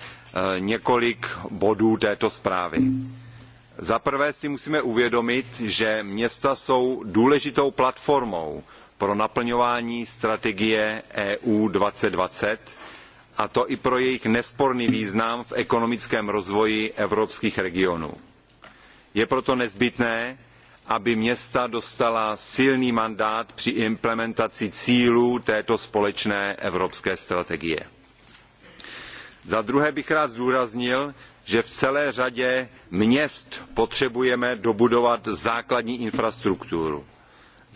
několik bodů této zprávy. Za prvé si musíme uvědomit, že města jsou důležitou platformou pro naplňování strategie EU 2020, a to i pro jejich nesporný význam v ekonomickém rozvoji evropských regionů. Je proto nezbytné, aby města dostala silný mandát při implementaci cílů této společné evropské strategie. Za druhé bych rád zdůraznil, že v celé řadě měst potřebujeme dobudovat základní infrastrukturu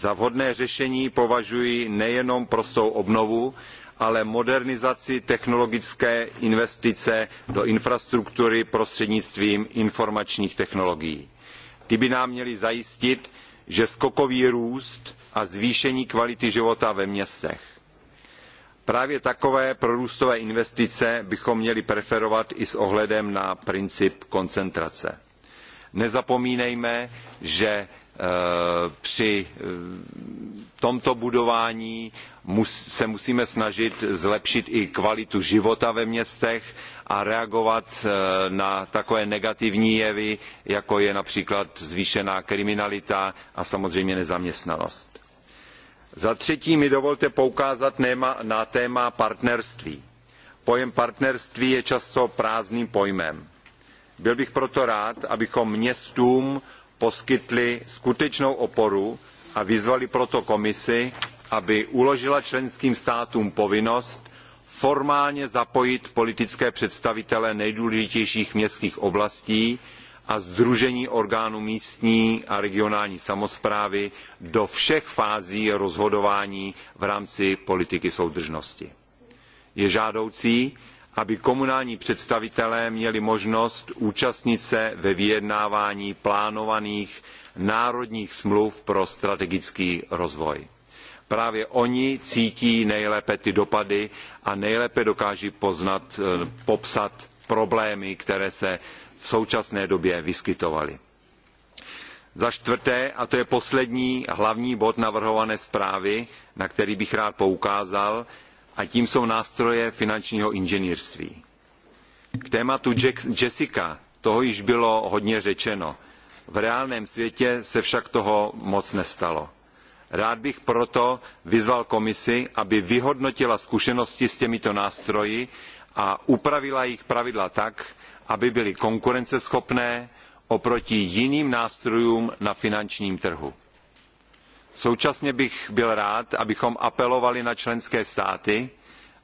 za vhodné řešení považuji nejenom prostou obnovu, ale modernizaci technologické investice do infrastruktury prostřednictvím informačních technologií. Ty by nám měly zajistit, že skokový růst a zvýšení kvality života ve městech. Právě takové prorůstové investice bychom měli preferovat i s ohledem na princip koncentrace. Nezapomínejme, že Eh, při eh, tomto budování se musíme snažit zlepšit i kvalitu života ve městech a reagovat eh, na takové negativní jevy, jako je například zvýšená kriminalita a samozřejmě nezaměstnanost. Za třetí mi dovolte poukázat na téma partnerství. Pojem partnerství je často prázdným pojmem. Byl bych proto rád, abychom městům poskytly skutečnou oporu a vyzvali proto komisi, aby uložila členským státům povinnost formálně zapojit politické představitele nejdůležitějších městských oblastí a sdružení orgánů místní a regionální samosprávy do všech fází rozhodování v rámci politiky soudržnosti. Je žádoucí, aby komunální představitelé měli možnost účastnit se ve vyjednávání plánovaných národních smluv pro strategický rozvoj. Právě oni cítí nejlépe ty dopady a nejlépe dokáží poznat, eh, popsat problémy, které se v současné době vyskytovaly. Za čtvrté, a to je poslední hlavní bod navrhované zprávy, na který bych rád poukázal, a tím jsou nástroje finančního inženýrství. K tématu Jessica toho již bylo hodně řečeno. V reálném světě se však toho moc nestalo. Rád bych proto vyzval komisi, aby vyhodnotila zkušenosti s těmito nástroji a upravila jejich pravidla tak, aby byly konkurenceschopné oproti jiným nástrojům na finančním trhu. Současně bych byl rád, abychom apelovali na členské státy,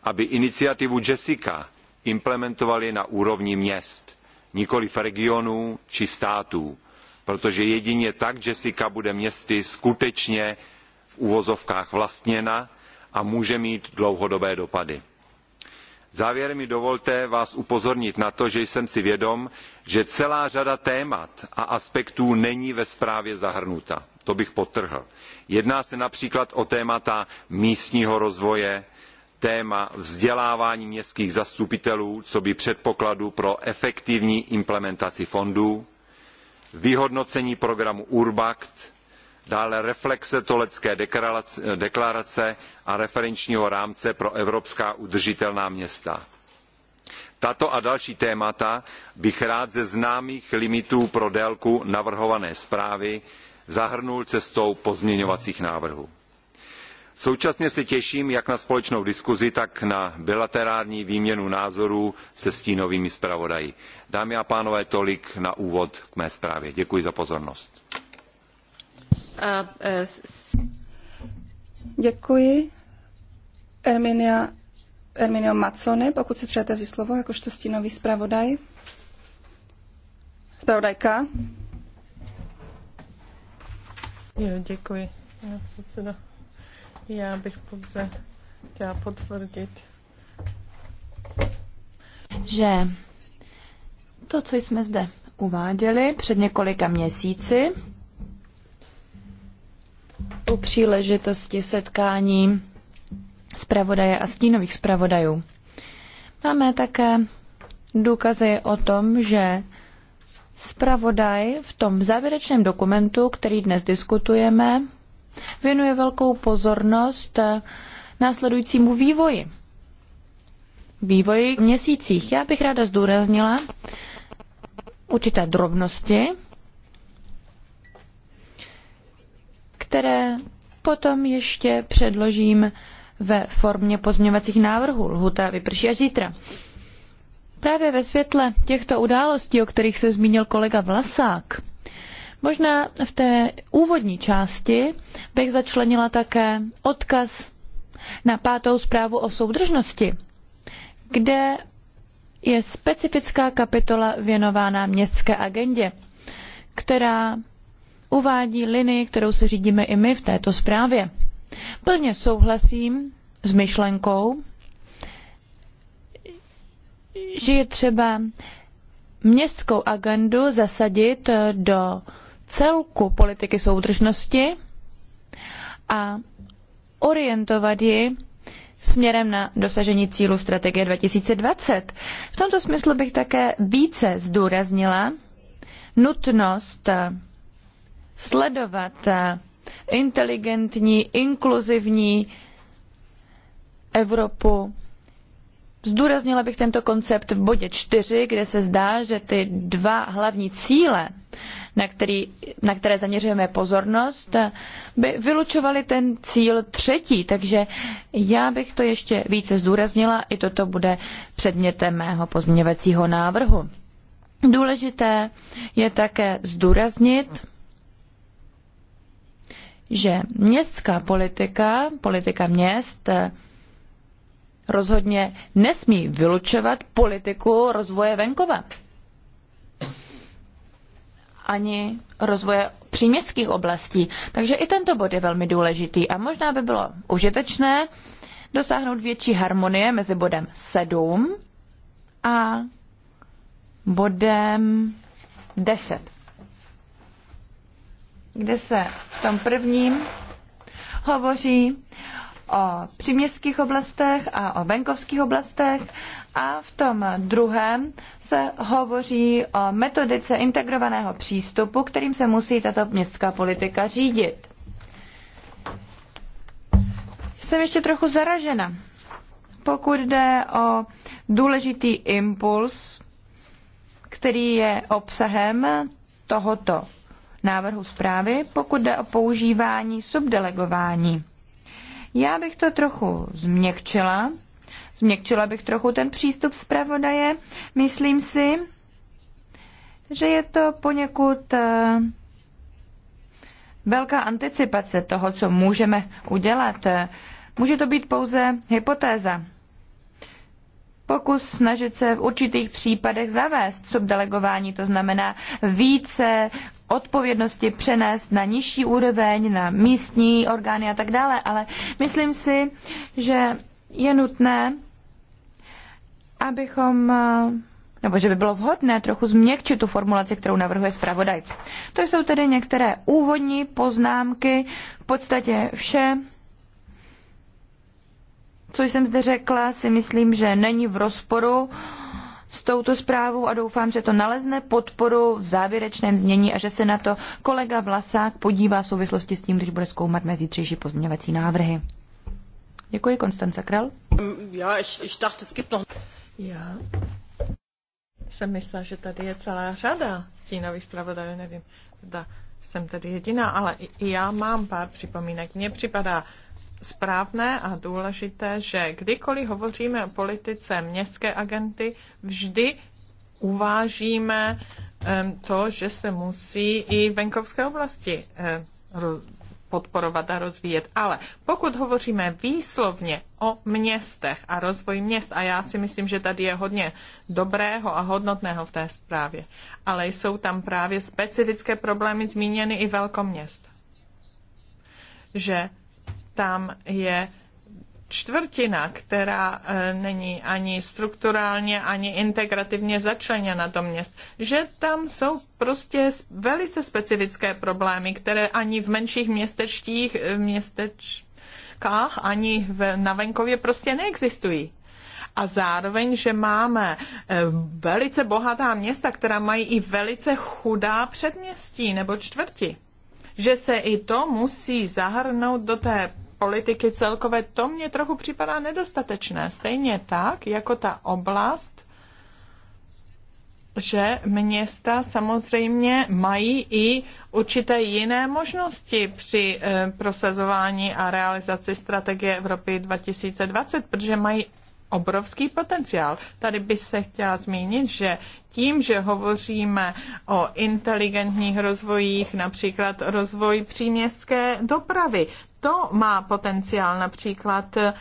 aby iniciativu Jessica implementovali na úrovni měst, nikoliv regionů či států, protože jedině tak Jessica bude městy skutečně v uvozovkách vlastněna a může mít dlouhodobé dopady. Závěrem mi dovolte vás upozornit na to, že jsem si vědom, že celá řada témat a aspektů není ve zprávě zahrnuta to bych podtrhl. Jedná se například o témata místního rozvoje, téma vzdělávání městských zastupitelů coby předpokladu pro efektivní implementaci fondů, vyhodnocení programu Urbact, dále reflexe tolecké deklarace a referenčního rámce pro evropská udržitelná města. Tato a další témata bych rád ze známých limitů pro délku navrhované zprávy zahrnul cestou pozměňovacích návrhů. Současně se těším jak na společnou diskuzi, tak na bilaterální výměnu názorů se stínovými zpravodaji. Dámy a pánové, tolik na úvod k mé zprávě. Děkuji za pozornost. E, Děkuji. Erminia, Erminio Macone, pokud si přejete vzít slovo, jakožto stínový zpravodaj. Zpravodajka. Jo, děkuji, pane předsedo. Já bych pouze chtěla potvrdit, že to, co jsme zde uváděli před několika měsíci, u příležitosti setkání zpravodaje a stínových zpravodajů. Máme také důkazy o tom, že Spravodaj v tom závěrečném dokumentu, který dnes diskutujeme, věnuje velkou pozornost eh, následujícímu vývoji. Vývoji v měsících. Já bych ráda zdůraznila určité drobnosti, které potom ještě předložím ve formě pozměňovacích návrhů. Lhuta vyprší až zítra. Právě ve světle těchto událostí, o kterých se zmínil kolega Vlasák, možná v té úvodní části bych začlenila také odkaz na pátou zprávu o soudržnosti, kde je specifická kapitola věnována městské agendě, která uvádí linii, kterou se řídíme i my v této zprávě. Plně souhlasím s myšlenkou, že je třeba městskou agendu zasadit eh, do celku politiky soudržnosti a orientovat ji směrem na dosažení cílu strategie 2020. V tomto smyslu bych také více zdůraznila nutnost eh, sledovat eh, inteligentní, inkluzivní Evropu Zdůraznila bych tento koncept v bodě 4, kde se zdá, že ty dva hlavní cíle, na, který, na které zaměřujeme pozornost, by vylučovaly ten cíl třetí. Takže já bych to ještě více zdůraznila, i toto bude předmětem mého pozměňovacího návrhu. Důležité je také zdůraznit, že městská politika, politika měst, rozhodně nesmí vylučovat politiku rozvoje venkova ani rozvoje příměstských oblastí. Takže i tento bod je velmi důležitý a možná by bylo užitečné dosáhnout větší harmonie mezi bodem 7 a bodem 10, kde se v tom prvním hovoří o příměstských oblastech a o venkovských oblastech a v tom druhém se hovoří o metodice integrovaného přístupu, kterým se musí tato městská politika řídit. Jsem ještě trochu zaražena, pokud jde o důležitý impuls, který je obsahem tohoto návrhu zprávy, pokud jde o používání subdelegování já bych to trochu změkčila. Změkčila bych trochu ten přístup zpravodaje. Myslím si, že je to poněkud eh, velká anticipace toho, co můžeme udělat. Může to být pouze hypotéza pokus snažit se v určitých případech zavést subdelegování, to znamená více odpovědnosti přenést na nižší úroveň, na místní orgány a tak dále, ale myslím si, že je nutné, abychom nebo že by bylo vhodné trochu změkčit tu formulaci, kterou navrhuje zpravodaj. To jsou tedy některé úvodní poznámky, v podstatě vše, co jsem zde řekla, si myslím, že není v rozporu s touto zprávou a doufám, že to nalezne podporu v závěrečném znění a že se na to kolega Vlasák podívá v souvislosti s tím, když bude zkoumat mé zítřejší pozměňovací návrhy. Děkuji, Konstance Král. Já, já. Já jsem myslela, že tady je celá řada stínových zpravodajů, nevím, zda jsem tady jediná, ale i já mám pár připomínek. Mně připadá správné a důležité, že kdykoliv hovoříme o politice městské agenty, vždy uvážíme to, že se musí i venkovské oblasti podporovat a rozvíjet. Ale pokud hovoříme výslovně o městech a rozvoji měst, a já si myslím, že tady je hodně dobrého a hodnotného v té zprávě, ale jsou tam právě specifické problémy zmíněny i velkoměst. Že tam je čtvrtina, která e, není ani strukturálně, ani integrativně začleněna do měst, že tam jsou prostě velice specifické problémy, které ani v menších městečtích, e, městečkách, ani v, na venkově prostě neexistují a zároveň, že máme e, velice bohatá města, která mají i velice chudá předměstí nebo čtvrti. Že se i to musí zahrnout do té politiky celkové, to mně trochu připadá nedostatečné. Stejně tak, jako ta oblast, že města samozřejmě mají i určité jiné možnosti při eh, prosazování a realizaci strategie Evropy 2020, protože mají obrovský potenciál. Tady bych se chtěla zmínit, že tím, že hovoříme o inteligentních rozvojích, například rozvoj příměstské dopravy, to má potenciál například eh,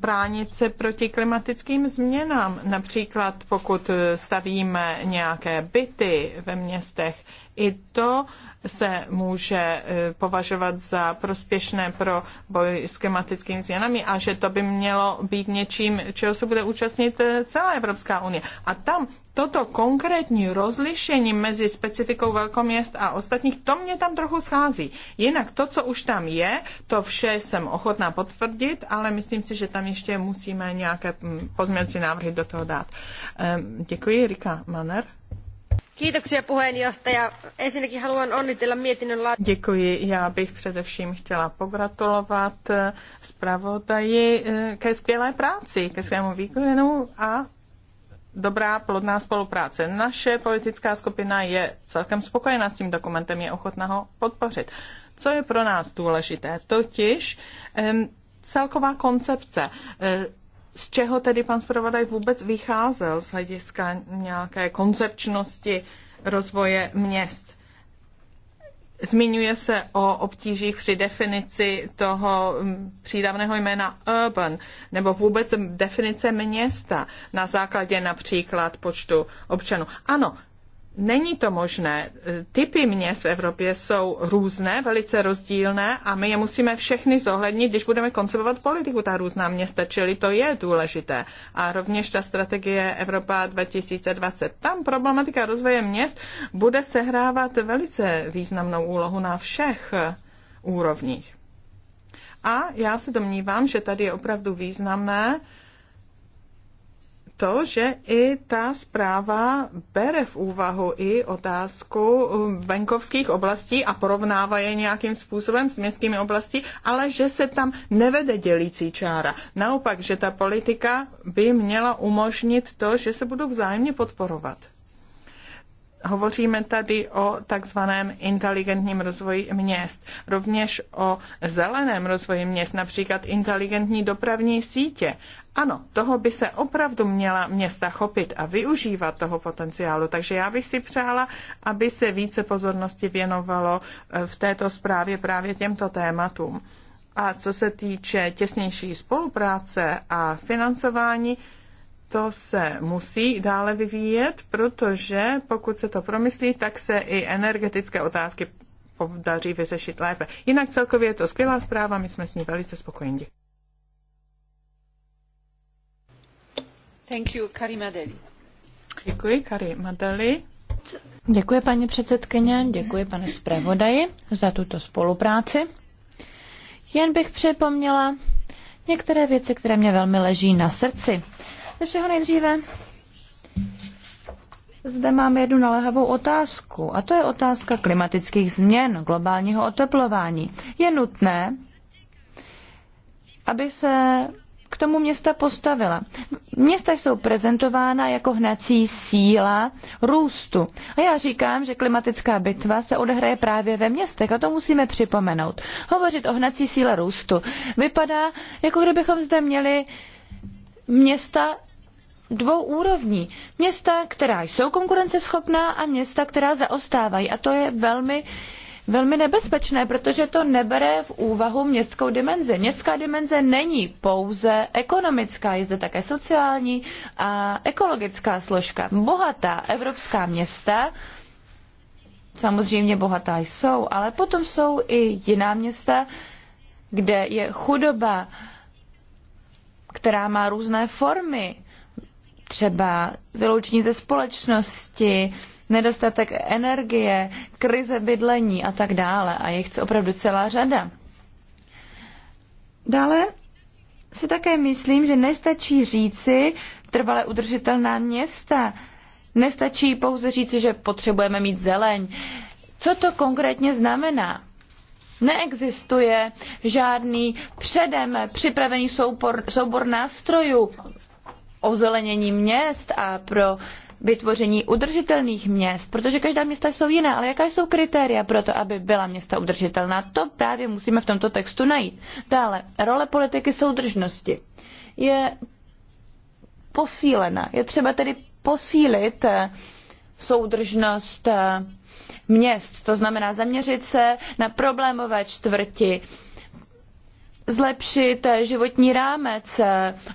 bránit se proti klimatickým změnám. Například pokud eh, stavíme nějaké byty ve městech, i to se může e, považovat za prospěšné pro boj s klimatickými změnami a že to by mělo být něčím, čeho se bude účastnit e, celá Evropská unie. A tam toto konkrétní rozlišení mezi specifikou velkoměst a ostatních, to mě tam trochu schází. Jinak to, co už tam je, to vše jsem ochotná potvrdit, ale myslím si, že tam ještě musíme nějaké mm, pozměnci návrhy do toho dát. Děkuji, Rika Manner. Kiitoksia puheenjohtaja. Ensinnäkin haluan onnitella mietinnön laatu. Děkuji. Já bych především chtěla pogratulovat eh, zpravodaji eh, ke skvělé práci, ke svému výkonu a dobrá plodná spolupráce. Naše politická skupina je celkem spokojená s tím dokumentem, je ochotná ho podpořit. Co je pro nás důležité? Totiž celková koncepce eh, z čeho tedy pan zpravodaj vůbec vycházel z hlediska nějaké koncepčnosti rozvoje měst. Zmiňuje se o obtížích při definici toho mm, přídavného jména urban nebo vůbec definice města na základě například počtu občanů. Ano, Není to možné. E, Typy měst v Evropě jsou různé, velice rozdílné a my je musíme všechny zohlednit, když budeme koncipovat politiku ta různá města, čili to je důležité. A rovněž ta strategie Evropa 2020. Tam problematika rozvoje měst bude sehrávat velice významnou úlohu na všech úrovních. A já se domnívám, že tady je opravdu významné to, že i ta zpráva bere v úvahu i otázku um, venkovských oblastí a porovnává je nějakým způsobem s městskými oblasti, ale že se tam nevede dělící čára. Naopak, že ta politika by měla umožnit to, že se budou vzájemně podporovat. Hovoříme tady o takzvaném inteligentním rozvoji měst, rovněž o zeleném rozvoji měst, například inteligentní dopravní sítě. Ano, toho by se opravdu měla města chopit a využívat toho potenciálu. Takže já bych si přála, aby se více pozornosti věnovalo eh, v této zprávě právě těmto tématům. A co se týče těsnější spolupráce a financování, to se musí dále vyvíjet, protože pokud se to promyslí, tak se i energetické otázky podaří vyřešit lépe. Jinak celkově je to skvělá zpráva, my jsme s ní velice spokojeni. Thank you, Karima Deli. Děkuji, Kari Madeli. Děkuji, paní předsedkyně, děkuji, pane zpravodaji, za tuto spolupráci. Jen bych připomněla některé věci, které mě velmi leží na srdci. Ze všeho nejdříve zde máme jednu naléhavou otázku, a to je otázka klimatických změn, globálního oteplování. Je nutné, aby se k tomu města postavila. Města jsou prezentována jako hnací síla růstu. A já říkám, že klimatická bitva se odehraje právě ve městech a to musíme připomenout. Hovořit o hnací síle růstu vypadá, jako kdybychom zde měli města dvou úrovní. Města, která jsou konkurenceschopná a města, která zaostávají. A to je velmi velmi nebezpečné, protože to nebere v úvahu městskou dimenzi. Městská dimenze není pouze ekonomická, je zde také sociální a ekologická složka. Bohatá evropská města samozřejmě bohatá jsou, ale potom jsou i jiná města, kde je chudoba, která má různé formy třeba vyloučení ze společnosti, nedostatek energie, krize bydlení a tak dále. A je chce opravdu celá řada. Dále si také myslím, že nestačí říci trvale udržitelná města. Nestačí pouze říci, že potřebujeme mít zeleň. Co to konkrétně znamená? Neexistuje žádný předem připravený soubor, soubor nástrojů, ozelenění měst a pro vytvoření udržitelných měst, protože každá města jsou jiná, ale jaká jsou kritéria pro to, aby byla města udržitelná? To právě musíme v tomto textu najít. Dále, role politiky soudržnosti je posílena. Je třeba tedy posílit eh, soudržnost eh, měst, to znamená zaměřit se na problémové čtvrti, zlepšit životní rámec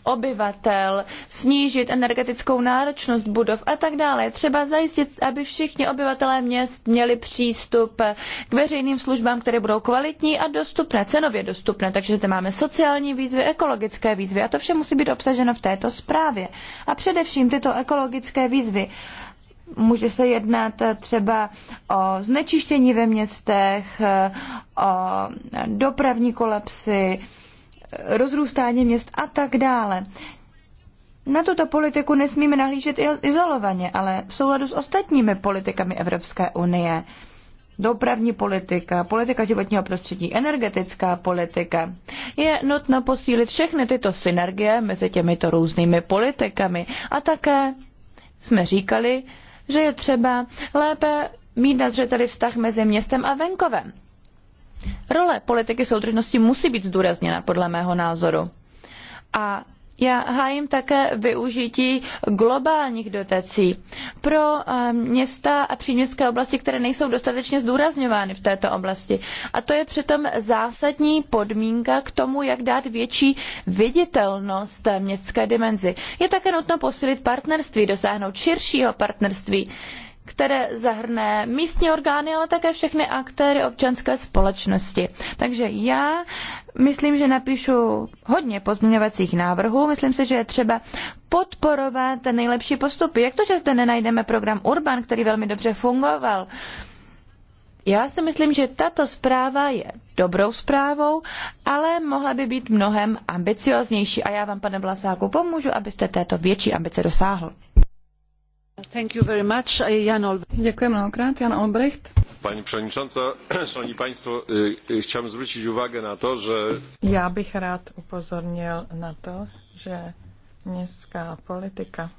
obyvatel, snížit energetickou náročnost budov a tak dále. Třeba zajistit, aby všichni obyvatelé měst měli přístup k veřejným službám, které budou kvalitní a dostupné, cenově dostupné. Takže zde máme sociální výzvy, ekologické výzvy a to vše musí být obsaženo v této zprávě. A především tyto ekologické výzvy Může se jednat třeba o znečištění ve městech, o dopravní kolapsy, rozrůstání měst a tak dále. Na tuto politiku nesmíme nahlížet izolovaně, ale v souladu s ostatními politikami Evropské unie. Dopravní politika, politika životního prostředí, energetická politika. Je nutno posílit všechny tyto synergie mezi těmito různými politikami. A také jsme říkali, že je třeba lépe mít na zřeteli vztah mezi městem a venkovem. Role politiky soudržnosti musí být zdůrazněna podle mého názoru. A já hájím také využití globálních dotací pro eh, města a příměstské oblasti, které nejsou dostatečně zdůrazňovány v této oblasti. A to je přitom zásadní podmínka k tomu, jak dát větší viditelnost městské dimenzi. Je také nutno posílit partnerství, dosáhnout širšího partnerství které zahrne místní orgány, ale také všechny aktéry občanské společnosti. Takže já Myslím, že napíšu hodně pozměňovacích návrhů. Myslím si, že je třeba podporovat nejlepší postupy. Jak to, že zde nenajdeme program Urban, který velmi dobře fungoval? Já si myslím, že tato zpráva je dobrou zprávou, ale mohla by být mnohem ambicioznější. A já vám, pane Blasáku, pomůžu, abyste této větší ambice dosáhl paní předsedající very much. Uh, Jan Olbricht. państwo, chciałbym zwrócić uwagę na to, że... Já bych rád upozornil na to, že městská politika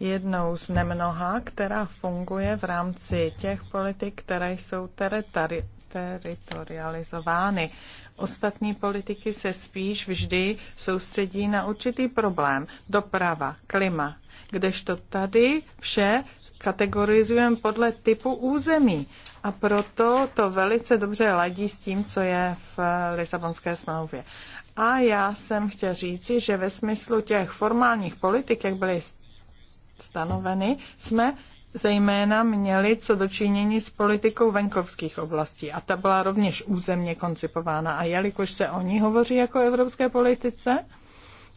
jednou z nemnoha, která funguje v rámci těch politik, které jsou teritari- teritorializovány. Ostatní politiky se spíš vždy soustředí na určitý problém. Doprava, klima, kdežto tady vše kategorizujeme podle typu území. A proto to velice dobře ladí s tím, co je v Lisabonské smlouvě. A já jsem chtěl říci, že ve smyslu těch formálních politik, jak byly stanoveny, jsme zejména měli co dočinění s politikou venkovských oblastí a ta byla rovněž územně koncipována a jelikož se o ní hovoří jako evropské politice,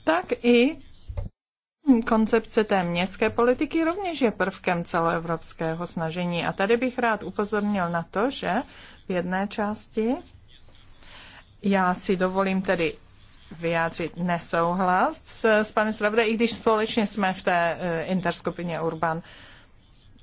tak i Koncepce té městské politiky rovněž je prvkem celoevropského snažení. A tady bych rád upozornil na to, že v jedné části já si dovolím tedy vyjádřit nesouhlas s, s panem Spravde, i když společně jsme v té uh, interskupině Urban. uh,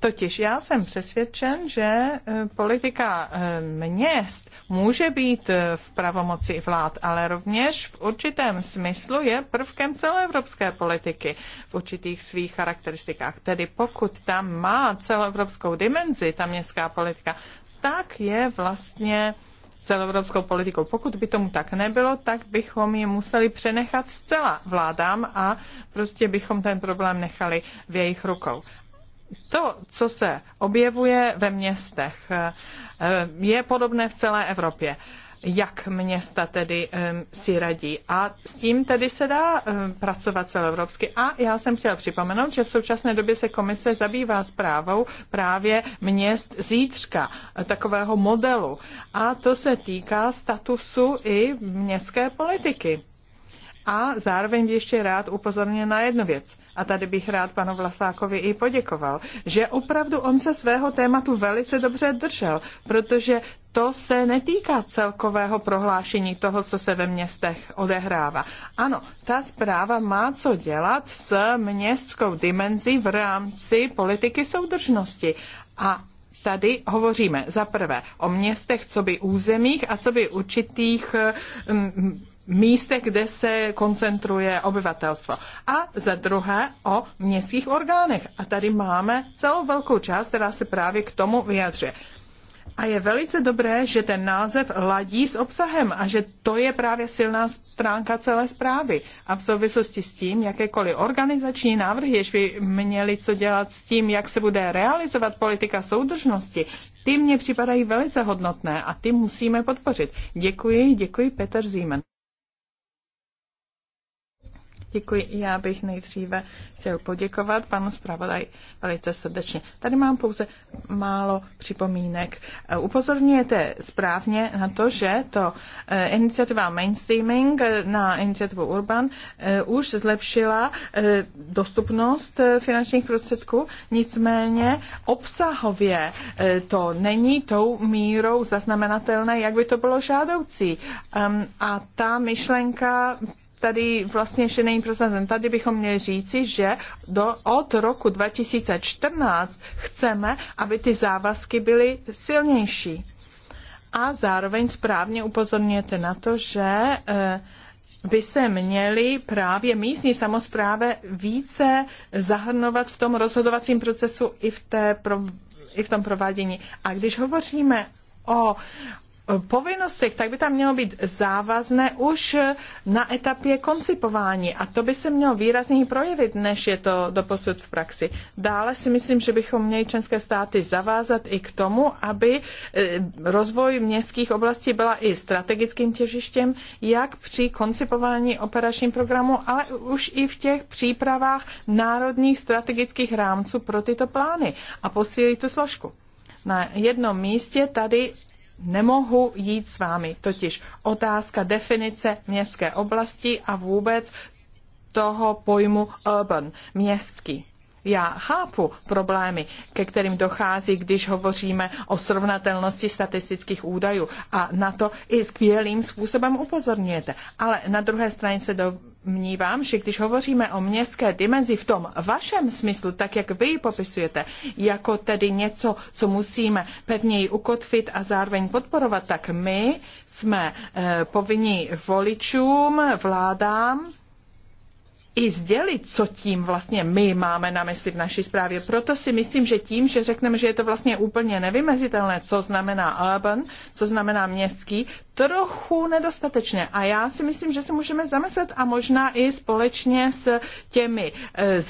Totiž já jsem přesvědčen, že eh, politika eh, měst může být eh, v pravomoci vlád, ale rovněž v určitém smyslu je prvkem celoevropské politiky v určitých svých charakteristikách. Tedy pokud tam má celoevropskou dimenzi ta městská politika, tak je vlastně celoevropskou politikou. Pokud by tomu tak nebylo, tak bychom ji museli přenechat zcela vládám a prostě bychom ten problém nechali v jejich rukou to, co se objevuje ve městech, eh, je podobné v celé Evropě. Jak města tedy si radí. A s tím tedy se dá pracovat celoevropsky. A já jsem chtěla připomenout, že v současné době se komise zabývá zprávou právě měst zítřka, eh, takového modelu. A to se týká statusu i městské politiky. A zároveň ještě rád upozorně na jednu věc a tady bych rád panu Vlasákovi i poděkoval, že opravdu on se svého tématu velice dobře držel, protože to se netýká celkového prohlášení toho, co se ve městech odehrává. Ano, ta zpráva má co dělat s městskou dimenzí v rámci politiky soudržnosti. A tady hovoříme za prvé o městech, co by územích a co by určitých mm, místech, kde se koncentruje obyvatelstvo. A za druhé o městských orgánech. A tady máme celou velkou část, která se právě k tomu vyjadřuje. A je velice dobré, že ten název ladí s obsahem a že to je právě silná stránka celé zprávy. A v souvislosti s tím, jakékoliv organizační návrhy, jež by měli co dělat s tím, jak se bude realizovat politika soudržnosti, ty mně připadají velice hodnotné a ty musíme podpořit. Děkuji, děkuji Petr Zíman. Děkuji. Já bych nejdříve chtěl poděkovat panu zpravodaj velice srdečně. Tady mám pouze málo připomínek. E, upozorňujete správně na to, že to e, iniciativa Mainstreaming na iniciativu Urban e, už zlepšila dostupnost finančních prostředků, nicméně obsahově to není tou mírou zaznamenatelné, jak by to bylo žádoucí. A ta myšlenka tady vlastně ještě není prosazen. Tady bychom měli říci, že do, od roku 2014 chceme, aby ty závazky byly silnější. A zároveň správně upozorněte na to, že eh, by se měly právě místní samozprávy více zahrnovat v tom rozhodovacím procesu i v, té, i v tom provádění. A když hovoříme o povinnostech, tak by tam mělo být závazné už na etapě koncipování a to by se mělo výrazněji projevit, než je to doposud v praxi. Dále si myslím, že bychom měli členské státy zavázat i k tomu, aby eh, rozvoj městských oblastí byla i strategickým těžištěm, jak při koncipování operačním programu, ale už i v těch přípravách národních strategických rámců pro tyto plány a posílit tu složku na jednom místě tady nemohu jít s vámi. Totiž otázka definice městské oblasti a vůbec toho pojmu urban, městský. Já chápu problémy, ke kterým dochází, když hovoříme o srovnatelnosti statistických údajů a na to i skvělým způsobem upozorňujete. Ale na druhé straně se do, domnívám, že když hovoříme o městské dimenzi v tom vašem smyslu, tak jak vy ji popisujete, jako tedy něco, co musíme pevněji ukotvit a zároveň podporovat, tak my jsme e, povinni voličům, vládám, i sdělit, co tím vlastně my máme na mysli v naší zprávě. Proto si myslím, že tím, že řekneme, že je to vlastně úplně nevymezitelné, co znamená urban, co znamená městský, trochu nedostatečně. A já si myslím, že se můžeme zamyslet a možná i společně s těmi e,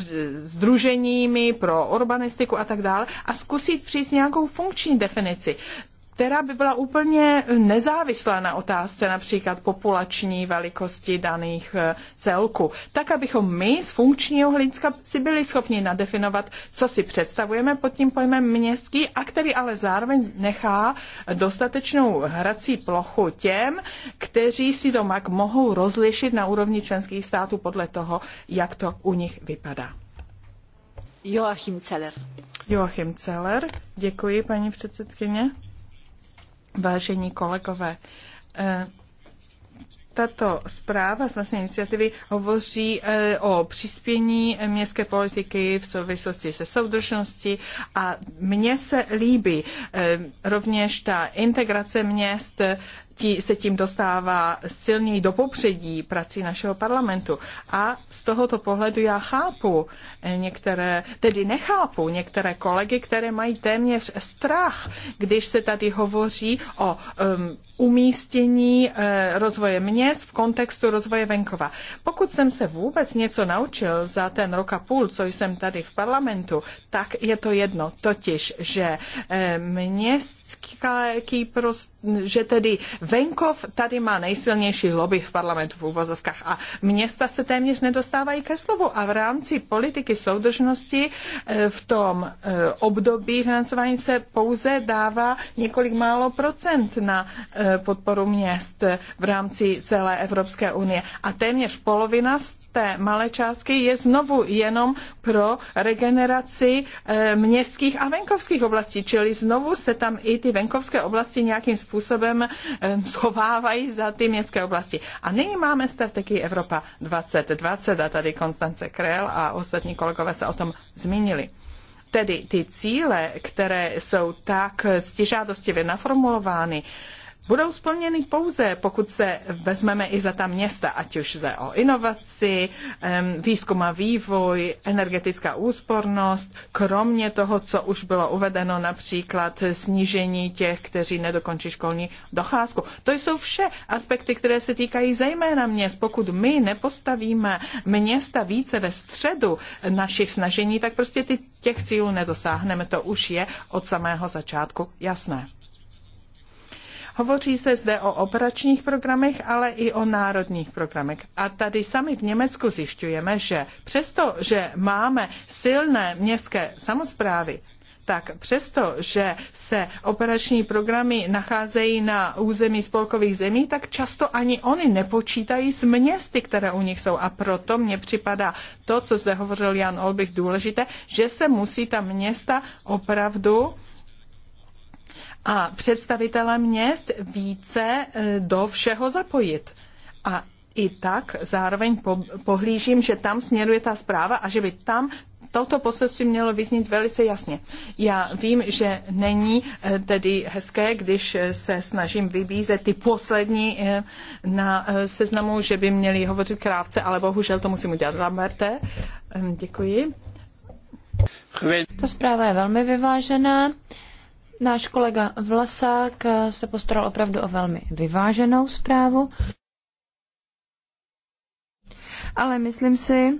združeními pro urbanistiku a tak dále a zkusit přijít s nějakou funkční definici která by byla úplně nezávislá na otázce například populační velikosti daných eh, celků. Tak, abychom my z funkčního hlediska si byli schopni nadefinovat, co si představujeme pod tím pojmem městský a který ale zároveň nechá dostatečnou hrací plochu těm, kteří si doma mohou rozlišit na úrovni členských států podle toho, jak to u nich vypadá. Joachim Celer. Joachim Celer, děkuji paní předsedkyně. Vážení kolegové, eh, tato zpráva z vlastní iniciativy hovoří eh, o přispění městské politiky v souvislosti se soudržností a mně se líbí eh, rovněž ta integrace měst se tím dostává silněji do popředí prací našeho parlamentu. A z tohoto pohledu já chápu některé, tedy nechápu některé kolegy, které mají téměř strach, když se tady hovoří o um, umístění eh, rozvoje měst v kontextu rozvoje venkova. Pokud jsem se vůbec něco naučil za ten rok a půl, co jsem tady v parlamentu, tak je to jedno, totiž, že eh, městský prost, že tedy venkov tady má nejsilnější lobby v parlamentu v úvozovkách a města se téměř nedostávají ke slovu a v rámci politiky soudržnosti eh, v tom období financování se pouze dává několik málo procent na podporu měst v rámci celé Evropské unie. A téměř polovina z té malé částky je znovu jenom pro regeneraci eh, městských a venkovských oblastí, čili znovu se tam i ty venkovské oblasti nějakým způsobem eh, schovávají za ty městské oblasti. A nyní máme strategii Evropa 2020 a tady Konstance Krel a ostatní kolegové se o tom zmínili. Tedy ty cíle, které jsou tak stižádostivě naformulovány, budou splněny pouze, pokud se vezmeme i za ta města, ať už jde o inovaci, výzkum a vývoj, energetická úspornost, kromě toho, co už bylo uvedeno, například snížení těch, kteří nedokončí školní docházku. To jsou vše aspekty, které se týkají zejména měst. Pokud my nepostavíme města více ve středu našich snažení, tak prostě těch cílů nedosáhneme. To už je od samého začátku jasné. Hovoří se zde o operačních programech, ale i o národních programech. A tady sami v Německu zjišťujeme, že přesto, že máme silné městské samozprávy, tak přesto, že se operační programy nacházejí na území spolkových zemí, tak často ani oni nepočítají s městy, které u nich jsou. A proto mně připadá to, co zde hovořil Jan Olbrich, důležité, že se musí ta města opravdu a představitele měst více e, do všeho zapojit. A i tak zároveň po, pohlížím, že tam směruje ta zpráva a že by tam toto poselství mělo vyznít velice jasně. Já vím, že není e, tedy hezké, když se snažím vybízet ty poslední e, na seznamu, že by měli hovořit krávce, ale bohužel to musím udělat. Lamberte, děkuji. Ta zpráva je velmi vyvážená. Náš kolega Vlasák se postaral opravdu o velmi vyváženou zprávu, ale myslím si,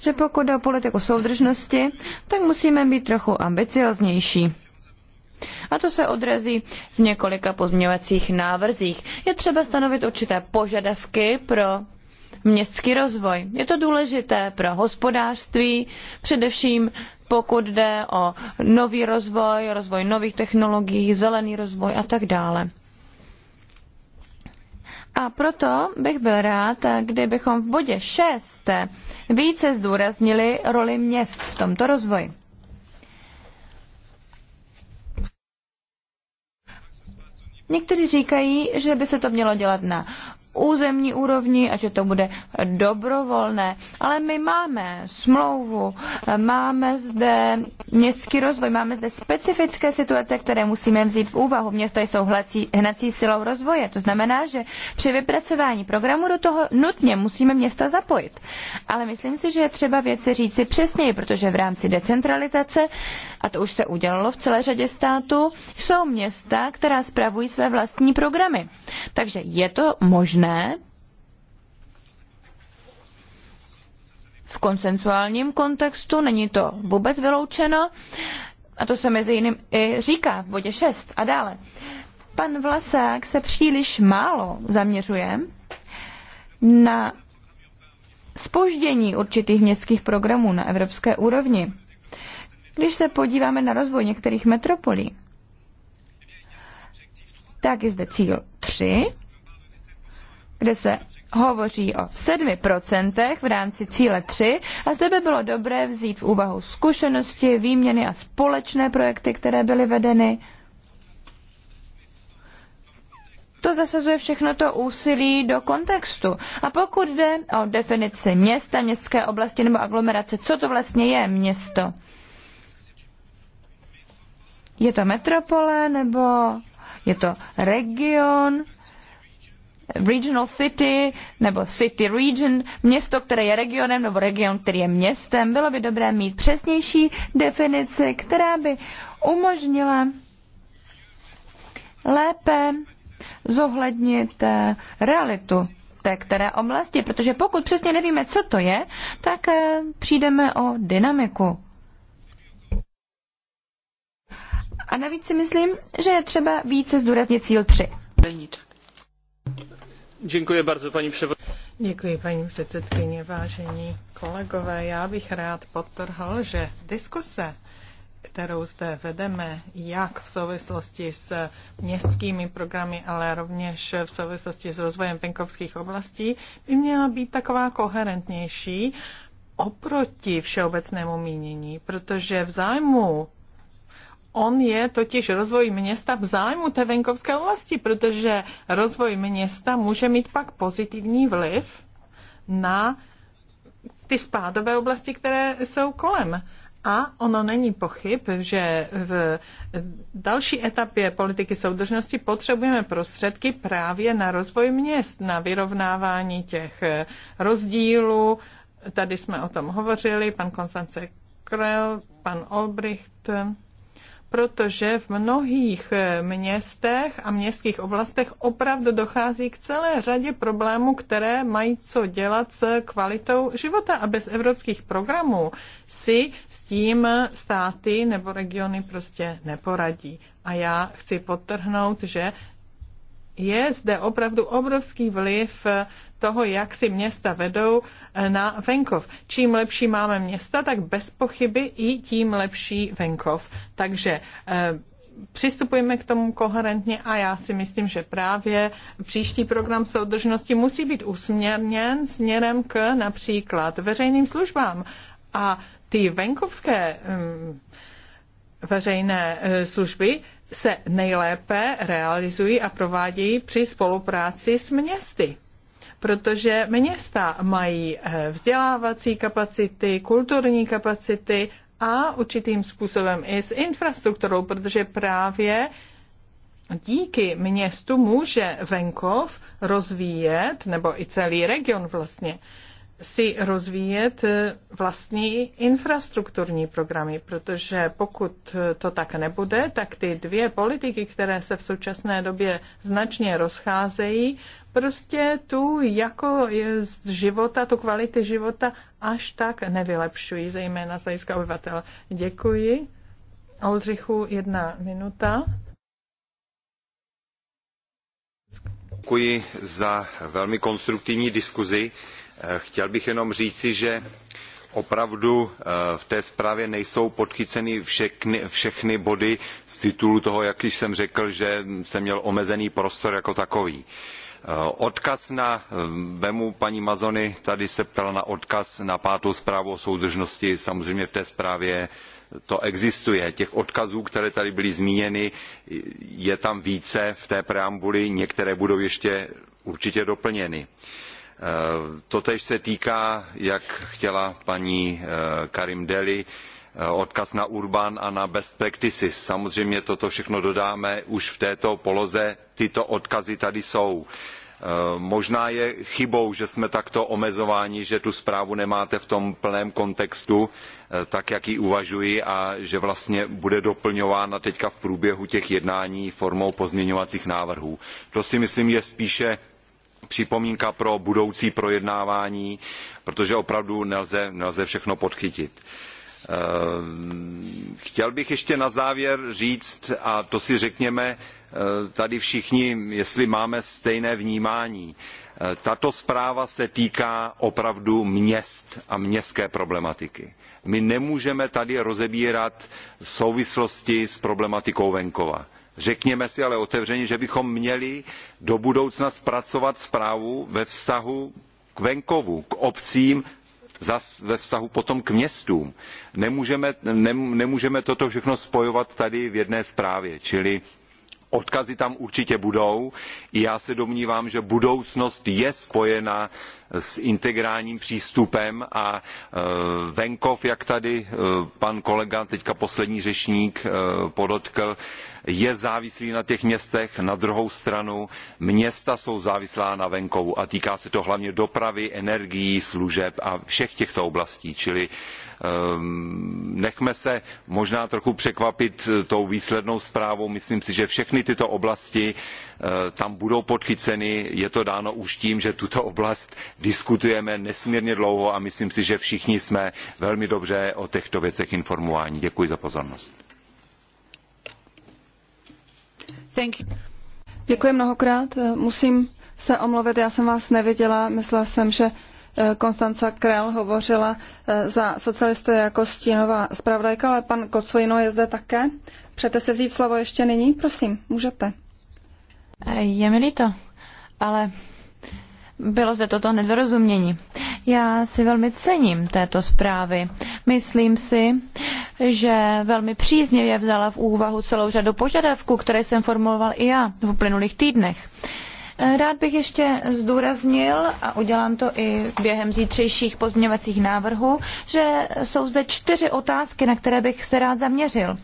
že pokud jde o politiku soudržnosti, tak musíme být trochu ambicioznější. A to se odrazí v několika pozměňovacích návrzích. Je třeba stanovit určité požadavky pro městský rozvoj. Je to důležité pro hospodářství, především pokud jde o nový rozvoj, rozvoj nových technologií, zelený rozvoj a tak dále. A proto bych byl rád, kdybychom v bodě 6 více zdůraznili roli měst v tomto rozvoji. Někteří říkají, že by se to mělo dělat na územní úrovni a že to bude dobrovolné. Ale my máme smlouvu, máme zde městský rozvoj, máme zde specifické situace, které musíme vzít v úvahu. Města jsou hlací, hnací silou rozvoje. To znamená, že při vypracování programu do toho nutně musíme města zapojit. Ale myslím si, že je třeba věci říci přesněji, protože v rámci decentralizace, a to už se udělalo v celé řadě států, jsou města, která spravují své vlastní programy. Takže je to možné ne. v konsensuálním kontextu, není to vůbec vyloučeno. A to se mezi jiným i říká v bodě 6 a dále. Pan Vlasák se příliš málo zaměřuje na spoždění určitých městských programů na evropské úrovni. Když se podíváme na rozvoj některých metropolí, tak je zde cíl 3, kde se hovoří o 7% v rámci cíle 3 a zde by bylo dobré vzít v úvahu zkušenosti, výměny a společné projekty, které byly vedeny. To zasazuje všechno to úsilí do kontextu. A pokud jde o definici města, městské oblasti nebo aglomerace, co to vlastně je město? Je to metropole nebo je to region? regional city nebo city region, město, které je regionem nebo region, který je městem. Bylo by dobré mít přesnější definici, která by umožnila lépe zohlednit eh, realitu té které oblasti, protože pokud přesně nevíme, co to je, tak eh, přijdeme o dynamiku. A navíc si myslím, že je třeba více zdůraznit cíl 3. Deníček. Děkuji bardzo, paní předsedkyně. Děkuji, paní předsedkyně, vážení kolegové. Já bych rád podtrhl, že diskuse, kterou zde vedeme, jak v souvislosti s městskými programy, ale rovněž v souvislosti s rozvojem venkovských oblastí, by měla být taková koherentnější oproti všeobecnému mínění, protože v zájmu On je totiž rozvoj města v zájmu té venkovské oblasti, protože rozvoj města může mít pak pozitivní vliv na ty spádové oblasti, které jsou kolem. A ono není pochyb, že v další etapě politiky soudržnosti potřebujeme prostředky právě na rozvoj měst, na vyrovnávání těch rozdílů. Tady jsme o tom hovořili, pan Konstance Krell, pan Olbricht protože v mnohých eh, městech a městských oblastech opravdu dochází k celé řadě problémů, které mají co dělat s kvalitou života a bez evropských programů si s tím státy nebo regiony prostě neporadí. A já chci podtrhnout, že je zde opravdu obrovský vliv toho, jak si města vedou eh, na venkov. Čím lepší máme města, tak bez pochyby i tím lepší venkov. Takže eh, přistupujeme k tomu koherentně a já si myslím, že právě příští program soudržnosti musí být usměrněn směrem k například veřejným službám. A ty venkovské um, veřejné eh, služby se nejlépe realizují a provádějí při spolupráci s městy protože města mají eh, vzdělávací kapacity, kulturní kapacity a určitým způsobem i s infrastrukturou, protože právě díky městu může venkov rozvíjet, nebo i celý region vlastně, si rozvíjet eh, vlastní infrastrukturní programy, protože pokud eh, to tak nebude, tak ty dvě politiky, které se v současné době značně rozcházejí, prostě tu jako z života, tu kvality života až tak nevylepšují, zejména z hlediska obyvatel. Děkuji. Oldřichu, jedna minuta. Děkuji za velmi konstruktivní diskuzi Eh, chtěl bych jenom říci, že opravdu eh, v té zprávě nejsou podchyceny všechny, všechny body z titulu toho, jak již jsem řekl, že jsem měl omezený prostor jako takový. Eh, odkaz na, vemu paní Mazony, tady se ptala na odkaz na pátou zprávu o soudržnosti, samozřejmě v té zprávě to existuje. Těch odkazů, které tady byly zmíněny, je tam více v té preambuli, některé budou ještě určitě doplněny. Uh, Eh, totež se týká, jak chtěla paní eh, Karim Deli, eh, odkaz na Urban a na Best Practices. Samozřejmě toto všechno dodáme už v této poloze, tyto odkazy tady jsou. Možná je chybou, že jsme takto omezováni, že tu zprávu nemáte v tom plném kontextu, tak jak ji uvažuji a že vlastně bude doplňována teďka v průběhu těch jednání formou pozměňovacích návrhů. To si myslím je spíše připomínka pro budoucí projednávání, protože opravdu nelze, nelze všechno podchytit. Eh, chtěl bych ještě na závěr říct, a to si řekněme eh, tady všichni, jestli máme stejné vnímání. Eh, tato zpráva se týká opravdu měst a městské problematiky. My nemůžeme tady rozebírat souvislosti s problematikou venkova řekněme si ale otevřeně že bychom měli do budoucna zpracovat zprávu ve vztahu k venkovu k obcím zas ve vztahu potom k městům. Nemůžeme, ne, nemůžeme toto všechno spojovat tady v jedné zprávě čili odkazy tam určitě budou. I já se domnívám, že budoucnost je spojena s integrálním přístupem a e, venkov, jak tady e, pan kolega, teďka poslední řečník, e, podotkl, je závislý na těch městech, na druhou stranu města jsou závislá na venkovu a týká se to hlavně dopravy, energií, služeb a všech těchto oblastí. Čili um, nechme se možná trochu překvapit eh, tou výslednou zprávou. Myslím si, že všechny tyto oblasti uh, tam budou podchyceny. Je to dáno už tím, že tuto oblast diskutujeme nesmírně dlouho a myslím si, že všichni jsme velmi dobře o těchto věcech informováni. Děkuji za pozornost. Thank you. Děkuji mnohokrát. Musím se omluvit, já jsem vás neviděla. Myslela jsem, že eh, Konstanca Krell hovořila eh, za socialisty jako stínová zpravodajka, ale pan Kocolino je zde také. Přete se vzít slovo ještě nyní? Prosím, můžete. Je mi líto, ale bylo zde toto nedorozumění. Já si velmi cením této zprávy. Myslím si, že velmi příznivě vzala v úvahu celou řadu požadavků, které jsem formuloval i já v uplynulých týdnech. Rád bych ještě zdůraznil, a udělám to i během zítřejších pozměňovacích návrhů, že jsou zde čtyři otázky, na které bych se rád zaměřil. Uh,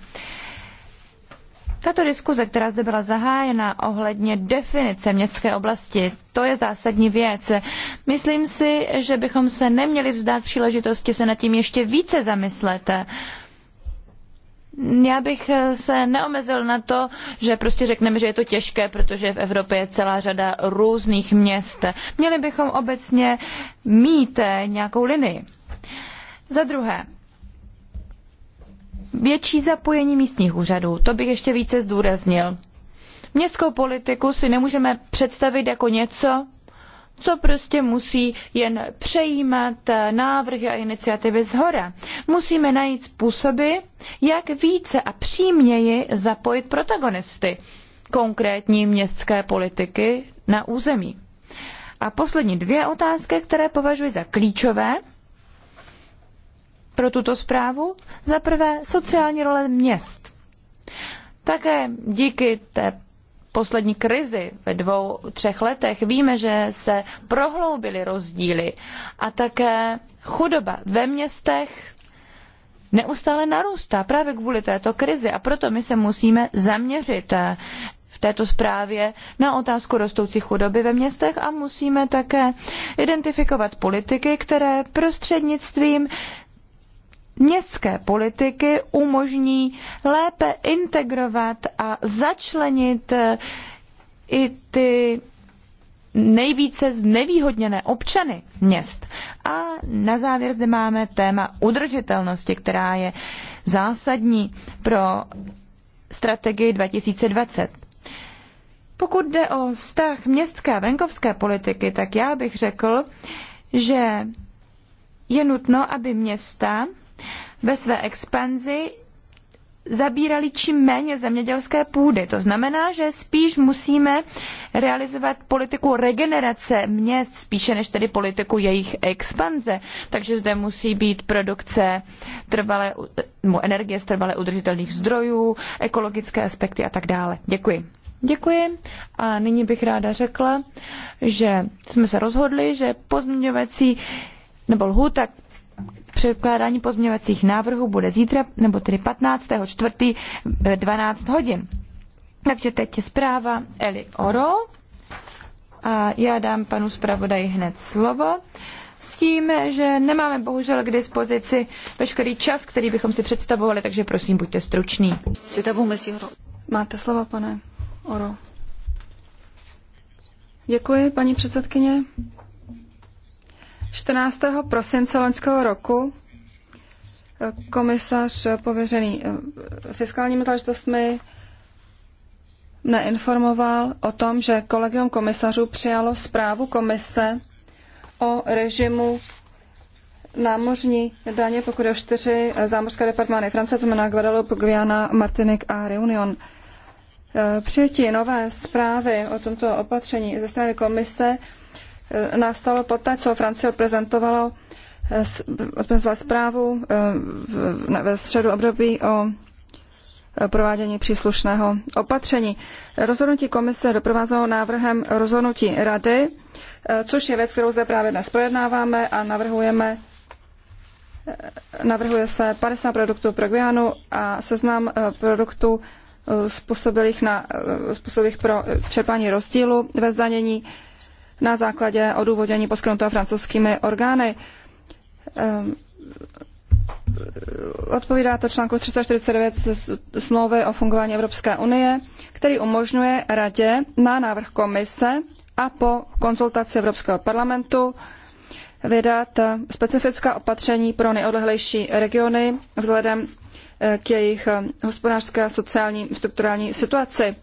tato diskuze, která zde byla zahájena ohledně definice městské oblasti, to je zásadní věc. Myslím si, že bychom se neměli vzdát příležitosti se nad tím ještě více zamyslet. Já bych se neomezil na to, že prostě řekneme, že je to těžké, protože v Evropě je celá řada různých měst. Měli bychom obecně mít nějakou linii. Za druhé, větší zapojení místních úřadů. To bych ještě více zdůraznil. Městskou politiku si nemůžeme představit jako něco, co prostě musí jen přejímat návrhy a iniciativy z hora. Musíme najít způsoby, jak více a přímněji zapojit protagonisty konkrétní městské politiky na území. A poslední dvě otázky, které považuji za klíčové – pro tuto zprávu. Za prvé sociální role měst. Také díky té poslední krizi ve dvou, třech letech víme, že se prohloubily rozdíly a také chudoba ve městech neustále narůstá právě kvůli této krizi a proto my se musíme zaměřit eh, v této zprávě na otázku rostoucí chudoby ve městech a musíme také identifikovat politiky, které prostřednictvím městské politiky umožní lépe integrovat a začlenit eh, i ty nejvíce znevýhodněné občany měst. A na závěr zde máme téma udržitelnosti, která je zásadní pro strategii 2020. Pokud jde o vztah městské a venkovské politiky, tak já bych řekl, že je nutno, aby města ve své expanzi zabírali čím méně zemědělské půdy. To znamená, že spíš musíme realizovat politiku regenerace měst, spíše než tedy politiku jejich expanze. Takže zde musí být produkce trvalé, energie z trvale udržitelných zdrojů, ekologické aspekty a tak dále. Děkuji. Děkuji a nyní bych ráda řekla, že jsme se rozhodli, že pozměňovací nebo lhůta Předkládání pozměňovacích návrhů bude zítra, nebo tedy 15. čtvrtý 12 eh, hodin. Takže teď je zpráva Eli Oro. A já dám panu zpravodaji hned slovo s tím, že nemáme bohužel k dispozici veškerý čas, který bychom si představovali, takže prosím, buďte struční. Máte slovo, pane Oro. Děkuji, paní předsedkyně. 14. prosince loňského roku eh, komisař pověřený eh, fiskálními záležitostmi mne informoval o tom, že kolegium komisařů přijalo zprávu komise o režimu námořní daně, pokud je o čtyři eh, zámořské departmány France, to jmená Guadeloupe, Guyana, Martinique a Reunion. Přijetí nové zprávy o tomto opatření ze strany komise Eh, nastalo poté, co Francie odprezentovala eh, odprezentovala zprávu eh, ve středu období o provádění příslušného opatření. Rozhodnutí komise doprovázelo návrhem rozhodnutí rady, což je věc, kterou zde právě dnes projednáváme a navrhujeme Navrhuje se 50 produktů pro Guianu a seznam produktů způsobilých, na, způsobilých pro čerpání rozdílu ve zdanění na základě odůvodnění poskytnutého francouzskými orgány. Ehm, odpovídá to článku 349 smlouvy o fungování Evropské unie, který umožňuje radě na návrh komise a po konzultaci Evropského parlamentu vydat specifická opatření pro nejodlehlejší regiony vzhledem eh, k jejich eh, hospodářské, sociální, strukturální situaci.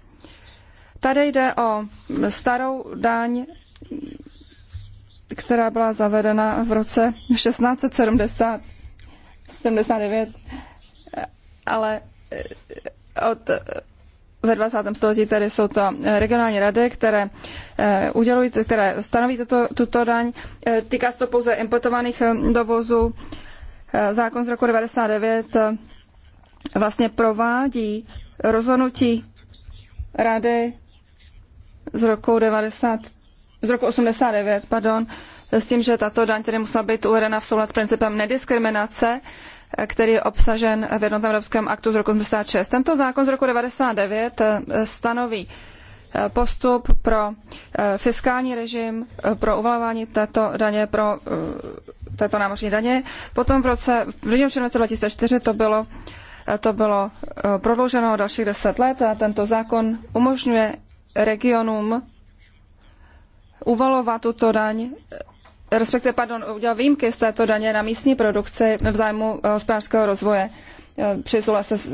Tady jde o starou daň která byla zavedena v roce 1670, 79, ale eh, od, eh, ve 20. století tedy jsou to eh, regionální rady, které udělují, které stanoví tuto, tuto daň. Týká se to pouze importovaných dovozů. Zákon z roku 99 vlastně provádí rozhodnutí rady z roku 93 z roku 89, pardon, s tím, že tato daň tedy musela být uvedena v soulad s principem nediskriminace, který je obsažen v jednotném evropském aktu z roku 86. Tento zákon z roku 99 eh, stanoví eh, postup pro eh, fiskální režim, pro uvalování této daně, pro této námořní daně. Potom v roce, v roce 2004 to bylo to bylo prodlouženo o dalších deset let a tento zákon umožňuje regionům uvalovat tuto daň, respektive, pardon, udělat výjimky z této daně na místní produkci v zájmu eh, hospodářského rozvoje eh, při se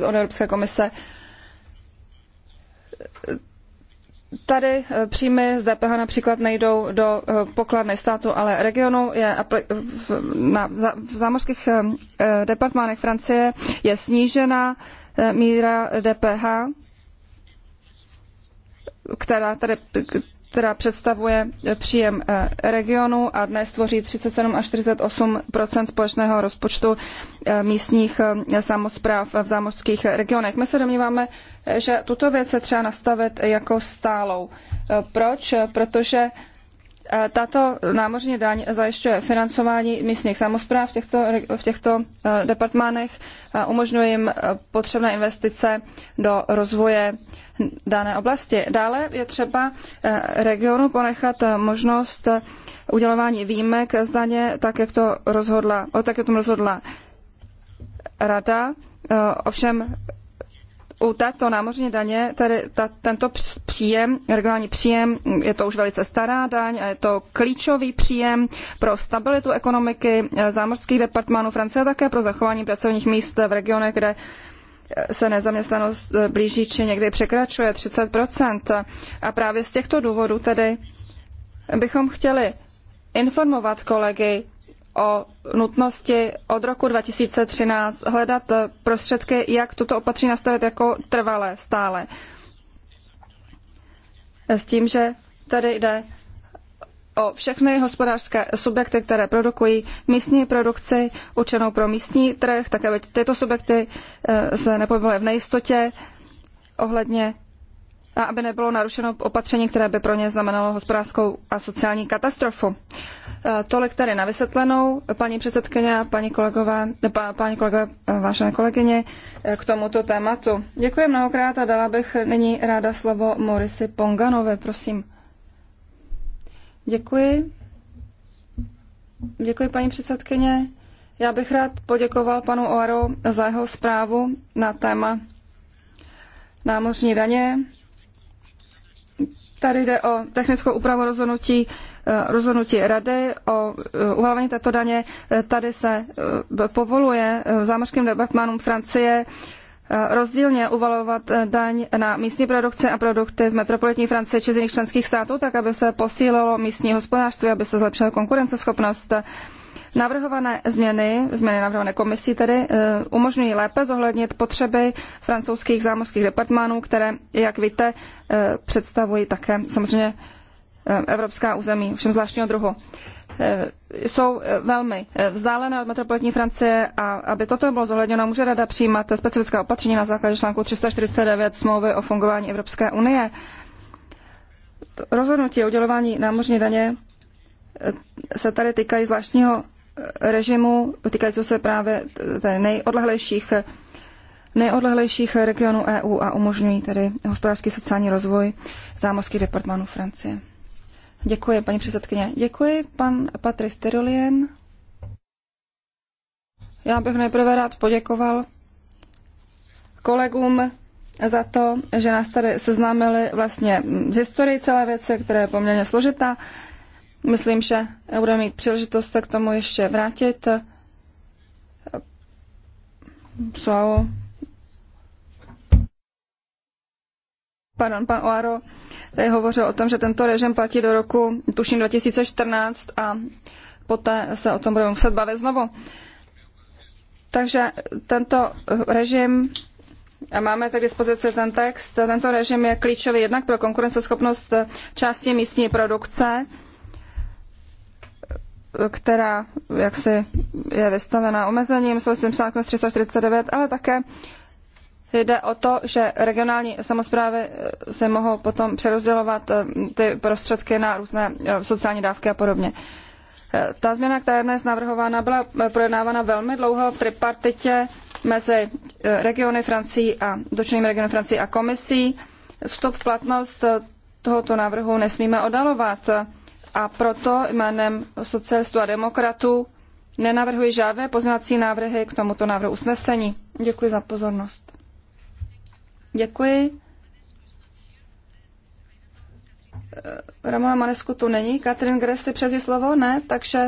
od Evropské komise. Tady eh, příjmy z DPH například nejdou do pokladny státu, ale regionu je na, v zámořských departmánech Francie je snížena míra DPH, která tady která představuje eh, příjem eh, regionu a dnes tvoří 37 až 48 společného rozpočtu eh, místních samozpráv v zámořských regionech. My se domníváme, že tuto věc se třeba nastavit jako stálou. Proč? Protože tato námořní daň zajišťuje financování místních samozpráv v těchto, v těchto e, departmánech, umožňuje jim e, potřebné investice do rozvoje dané oblasti. Dále je třeba e, regionu ponechat možnost udělování výjimek z daně, tak jak to rozhodla, o, tak jak to rozhodla rada. Ovšem u této námořní daně, tedy ta, tento příjem, regulární příjem, je to už velice stará daň a je to klíčový příjem pro stabilitu ekonomiky eh, zámořských departmánů Francie a také pro zachování pracovních míst v regionech, kde eh, se nezaměstnanost eh, blíží či někdy překračuje 30 A právě z těchto důvodů tedy bychom chtěli informovat kolegy o nutnosti od roku 2013 hledat prostředky, jak tuto opatření nastavit jako trvalé, stále. S tím, že tady jde o všechny hospodářské subjekty, které produkují místní produkci určenou pro místní trh, tak aby tyto subjekty eh, se nepobyly v nejistotě ohledně a aby nebylo narušeno opatření, které by pro ně znamenalo hospodářskou a sociální katastrofu. Eh, tolik tady na vysvětlenou, paní předsedkyně, paní kolegové, eh, paní kolegové, eh, vážené kolegyně, k tomuto tématu. Děkuji mnohokrát a dala bych nyní ráda slovo Morisi Ponganové, prosím. Děkuji. Děkuji, paní předsedkyně. Já bych rád poděkoval panu Oaro za jeho zprávu na téma námořní daně Tady jde o technickou úpravu rozhodnutí, eh, rozhodnutí rady o eh, uvalení této daně. Eh, tady se povoluje zámořským debatmanům Francie rozdílně uvalovat daň na místní produkce a produkty z metropolitní Francie či z jiných členských států, tak aby se posílilo místní hospodářství, aby se zlepšila konkurenceschopnost Navrhované změny, změny navrhované komisí tedy, eh, umožňují lépe zohlednit potřeby francouzských zámořských departmánů, které, jak víte, eh, představují také samozřejmě eh, evropská území, všem zvláštního druhu. Jsou velmi vzdálené od metropolitní Francie a aby toto bylo zohledněno, může rada přijímat specifická opatření na základě článku 349 smlouvy o fungování Evropské unie. Rozhodnutí o udělování námořní daně se tady týkají zvláštního režimu týkajícího se právě tady nejodlehlejších, nejodlehlejších regionů EU a umožňují tedy hospodářský sociální rozvoj zámořských departmánů Francie. Děkuji, paní předsedkyně. Děkuji, pan Patrice Terolien. Já bych nejprve rád poděkoval kolegům za to, že nás tady seznámili vlastně z historii celé věce, která je poměrně složitá. Myslím, že budeme mít příležitost se k tomu ještě vrátit. Slavo. pardon, pan Oaro hovořil o tom, že tento režim platí do roku, tuším, 2014 a poté se o tom budeme muset bavit znovu. Takže tento režim, a máme tak dispozici ten text, tento režim je klíčový jednak pro konkurenceschopnost části místní produkce, která jaksi je vystavená omezením souvislým článkem 349, ale také jde o to, že regionální samozprávy eh, se mohou potom přerozdělovat eh, ty prostředky na různé eh, sociální dávky a podobně. Ta změna, která je dnes navrhována, byla projednávána velmi dlouho v tripartitě mezi regiony Francii a dočným regionem Francii a komisí. Vstup v platnost tohoto návrhu nesmíme odalovat a proto jménem socialistů a demokratů nenavrhuji žádné pozměňovací návrhy k tomuto návrhu usnesení. Děkuji za pozornost. Děkuji. Eh, Ramona Manesku tu není. Katrin si přezí slovo? Ne, takže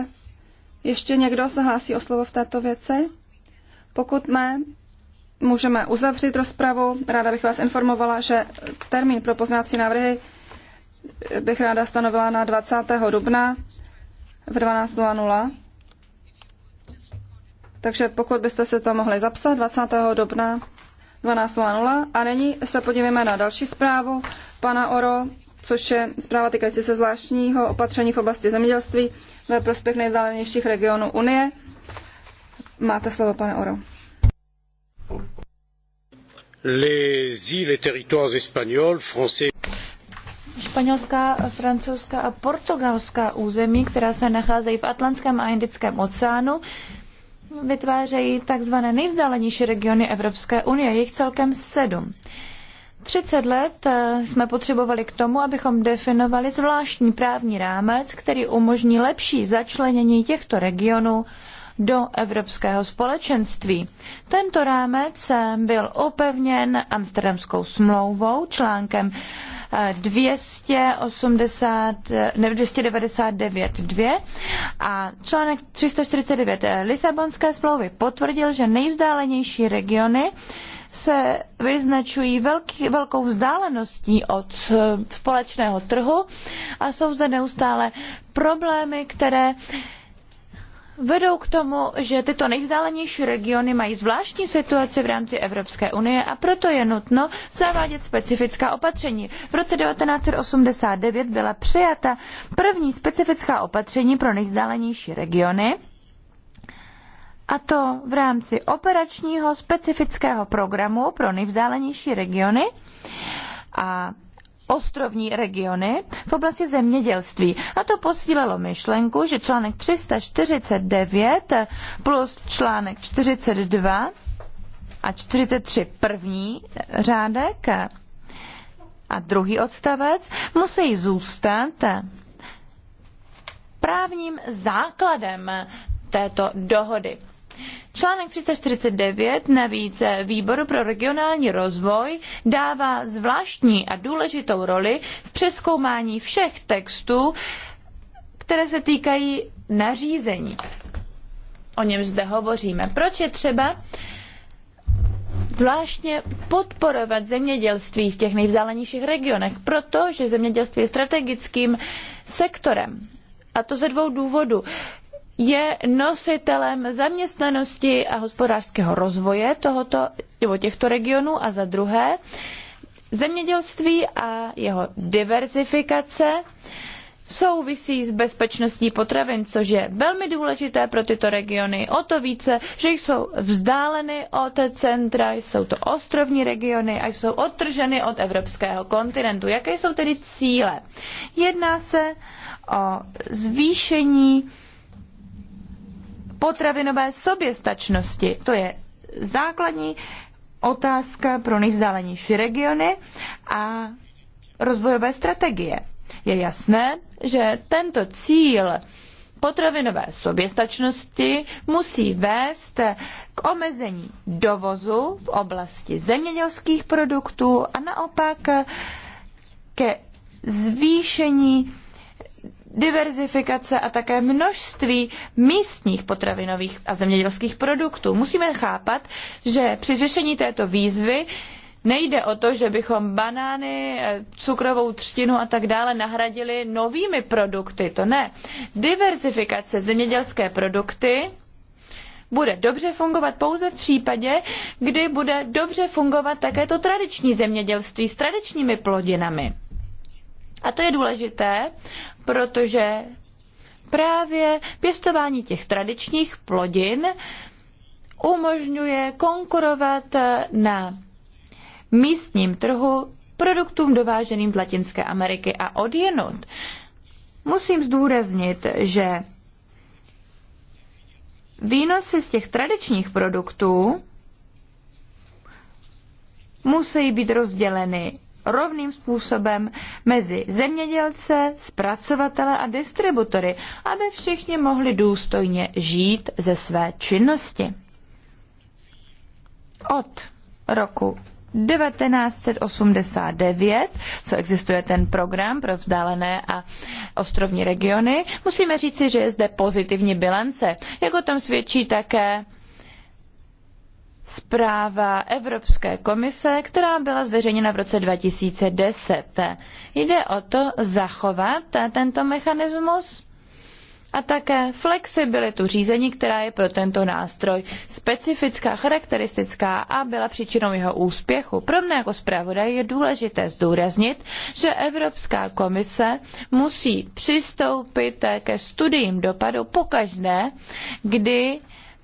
ještě někdo se hlásí o slovo v této věci? Pokud ne, můžeme uzavřít rozpravu. Ráda bych vás informovala, že termín pro poznávací návrhy bych ráda stanovila na 20. dubna v 12.00. Takže pokud byste si to mohli zapsat 20. dubna 12.00. A nyní se podívejme na další zprávu pana Oro, což je zpráva týkající se zvláštního opatření v oblasti zemědělství ve prospěch nejvzdálenějších regionů Unie. Máte slovo, pane Oro. Les îles et territoires espagnols, français španělská, francouzská a portugalská území, která se nacházejí v Atlantském a Indickém oceánu, vytvářejí tzv. nejvzdálenější regiony Evropské unie, jejich celkem sedm. 30 let eh, jsme potřebovali k tomu, abychom definovali zvláštní právní rámec, který umožní lepší začlenění těchto regionů do Evropského společenství. Tento rámec eh, byl upevněn Amsterdamskou smlouvou článkem 280, 2 a článek 349 Lisabonské smlouvy potvrdil, že nejvzdálenější regiony se vyznačují velký, velkou vzdáleností od eh, společného trhu a jsou zde neustále problémy, které vedou k tomu, že tyto nejvzdálenější regiony mají zvláštní situaci v rámci Evropské unie a proto je nutno zavádět specifická opatření. V roce 1989 byla přijata první specifická opatření pro nejvzdálenější regiony, a to v rámci operačního specifického programu pro nejvzdálenější regiony. A ostrovní regiony v oblasti zemědělství. A to posílilo myšlenku, že článek 349 plus článek 42 a 43 první řádek a druhý odstavec musí zůstat právním základem této dohody. Článek 349 navíc Výboru pro regionální rozvoj dává zvláštní a důležitou roli v přeskoumání všech textů, které se týkají nařízení. O něm zde hovoříme. Proč je třeba zvláštně podporovat zemědělství v těch nejvzdálenějších regionech, protože zemědělství je strategickým sektorem. A to ze dvou důvodů je nositelem zaměstnanosti a hospodářského rozvoje tohoto, nebo těchto regionů a za druhé zemědělství a jeho diverzifikace souvisí s bezpečností potravin, což je velmi důležité pro tyto regiony. O to více, že jsou vzdáleny od centra, jsou to ostrovní regiony a jsou odtrženy od evropského kontinentu. Jaké jsou tedy cíle? Jedná se o zvýšení potravinové soběstačnosti. To je základní otázka pro nejvzdálenější regiony a rozvojové strategie. Je jasné, že tento cíl potravinové soběstačnosti musí vést k omezení dovozu v oblasti zemědělských produktů a naopak ke zvýšení diverzifikace a také množství místních potravinových a zemědělských produktů. Musíme chápat, že při řešení této výzvy Nejde o to, že bychom banány, eh, cukrovou třtinu a tak dále nahradili novými produkty, to ne. Diverzifikace zemědělské produkty bude dobře fungovat pouze v případě, kdy bude dobře fungovat také to tradiční zemědělství s tradičními plodinami. A to je důležité, protože právě pěstování těch tradičních plodin umožňuje konkurovat na místním trhu produktům dováženým z Latinské Ameriky a odjenut. Musím zdůraznit, že výnosy z těch tradičních produktů musí být rozděleny rovným způsobem mezi zemědělce, zpracovatele a distributory, aby všichni mohli důstojně žít ze své činnosti. Od roku 1989, co existuje ten program pro vzdálené a ostrovní regiony, musíme říci, že je zde pozitivní bilance, jako tam svědčí také zpráva Evropské komise, která byla zveřejněna v roce 2010. Jde o to zachovat tento mechanismus a také flexibilitu řízení, která je pro tento nástroj specifická, charakteristická a byla příčinou jeho úspěchu. Pro mne jako zpravodaj je důležité zdůraznit, že Evropská komise musí přistoupit ke studiím dopadu pokaždé, kdy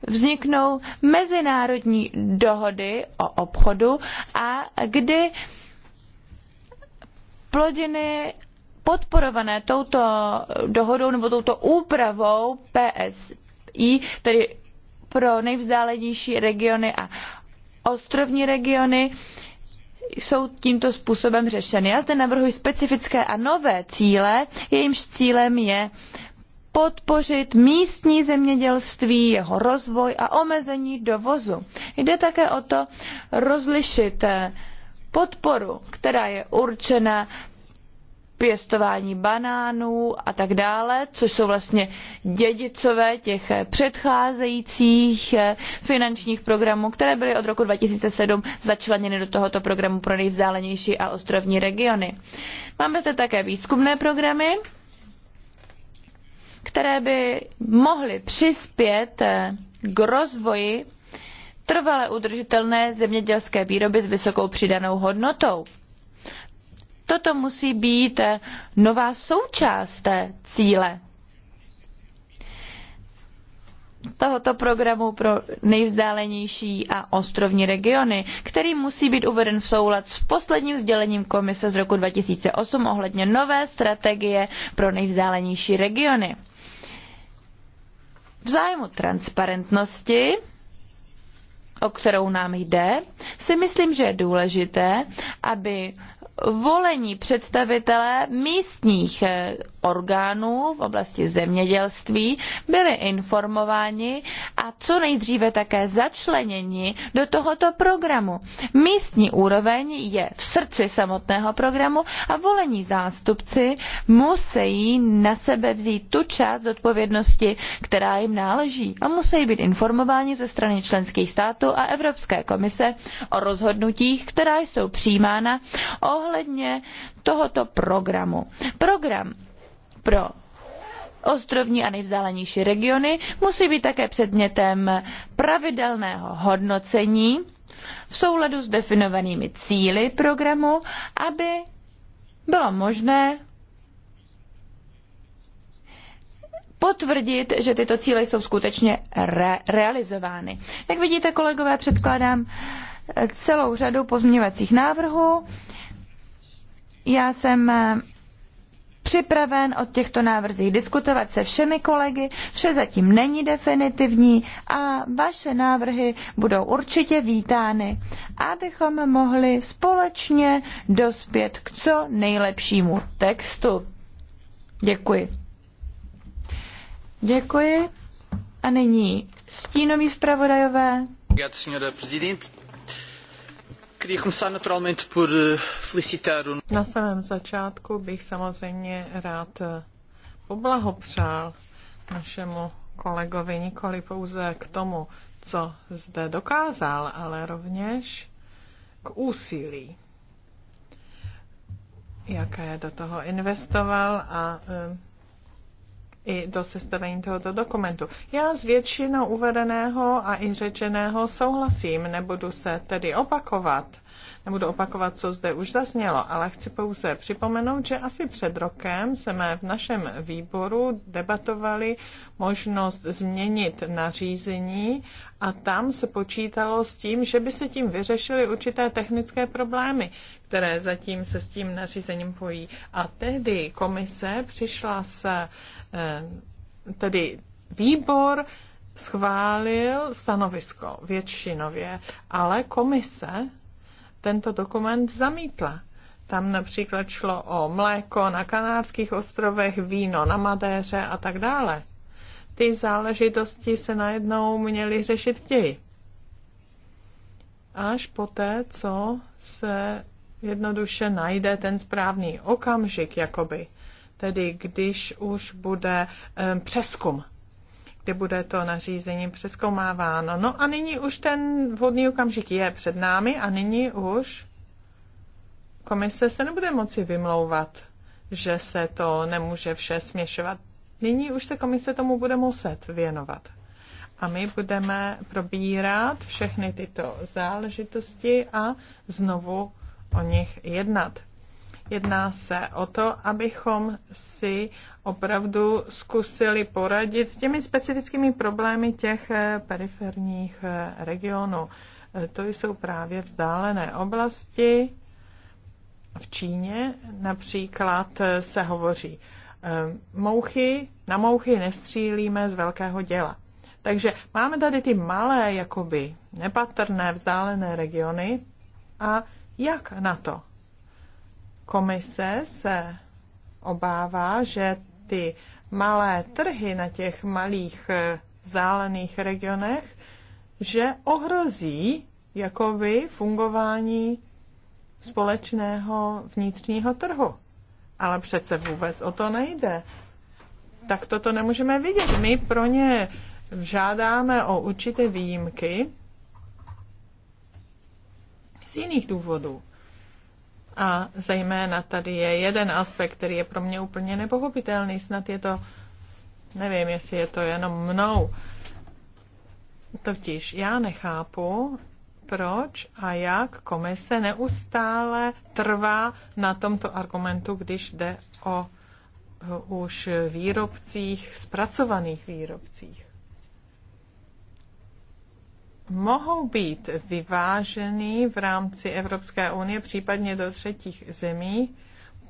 vzniknou mezinárodní dohody o obchodu a kdy plodiny podporované touto dohodou nebo touto úpravou PSI, tedy pro nejvzdálenější regiony a ostrovní regiony, jsou tímto způsobem řešeny. Já zde navrhuji specifické a nové cíle, jejímž cílem je podpořit místní zemědělství, jeho rozvoj a omezení dovozu. Jde také o to rozlišit eh, podporu, která je určena pěstování banánů a tak dále, což jsou vlastně dědicové těch eh, předcházejících eh, finančních programů, které byly od roku 2007 začleněny do tohoto programu pro nejvzdálenější a ostrovní regiony. Máme zde také výzkumné programy, které by mohly přispět eh, k rozvoji trvale udržitelné zemědělské výroby s vysokou přidanou hodnotou. Toto musí být eh, nová součást eh, cíle tohoto programu pro nejvzdálenější a ostrovní regiony, který musí být uveden v soulad s posledním sdělením komise z roku 2008 ohledně nové strategie pro nejvzdálenější regiony. V zájmu transparentnosti, o kterou nám jde, si myslím, že je důležité, aby volení představitelé místních eh, orgánů v oblasti zemědělství byli informováni a co nejdříve také začleněni do tohoto programu. Místní úroveň je v srdci samotného programu a volení zástupci musí na sebe vzít tu část odpovědnosti, která jim náleží a musí být informováni ze strany členských států a Evropské komise o rozhodnutích, která jsou přijímána o ohledně tohoto programu. Program pro ostrovní a nejvzdálenější regiony musí být také předmětem pravidelného hodnocení v souladu s definovanými cíly programu, aby bylo možné potvrdit, že tyto cíle jsou skutečně re- realizovány. Jak vidíte, kolegové, předkládám celou řadu pozměňovacích návrhů. Já jsem eh, připraven od těchto návrzích diskutovat se všemi kolegy, vše zatím není definitivní a vaše návrhy budou určitě vítány, abychom mohli společně dospět k co nejlepšímu textu. Děkuji. Děkuji. A nyní stínoví zpravodajové. Obrigado, Presidente. Eh, Na samém začátku bych samozřejmě rád eh, poblahopřál našemu kolegovi nikoli pouze k tomu, co zde dokázal, ale rovněž k úsilí, jaké do toho investoval a eh, i do sestavení tohoto dokumentu. Já s většinou uvedeného a i řečeného souhlasím, nebudu se tedy opakovat. Nebudu opakovat, co zde už zaznělo, ale chci pouze připomenout, že asi před rokem jsme v našem výboru debatovali možnost změnit nařízení a tam se počítalo s tím, že by se tím vyřešily určité technické problémy, které zatím se s tím nařízením pojí. A tehdy komise přišla se Eh, tedy výbor schválil stanovisko většinově, ale komise tento dokument zamítla. Tam například šlo o mléko na Kanárských ostrovech, víno na Madéře a tak dále. Ty záležitosti se najednou měly řešit chtěji. Až poté, co se jednoduše najde ten správný okamžik, jakoby tedy když už bude přeskum kdy bude to nařízení přeskoumáváno. No a nyní už ten vhodný okamžik je před námi a nyní už komise se nebude moci vymlouvat, že se to nemůže vše směšovat. Nyní už se komise tomu bude muset věnovat. A my budeme probírat všechny tyto záležitosti a znovu o nich jednat. Jedná se o to, abychom si opravdu zkusili poradit s těmi specifickými problémy těch eh, periferních eh, regionů. Eh, to jsou právě vzdálené oblasti. V Číně například se hovoří, mouchy, na mouchy nestřílíme z velkého děla. Takže máme tady ty malé, jakoby nepatrné, vzdálené regiony a jak na to? Komise se obává, že ty malé trhy na těch malých eh, vzdálených regionech, že ohrozí jakoby fungování společného vnitřního trhu. Ale přece vůbec o to nejde. Tak toto nemůžeme vidět. My pro ně žádáme o určité výjimky z jiných důvodů. A zejména tady je jeden aspekt, který je pro mě úplně nepochopitelný. Snad je to, nevím, jestli je to jenom mnou. Totiž já nechápu, proč a jak komise neustále trvá na tomto argumentu, když jde o uh, už výrobcích, zpracovaných výrobcích mohou být vyváženy v rámci Evropské unie, případně do třetích zemí,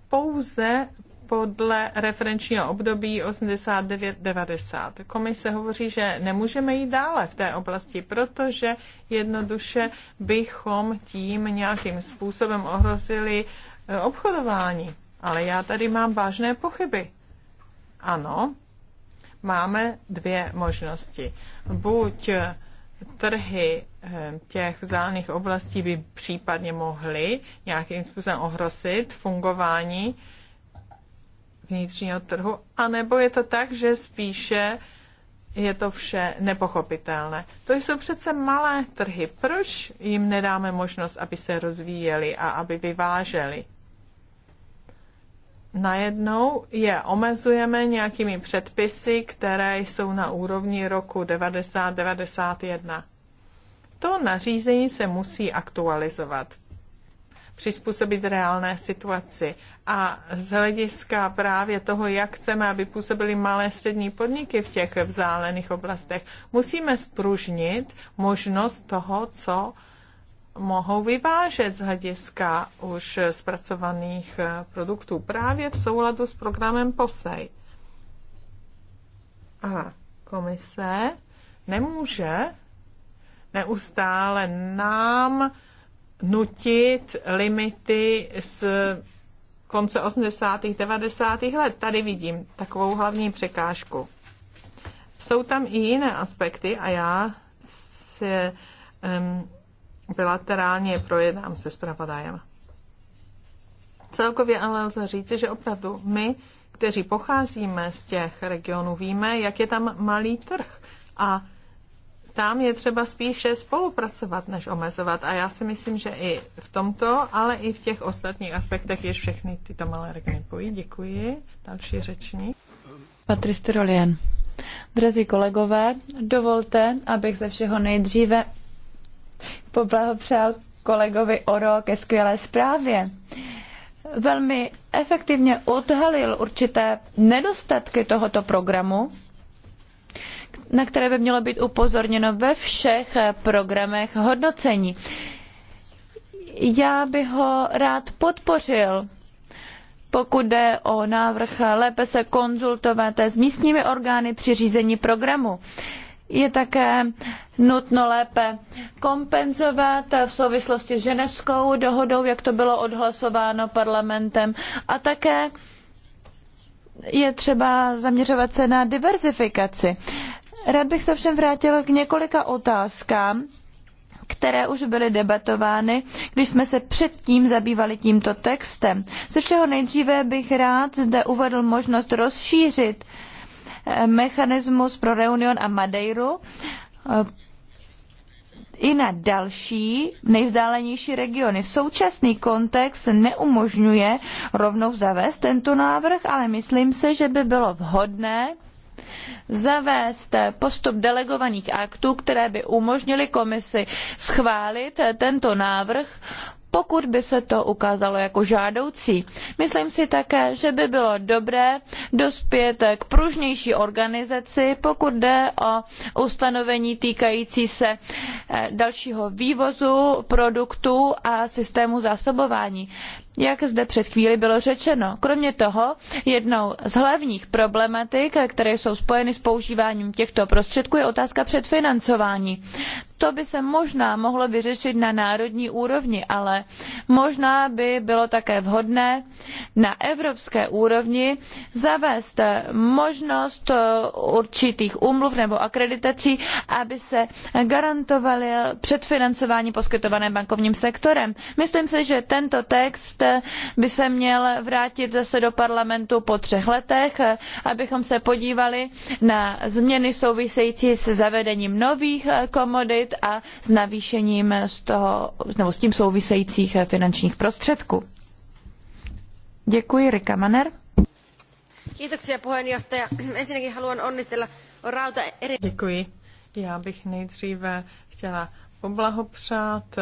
pouze podle referenčního období 89-90. Komise hovoří, že nemůžeme jít dále v té oblasti, protože jednoduše bychom tím nějakým způsobem ohrozili eh, obchodování. Ale já tady mám vážné pochyby. Ano, máme dvě možnosti. Buď eh, trhy eh, těch vzdálených oblastí by případně mohly nějakým způsobem ohrozit fungování vnitřního trhu, anebo je to tak, že spíše je to vše nepochopitelné. To jsou přece malé trhy. Proč jim nedáme možnost, aby se rozvíjeli a aby vyváželi? najednou je omezujeme nějakými předpisy, které jsou na úrovni roku 90-91. To nařízení se musí aktualizovat, přizpůsobit reálné situaci. A z hlediska právě toho, jak chceme, aby působily malé střední podniky v těch vzdálených oblastech, musíme spružnit možnost toho, co mohou vyvážet z hlediska už zpracovaných eh, produktů právě v souladu s programem POSEJ. A komise nemůže neustále nám nutit limity z konce 80. 90. let. Tady vidím takovou hlavní překážku. Jsou tam i jiné aspekty a já se um, bilaterálně projednám se zpravodajem. Celkově ale lze říci, že opravdu my, kteří pocházíme z těch regionů, víme, jak je tam malý trh a tam je třeba spíše spolupracovat, než omezovat. A já si myslím, že i v tomto, ale i v těch ostatních aspektech jež všechny tyto malé regiony pojí. Děkuji. Další řečník. Patrice Rolien. Drazí kolegové, dovolte, abych ze všeho nejdříve poblahopřál kolegovi Oro ke skvělé zprávě. Velmi efektivně odhalil určité nedostatky tohoto programu, na které by mělo být upozorněno ve všech programech hodnocení. Já bych ho rád podpořil, pokud jde o návrh lépe se konzultovat s místními orgány při řízení programu je také nutno lépe kompenzovat v souvislosti s ženevskou dohodou, jak to bylo odhlasováno parlamentem. A také je třeba zaměřovat se na diverzifikaci. Rád bych se všem vrátil k několika otázkám, které už byly debatovány, když jsme se předtím zabývali tímto textem. Ze všeho nejdříve bych rád zde uvedl možnost rozšířit mechanismus pro Reunion a Madeiru i na další nejvzdálenější regiony. Současný kontext neumožňuje rovnou zavést tento návrh, ale myslím se, že by bylo vhodné zavést postup delegovaných aktů, které by umožnily komisi schválit tento návrh pokud by se to ukázalo jako žádoucí. Myslím si také, že by bylo dobré dospět k pružnější organizaci, pokud jde o ustanovení týkající se eh, dalšího vývozu produktů a systému zásobování jak zde před chvílí bylo řečeno. Kromě toho, jednou z hlavních problematik, které jsou spojeny s používáním těchto prostředků, je otázka předfinancování. To by se možná mohlo vyřešit na národní úrovni, ale možná by bylo také vhodné na evropské úrovni zavést možnost eh, určitých úmluv nebo akreditací, aby se garantovaly předfinancování poskytované bankovním sektorem. Myslím si, že tento text by se měl vrátit zase do parlamentu po třech letech, eh, abychom se podívali na změny související se zavedením nových eh, komodit a s navýšením z toho, nebo s tím souvisejících finančních prostředků. Děkuji, Rika Maner. Děkuji. Já bych nejdříve chtěla poblahopřát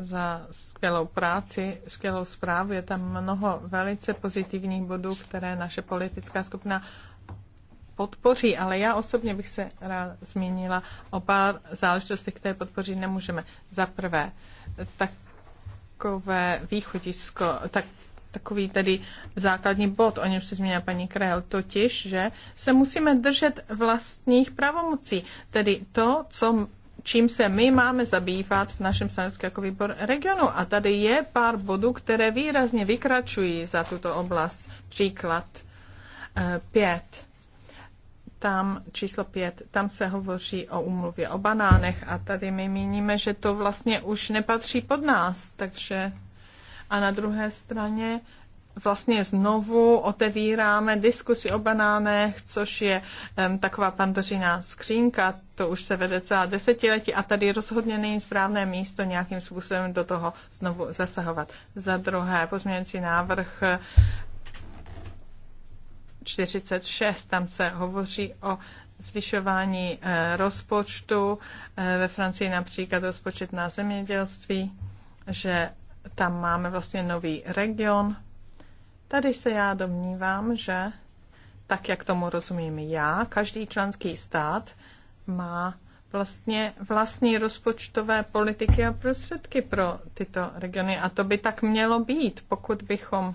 za skvělou práci, skvělou zprávu. Je tam mnoho velice pozitivních bodů, které naše politická skupina podpoří, ale já osobně bych se rád zmínila o pár záležitostech, které podpoří nemůžeme. Za prvé, takové východisko, tak, takový tedy základní bod, o něm se zmínila paní Krell, totiž, že se musíme držet vlastních pravomocí, tedy to, co čím se my máme zabývat v našem Sanecké jako výbor regionu. A tady je pár bodů, které výrazně vykračují za tuto oblast. Příklad eh, pět tam číslo pět, tam se hovoří o umluvě o banánech a tady my míníme, že to vlastně už nepatří pod nás, takže a na druhé straně vlastně znovu otevíráme diskusi o banánech, což je um, taková pandořiná skřínka, to už se vede celá desetiletí a tady rozhodně není správné místo nějakým způsobem do toho znovu zasahovat. Za druhé, pozměňující návrh 46, tam se hovoří o zvyšování eh, rozpočtu, eh, ve Francii například rozpočet na zemědělství, že tam máme vlastně nový region. Tady se já domnívám, že tak, jak tomu rozumím já, každý členský stát má vlastně vlastní rozpočtové politiky a prostředky pro tyto regiony. A to by tak mělo být, pokud bychom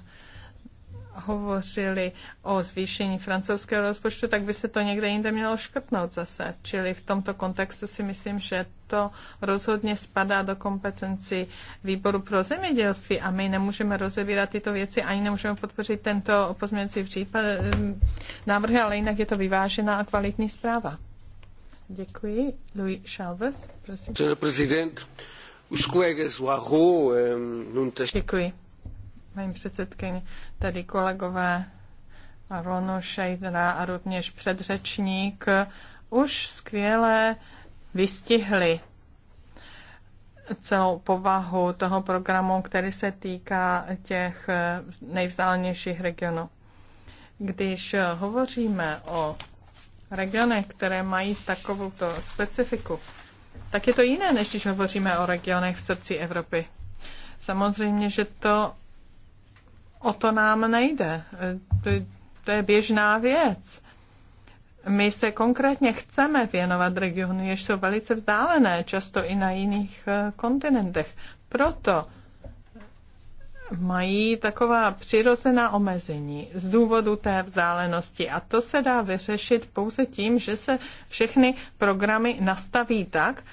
hovořili o zvýšení francouzského rozpočtu, tak by se to někde jinde mělo škrtnout zase. Čili v tomto kontextu si myslím, že to rozhodně spadá do kompetenci výboru pro zemědělství a my nemůžeme rozebírat tyto věci, ani nemůžeme podpořit tento pozměňující případ ehm, návrhy, ale jinak je to vyvážená a kvalitní zpráva. Děkuji. Louis Chalves, prosím. Pane prezident, už kolegas Wahoo, ehm, Děkuji paní předsedkyně, tady kolegové Rono Šejdra a rovněž předřečník už skvěle vystihli celou povahu toho programu, který se týká těch nejvzdálenějších regionů. Když hovoříme o regionech, které mají takovouto specifiku, tak je to jiné, než když hovoříme o regionech v srdci Evropy. Samozřejmě, že to O to nám nejde. E, to je běžná věc. My se konkrétně chceme věnovat regionu, jež jsou velice vzdálené, často i na jiných e, kontinentech. Proto mají taková přirozená omezení z důvodu té vzdálenosti a to se dá vyřešit pouze tím, že se všechny programy nastaví tak,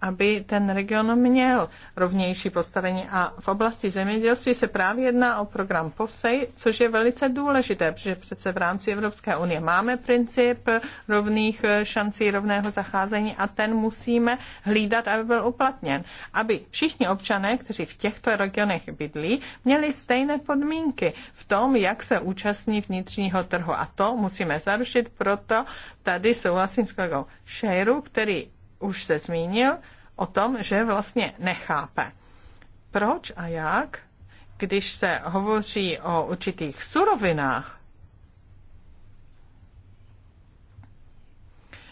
aby ten region měl rovnější postavení. A v oblasti zemědělství se právě jedná o program POSEJ, což je velice důležité, protože přece v rámci Evropské unie máme princip rovných eh, šancí, rovného zacházení a ten musíme hlídat, aby byl uplatněn. Aby všichni občané, kteří v těchto regionech bydlí, měli stejné podmínky v tom, jak se účastní vnitřního trhu. A to musíme zarušit, proto tady souhlasím s kolegou Šejru, který už se zmínil o tom, že vlastně nechápe, proč a jak, když se hovoří o určitých surovinách,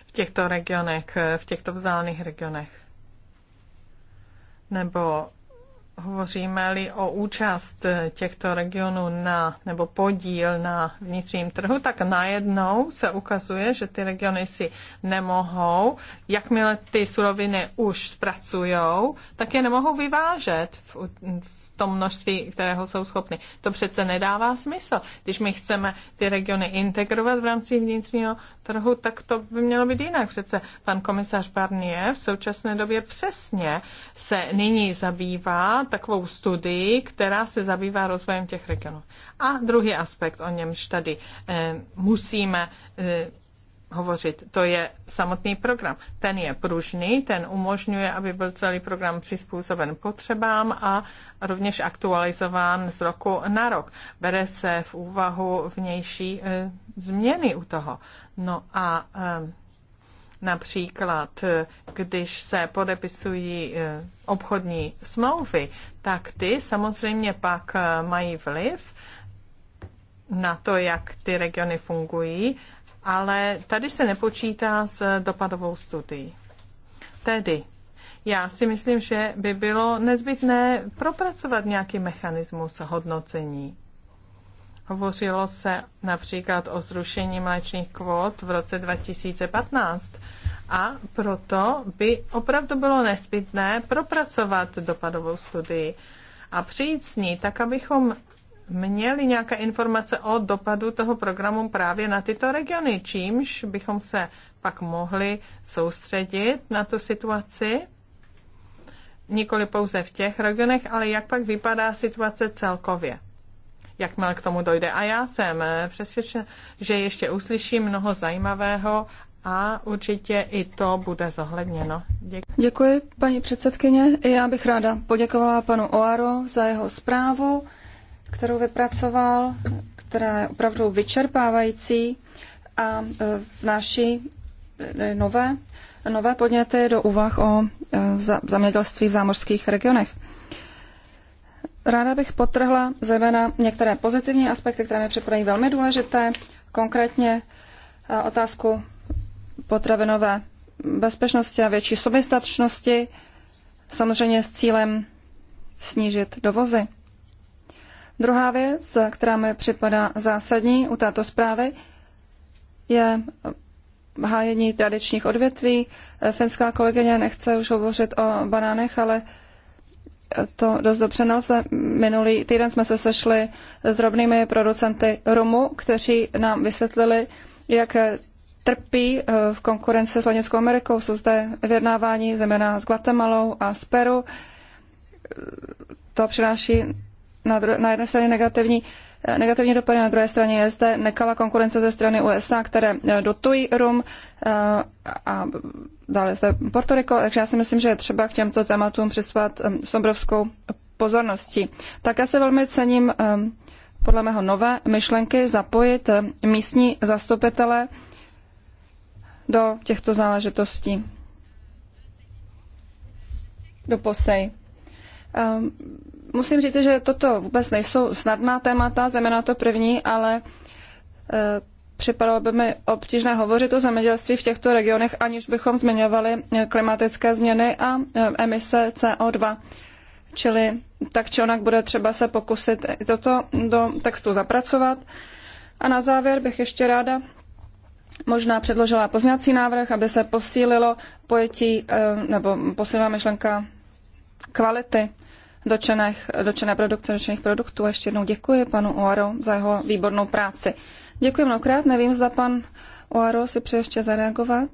v těchto regionech, v těchto vzdálených regionech. Nebo hovoříme-li o účast těchto regionů na, nebo podíl na vnitřním trhu, tak najednou se ukazuje, že ty regiony si nemohou, jakmile ty suroviny už zpracujou, tak je nemohou vyvážet v, v to množství, kterého jsou schopny. To přece nedává smysl. Když my chceme ty regiony integrovat v rámci vnitřního trhu, tak to by mělo být jinak. Přece pan komisař Barnier v současné době přesně se nyní zabývá takovou studií, která se zabývá rozvojem těch regionů. A druhý aspekt, o němž tady eh, musíme eh, hovořit. To je samotný program. Ten je pružný, ten umožňuje, aby byl celý program přizpůsoben potřebám a rovněž aktualizován z roku na rok. Bere se v úvahu vnější e, změny u toho. No a e, například, eh, když se podepisují e, obchodní smlouvy, tak ty samozřejmě pak mají vliv na to, jak ty regiony fungují ale tady se nepočítá s dopadovou studií. Tedy, já si myslím, že by bylo nezbytné propracovat nějaký mechanismus hodnocení. Hovořilo se například o zrušení mléčných kvót v roce 2015 a proto by opravdu bylo nezbytné propracovat dopadovou studii a přijít s ní tak, abychom měli nějaké informace o dopadu toho programu právě na tyto regiony, čímž bychom se pak mohli soustředit na tu situaci, nikoli pouze v těch regionech, ale jak pak vypadá situace celkově jakmile k tomu dojde. A já jsem přesvědčen, že ještě uslyším mnoho zajímavého a určitě i to bude zohledněno. Děkuji. Děkuji, paní předsedkyně. Já bych ráda poděkovala panu Oaro za jeho zprávu kterou vypracoval, která je opravdu vyčerpávající a e, vnáší e, nové, nové podněty do úvah o e, zemědělství v zámořských regionech. Ráda bych potrhla zejména některé pozitivní aspekty, které mi připadají velmi důležité, konkrétně otázku potravinové bezpečnosti a větší soběstačnosti, samozřejmě s cílem snížit dovozy. Druhá věc, která mi připadá zásadní u této zprávy, je hájení tradičních odvětví. Finská kolegyně nechce už hovořit o banánech, ale to dost dobře nelze. Minulý týden jsme se sešli s drobnými producenty rumu, kteří nám vysvětlili, jak trpí eh, v konkurenci s Latinskou Amerikou. Jsou zde vyjednávání zejména s Guatemalou a s Peru. To přináší na, dru- na jedné straně negativní eh, Negativní dopady na druhé straně je zde nekala konkurence ze strany USA, které eh, dotují rum eh, a dále zde Porto Rico, takže já si myslím, že je třeba k těmto tématům přistupovat s obrovskou pozorností. Také se velmi cením podle mého nové myšlenky zapojit místní zastupitele do těchto záležitostí. Do posej musím říct, že toto vůbec nejsou snadná témata, zejména to první, ale e, připadalo by mi obtížné hovořit o zemědělství v těchto regionech, aniž bychom zmiňovali e, klimatické změny a e, emise CO2. Čili tak či onak bude třeba se pokusit i toto do textu zapracovat. A na závěr bych ještě ráda možná předložila pozněcí návrh, aby se posílilo pojetí nebo posílila myšlenka kvality dočených, dočené produkce, dočených produktů. A ještě jednou děkuji panu Oaro za jeho výbornou práci. Děkuji mnohokrát. Nevím, zda pan Oaro si přeje ještě zareagovat.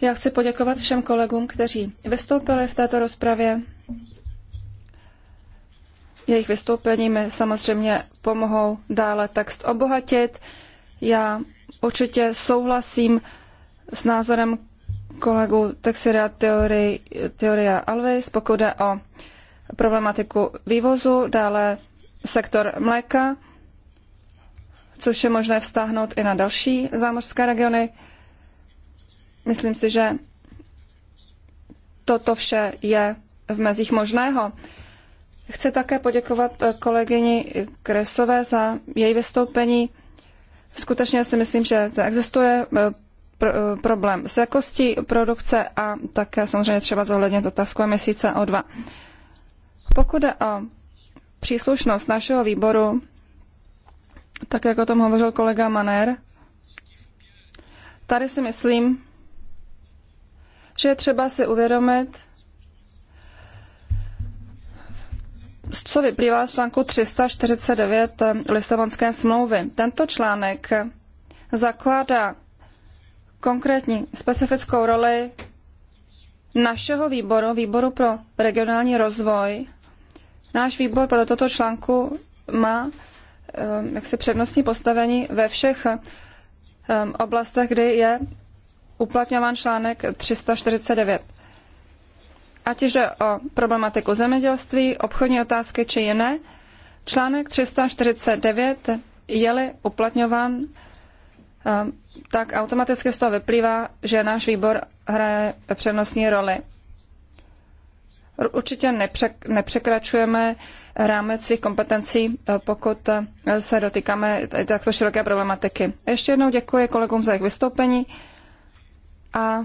Já chci poděkovat všem kolegům, kteří vystoupili v této rozpravě. Jejich vystoupení mi samozřejmě pomohou dále text obohatit. Já určitě souhlasím s názorem kolegu Texera teorii, Teoria Alves, pokud jde o problematiku vývozu, dále sektor mléka, což je možné vztáhnout i na další zámořské regiony. Myslím si, že toto vše je v mezích možného. Chci také poděkovat eh, kolegyni Kresové za její vystoupení. Skutečně si myslím, že existuje eh, pr- eh, problém s jakostí produkce a také samozřejmě třeba zohlednit otázku emisí co dva. Pokud jde o příslušnost našeho výboru, tak jak o tom hovořil kolega Maner, tady si myslím, že je třeba si uvědomit, co vyplývá z článku 349 Lisabonské smlouvy. Tento článek zakládá konkrétní specifickou roli našeho výboru, výboru pro regionální rozvoj. Náš výbor podle toto článku má eh, jaksi přednostní postavení ve všech eh, oblastech, kdy je uplatňován článek 349. Ať už jde o problematiku zemědělství, obchodní otázky či jiné, článek 349 je-li uplatňován Ehm, tak automaticky z toho vyplývá, že náš výbor hraje přednostní roli. Určitě nepřekračujeme rámec svých kompetencí, eh, pokud eh, se dotýkáme takto široké problematiky. Ještě jednou děkuji kolegům za jejich vystoupení a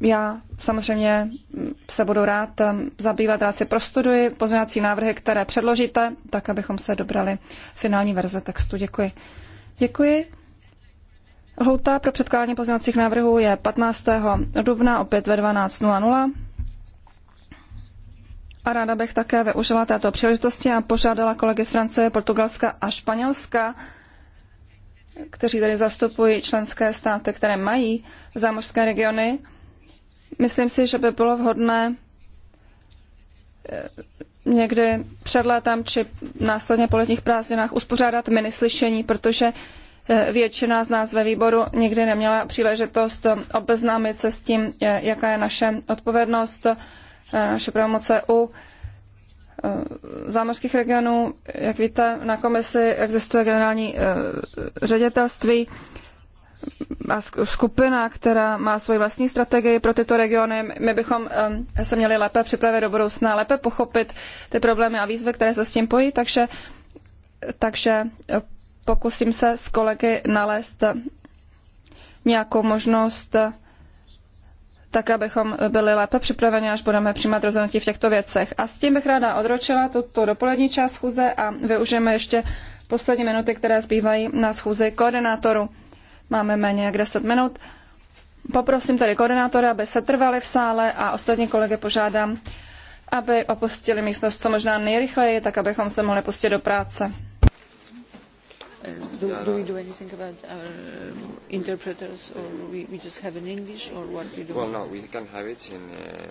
já samozřejmě hm, se budu rád hm, zabývat, rád si prostuduji pozměňovací návrhy, které předložíte, tak abychom se dobrali finální verze textu. Děkuji. Děkuji. Lhouta pro předkládání pozměňovacích návrhů je 15. dubna opět ve 12.00. A ráda bych také využila této příležitosti a požádala kolegy z Francie, Portugalska a Španělska, kteří tady zastupují členské státy, které mají zámořské regiony. Myslím si, že by bylo vhodné eh, někdy před létem či následně po letních prázdninách uspořádat minislyšení, protože Eh, většina z nás ve výboru nikdy neměla příležitost obeznámit se s tím, eh, jaká je naše odpovědnost, eh, naše pravomoce u zámořských regionů. Jak víte, na komisi existuje generální ředitelství a skupina, která má svoji vlastní strategii pro tyto regiony. My bychom se měli lépe připravit do budoucna, lépe pochopit ty problémy a výzvy, které se s tím pojí, takže takže pokusím se s kolegy nalézt nějakou možnost, tak abychom byli lépe připraveni, až budeme přijímat rozhodnutí v těchto věcech. A s tím bych ráda odročila tuto dopolední část schůze a využijeme ještě poslední minuty, které zbývají na schůzi koordinátoru. Máme méně jak 10 minut. Poprosím tedy koordinátora, aby se trvali v sále a ostatní kolegy požádám, aby opustili místnost co možná nejrychleji, tak abychom se mohli pustit do práce do, do we do anything about our um, interpreters, or we, we just have in English, or what we do? Well, no, we can have it in. Uh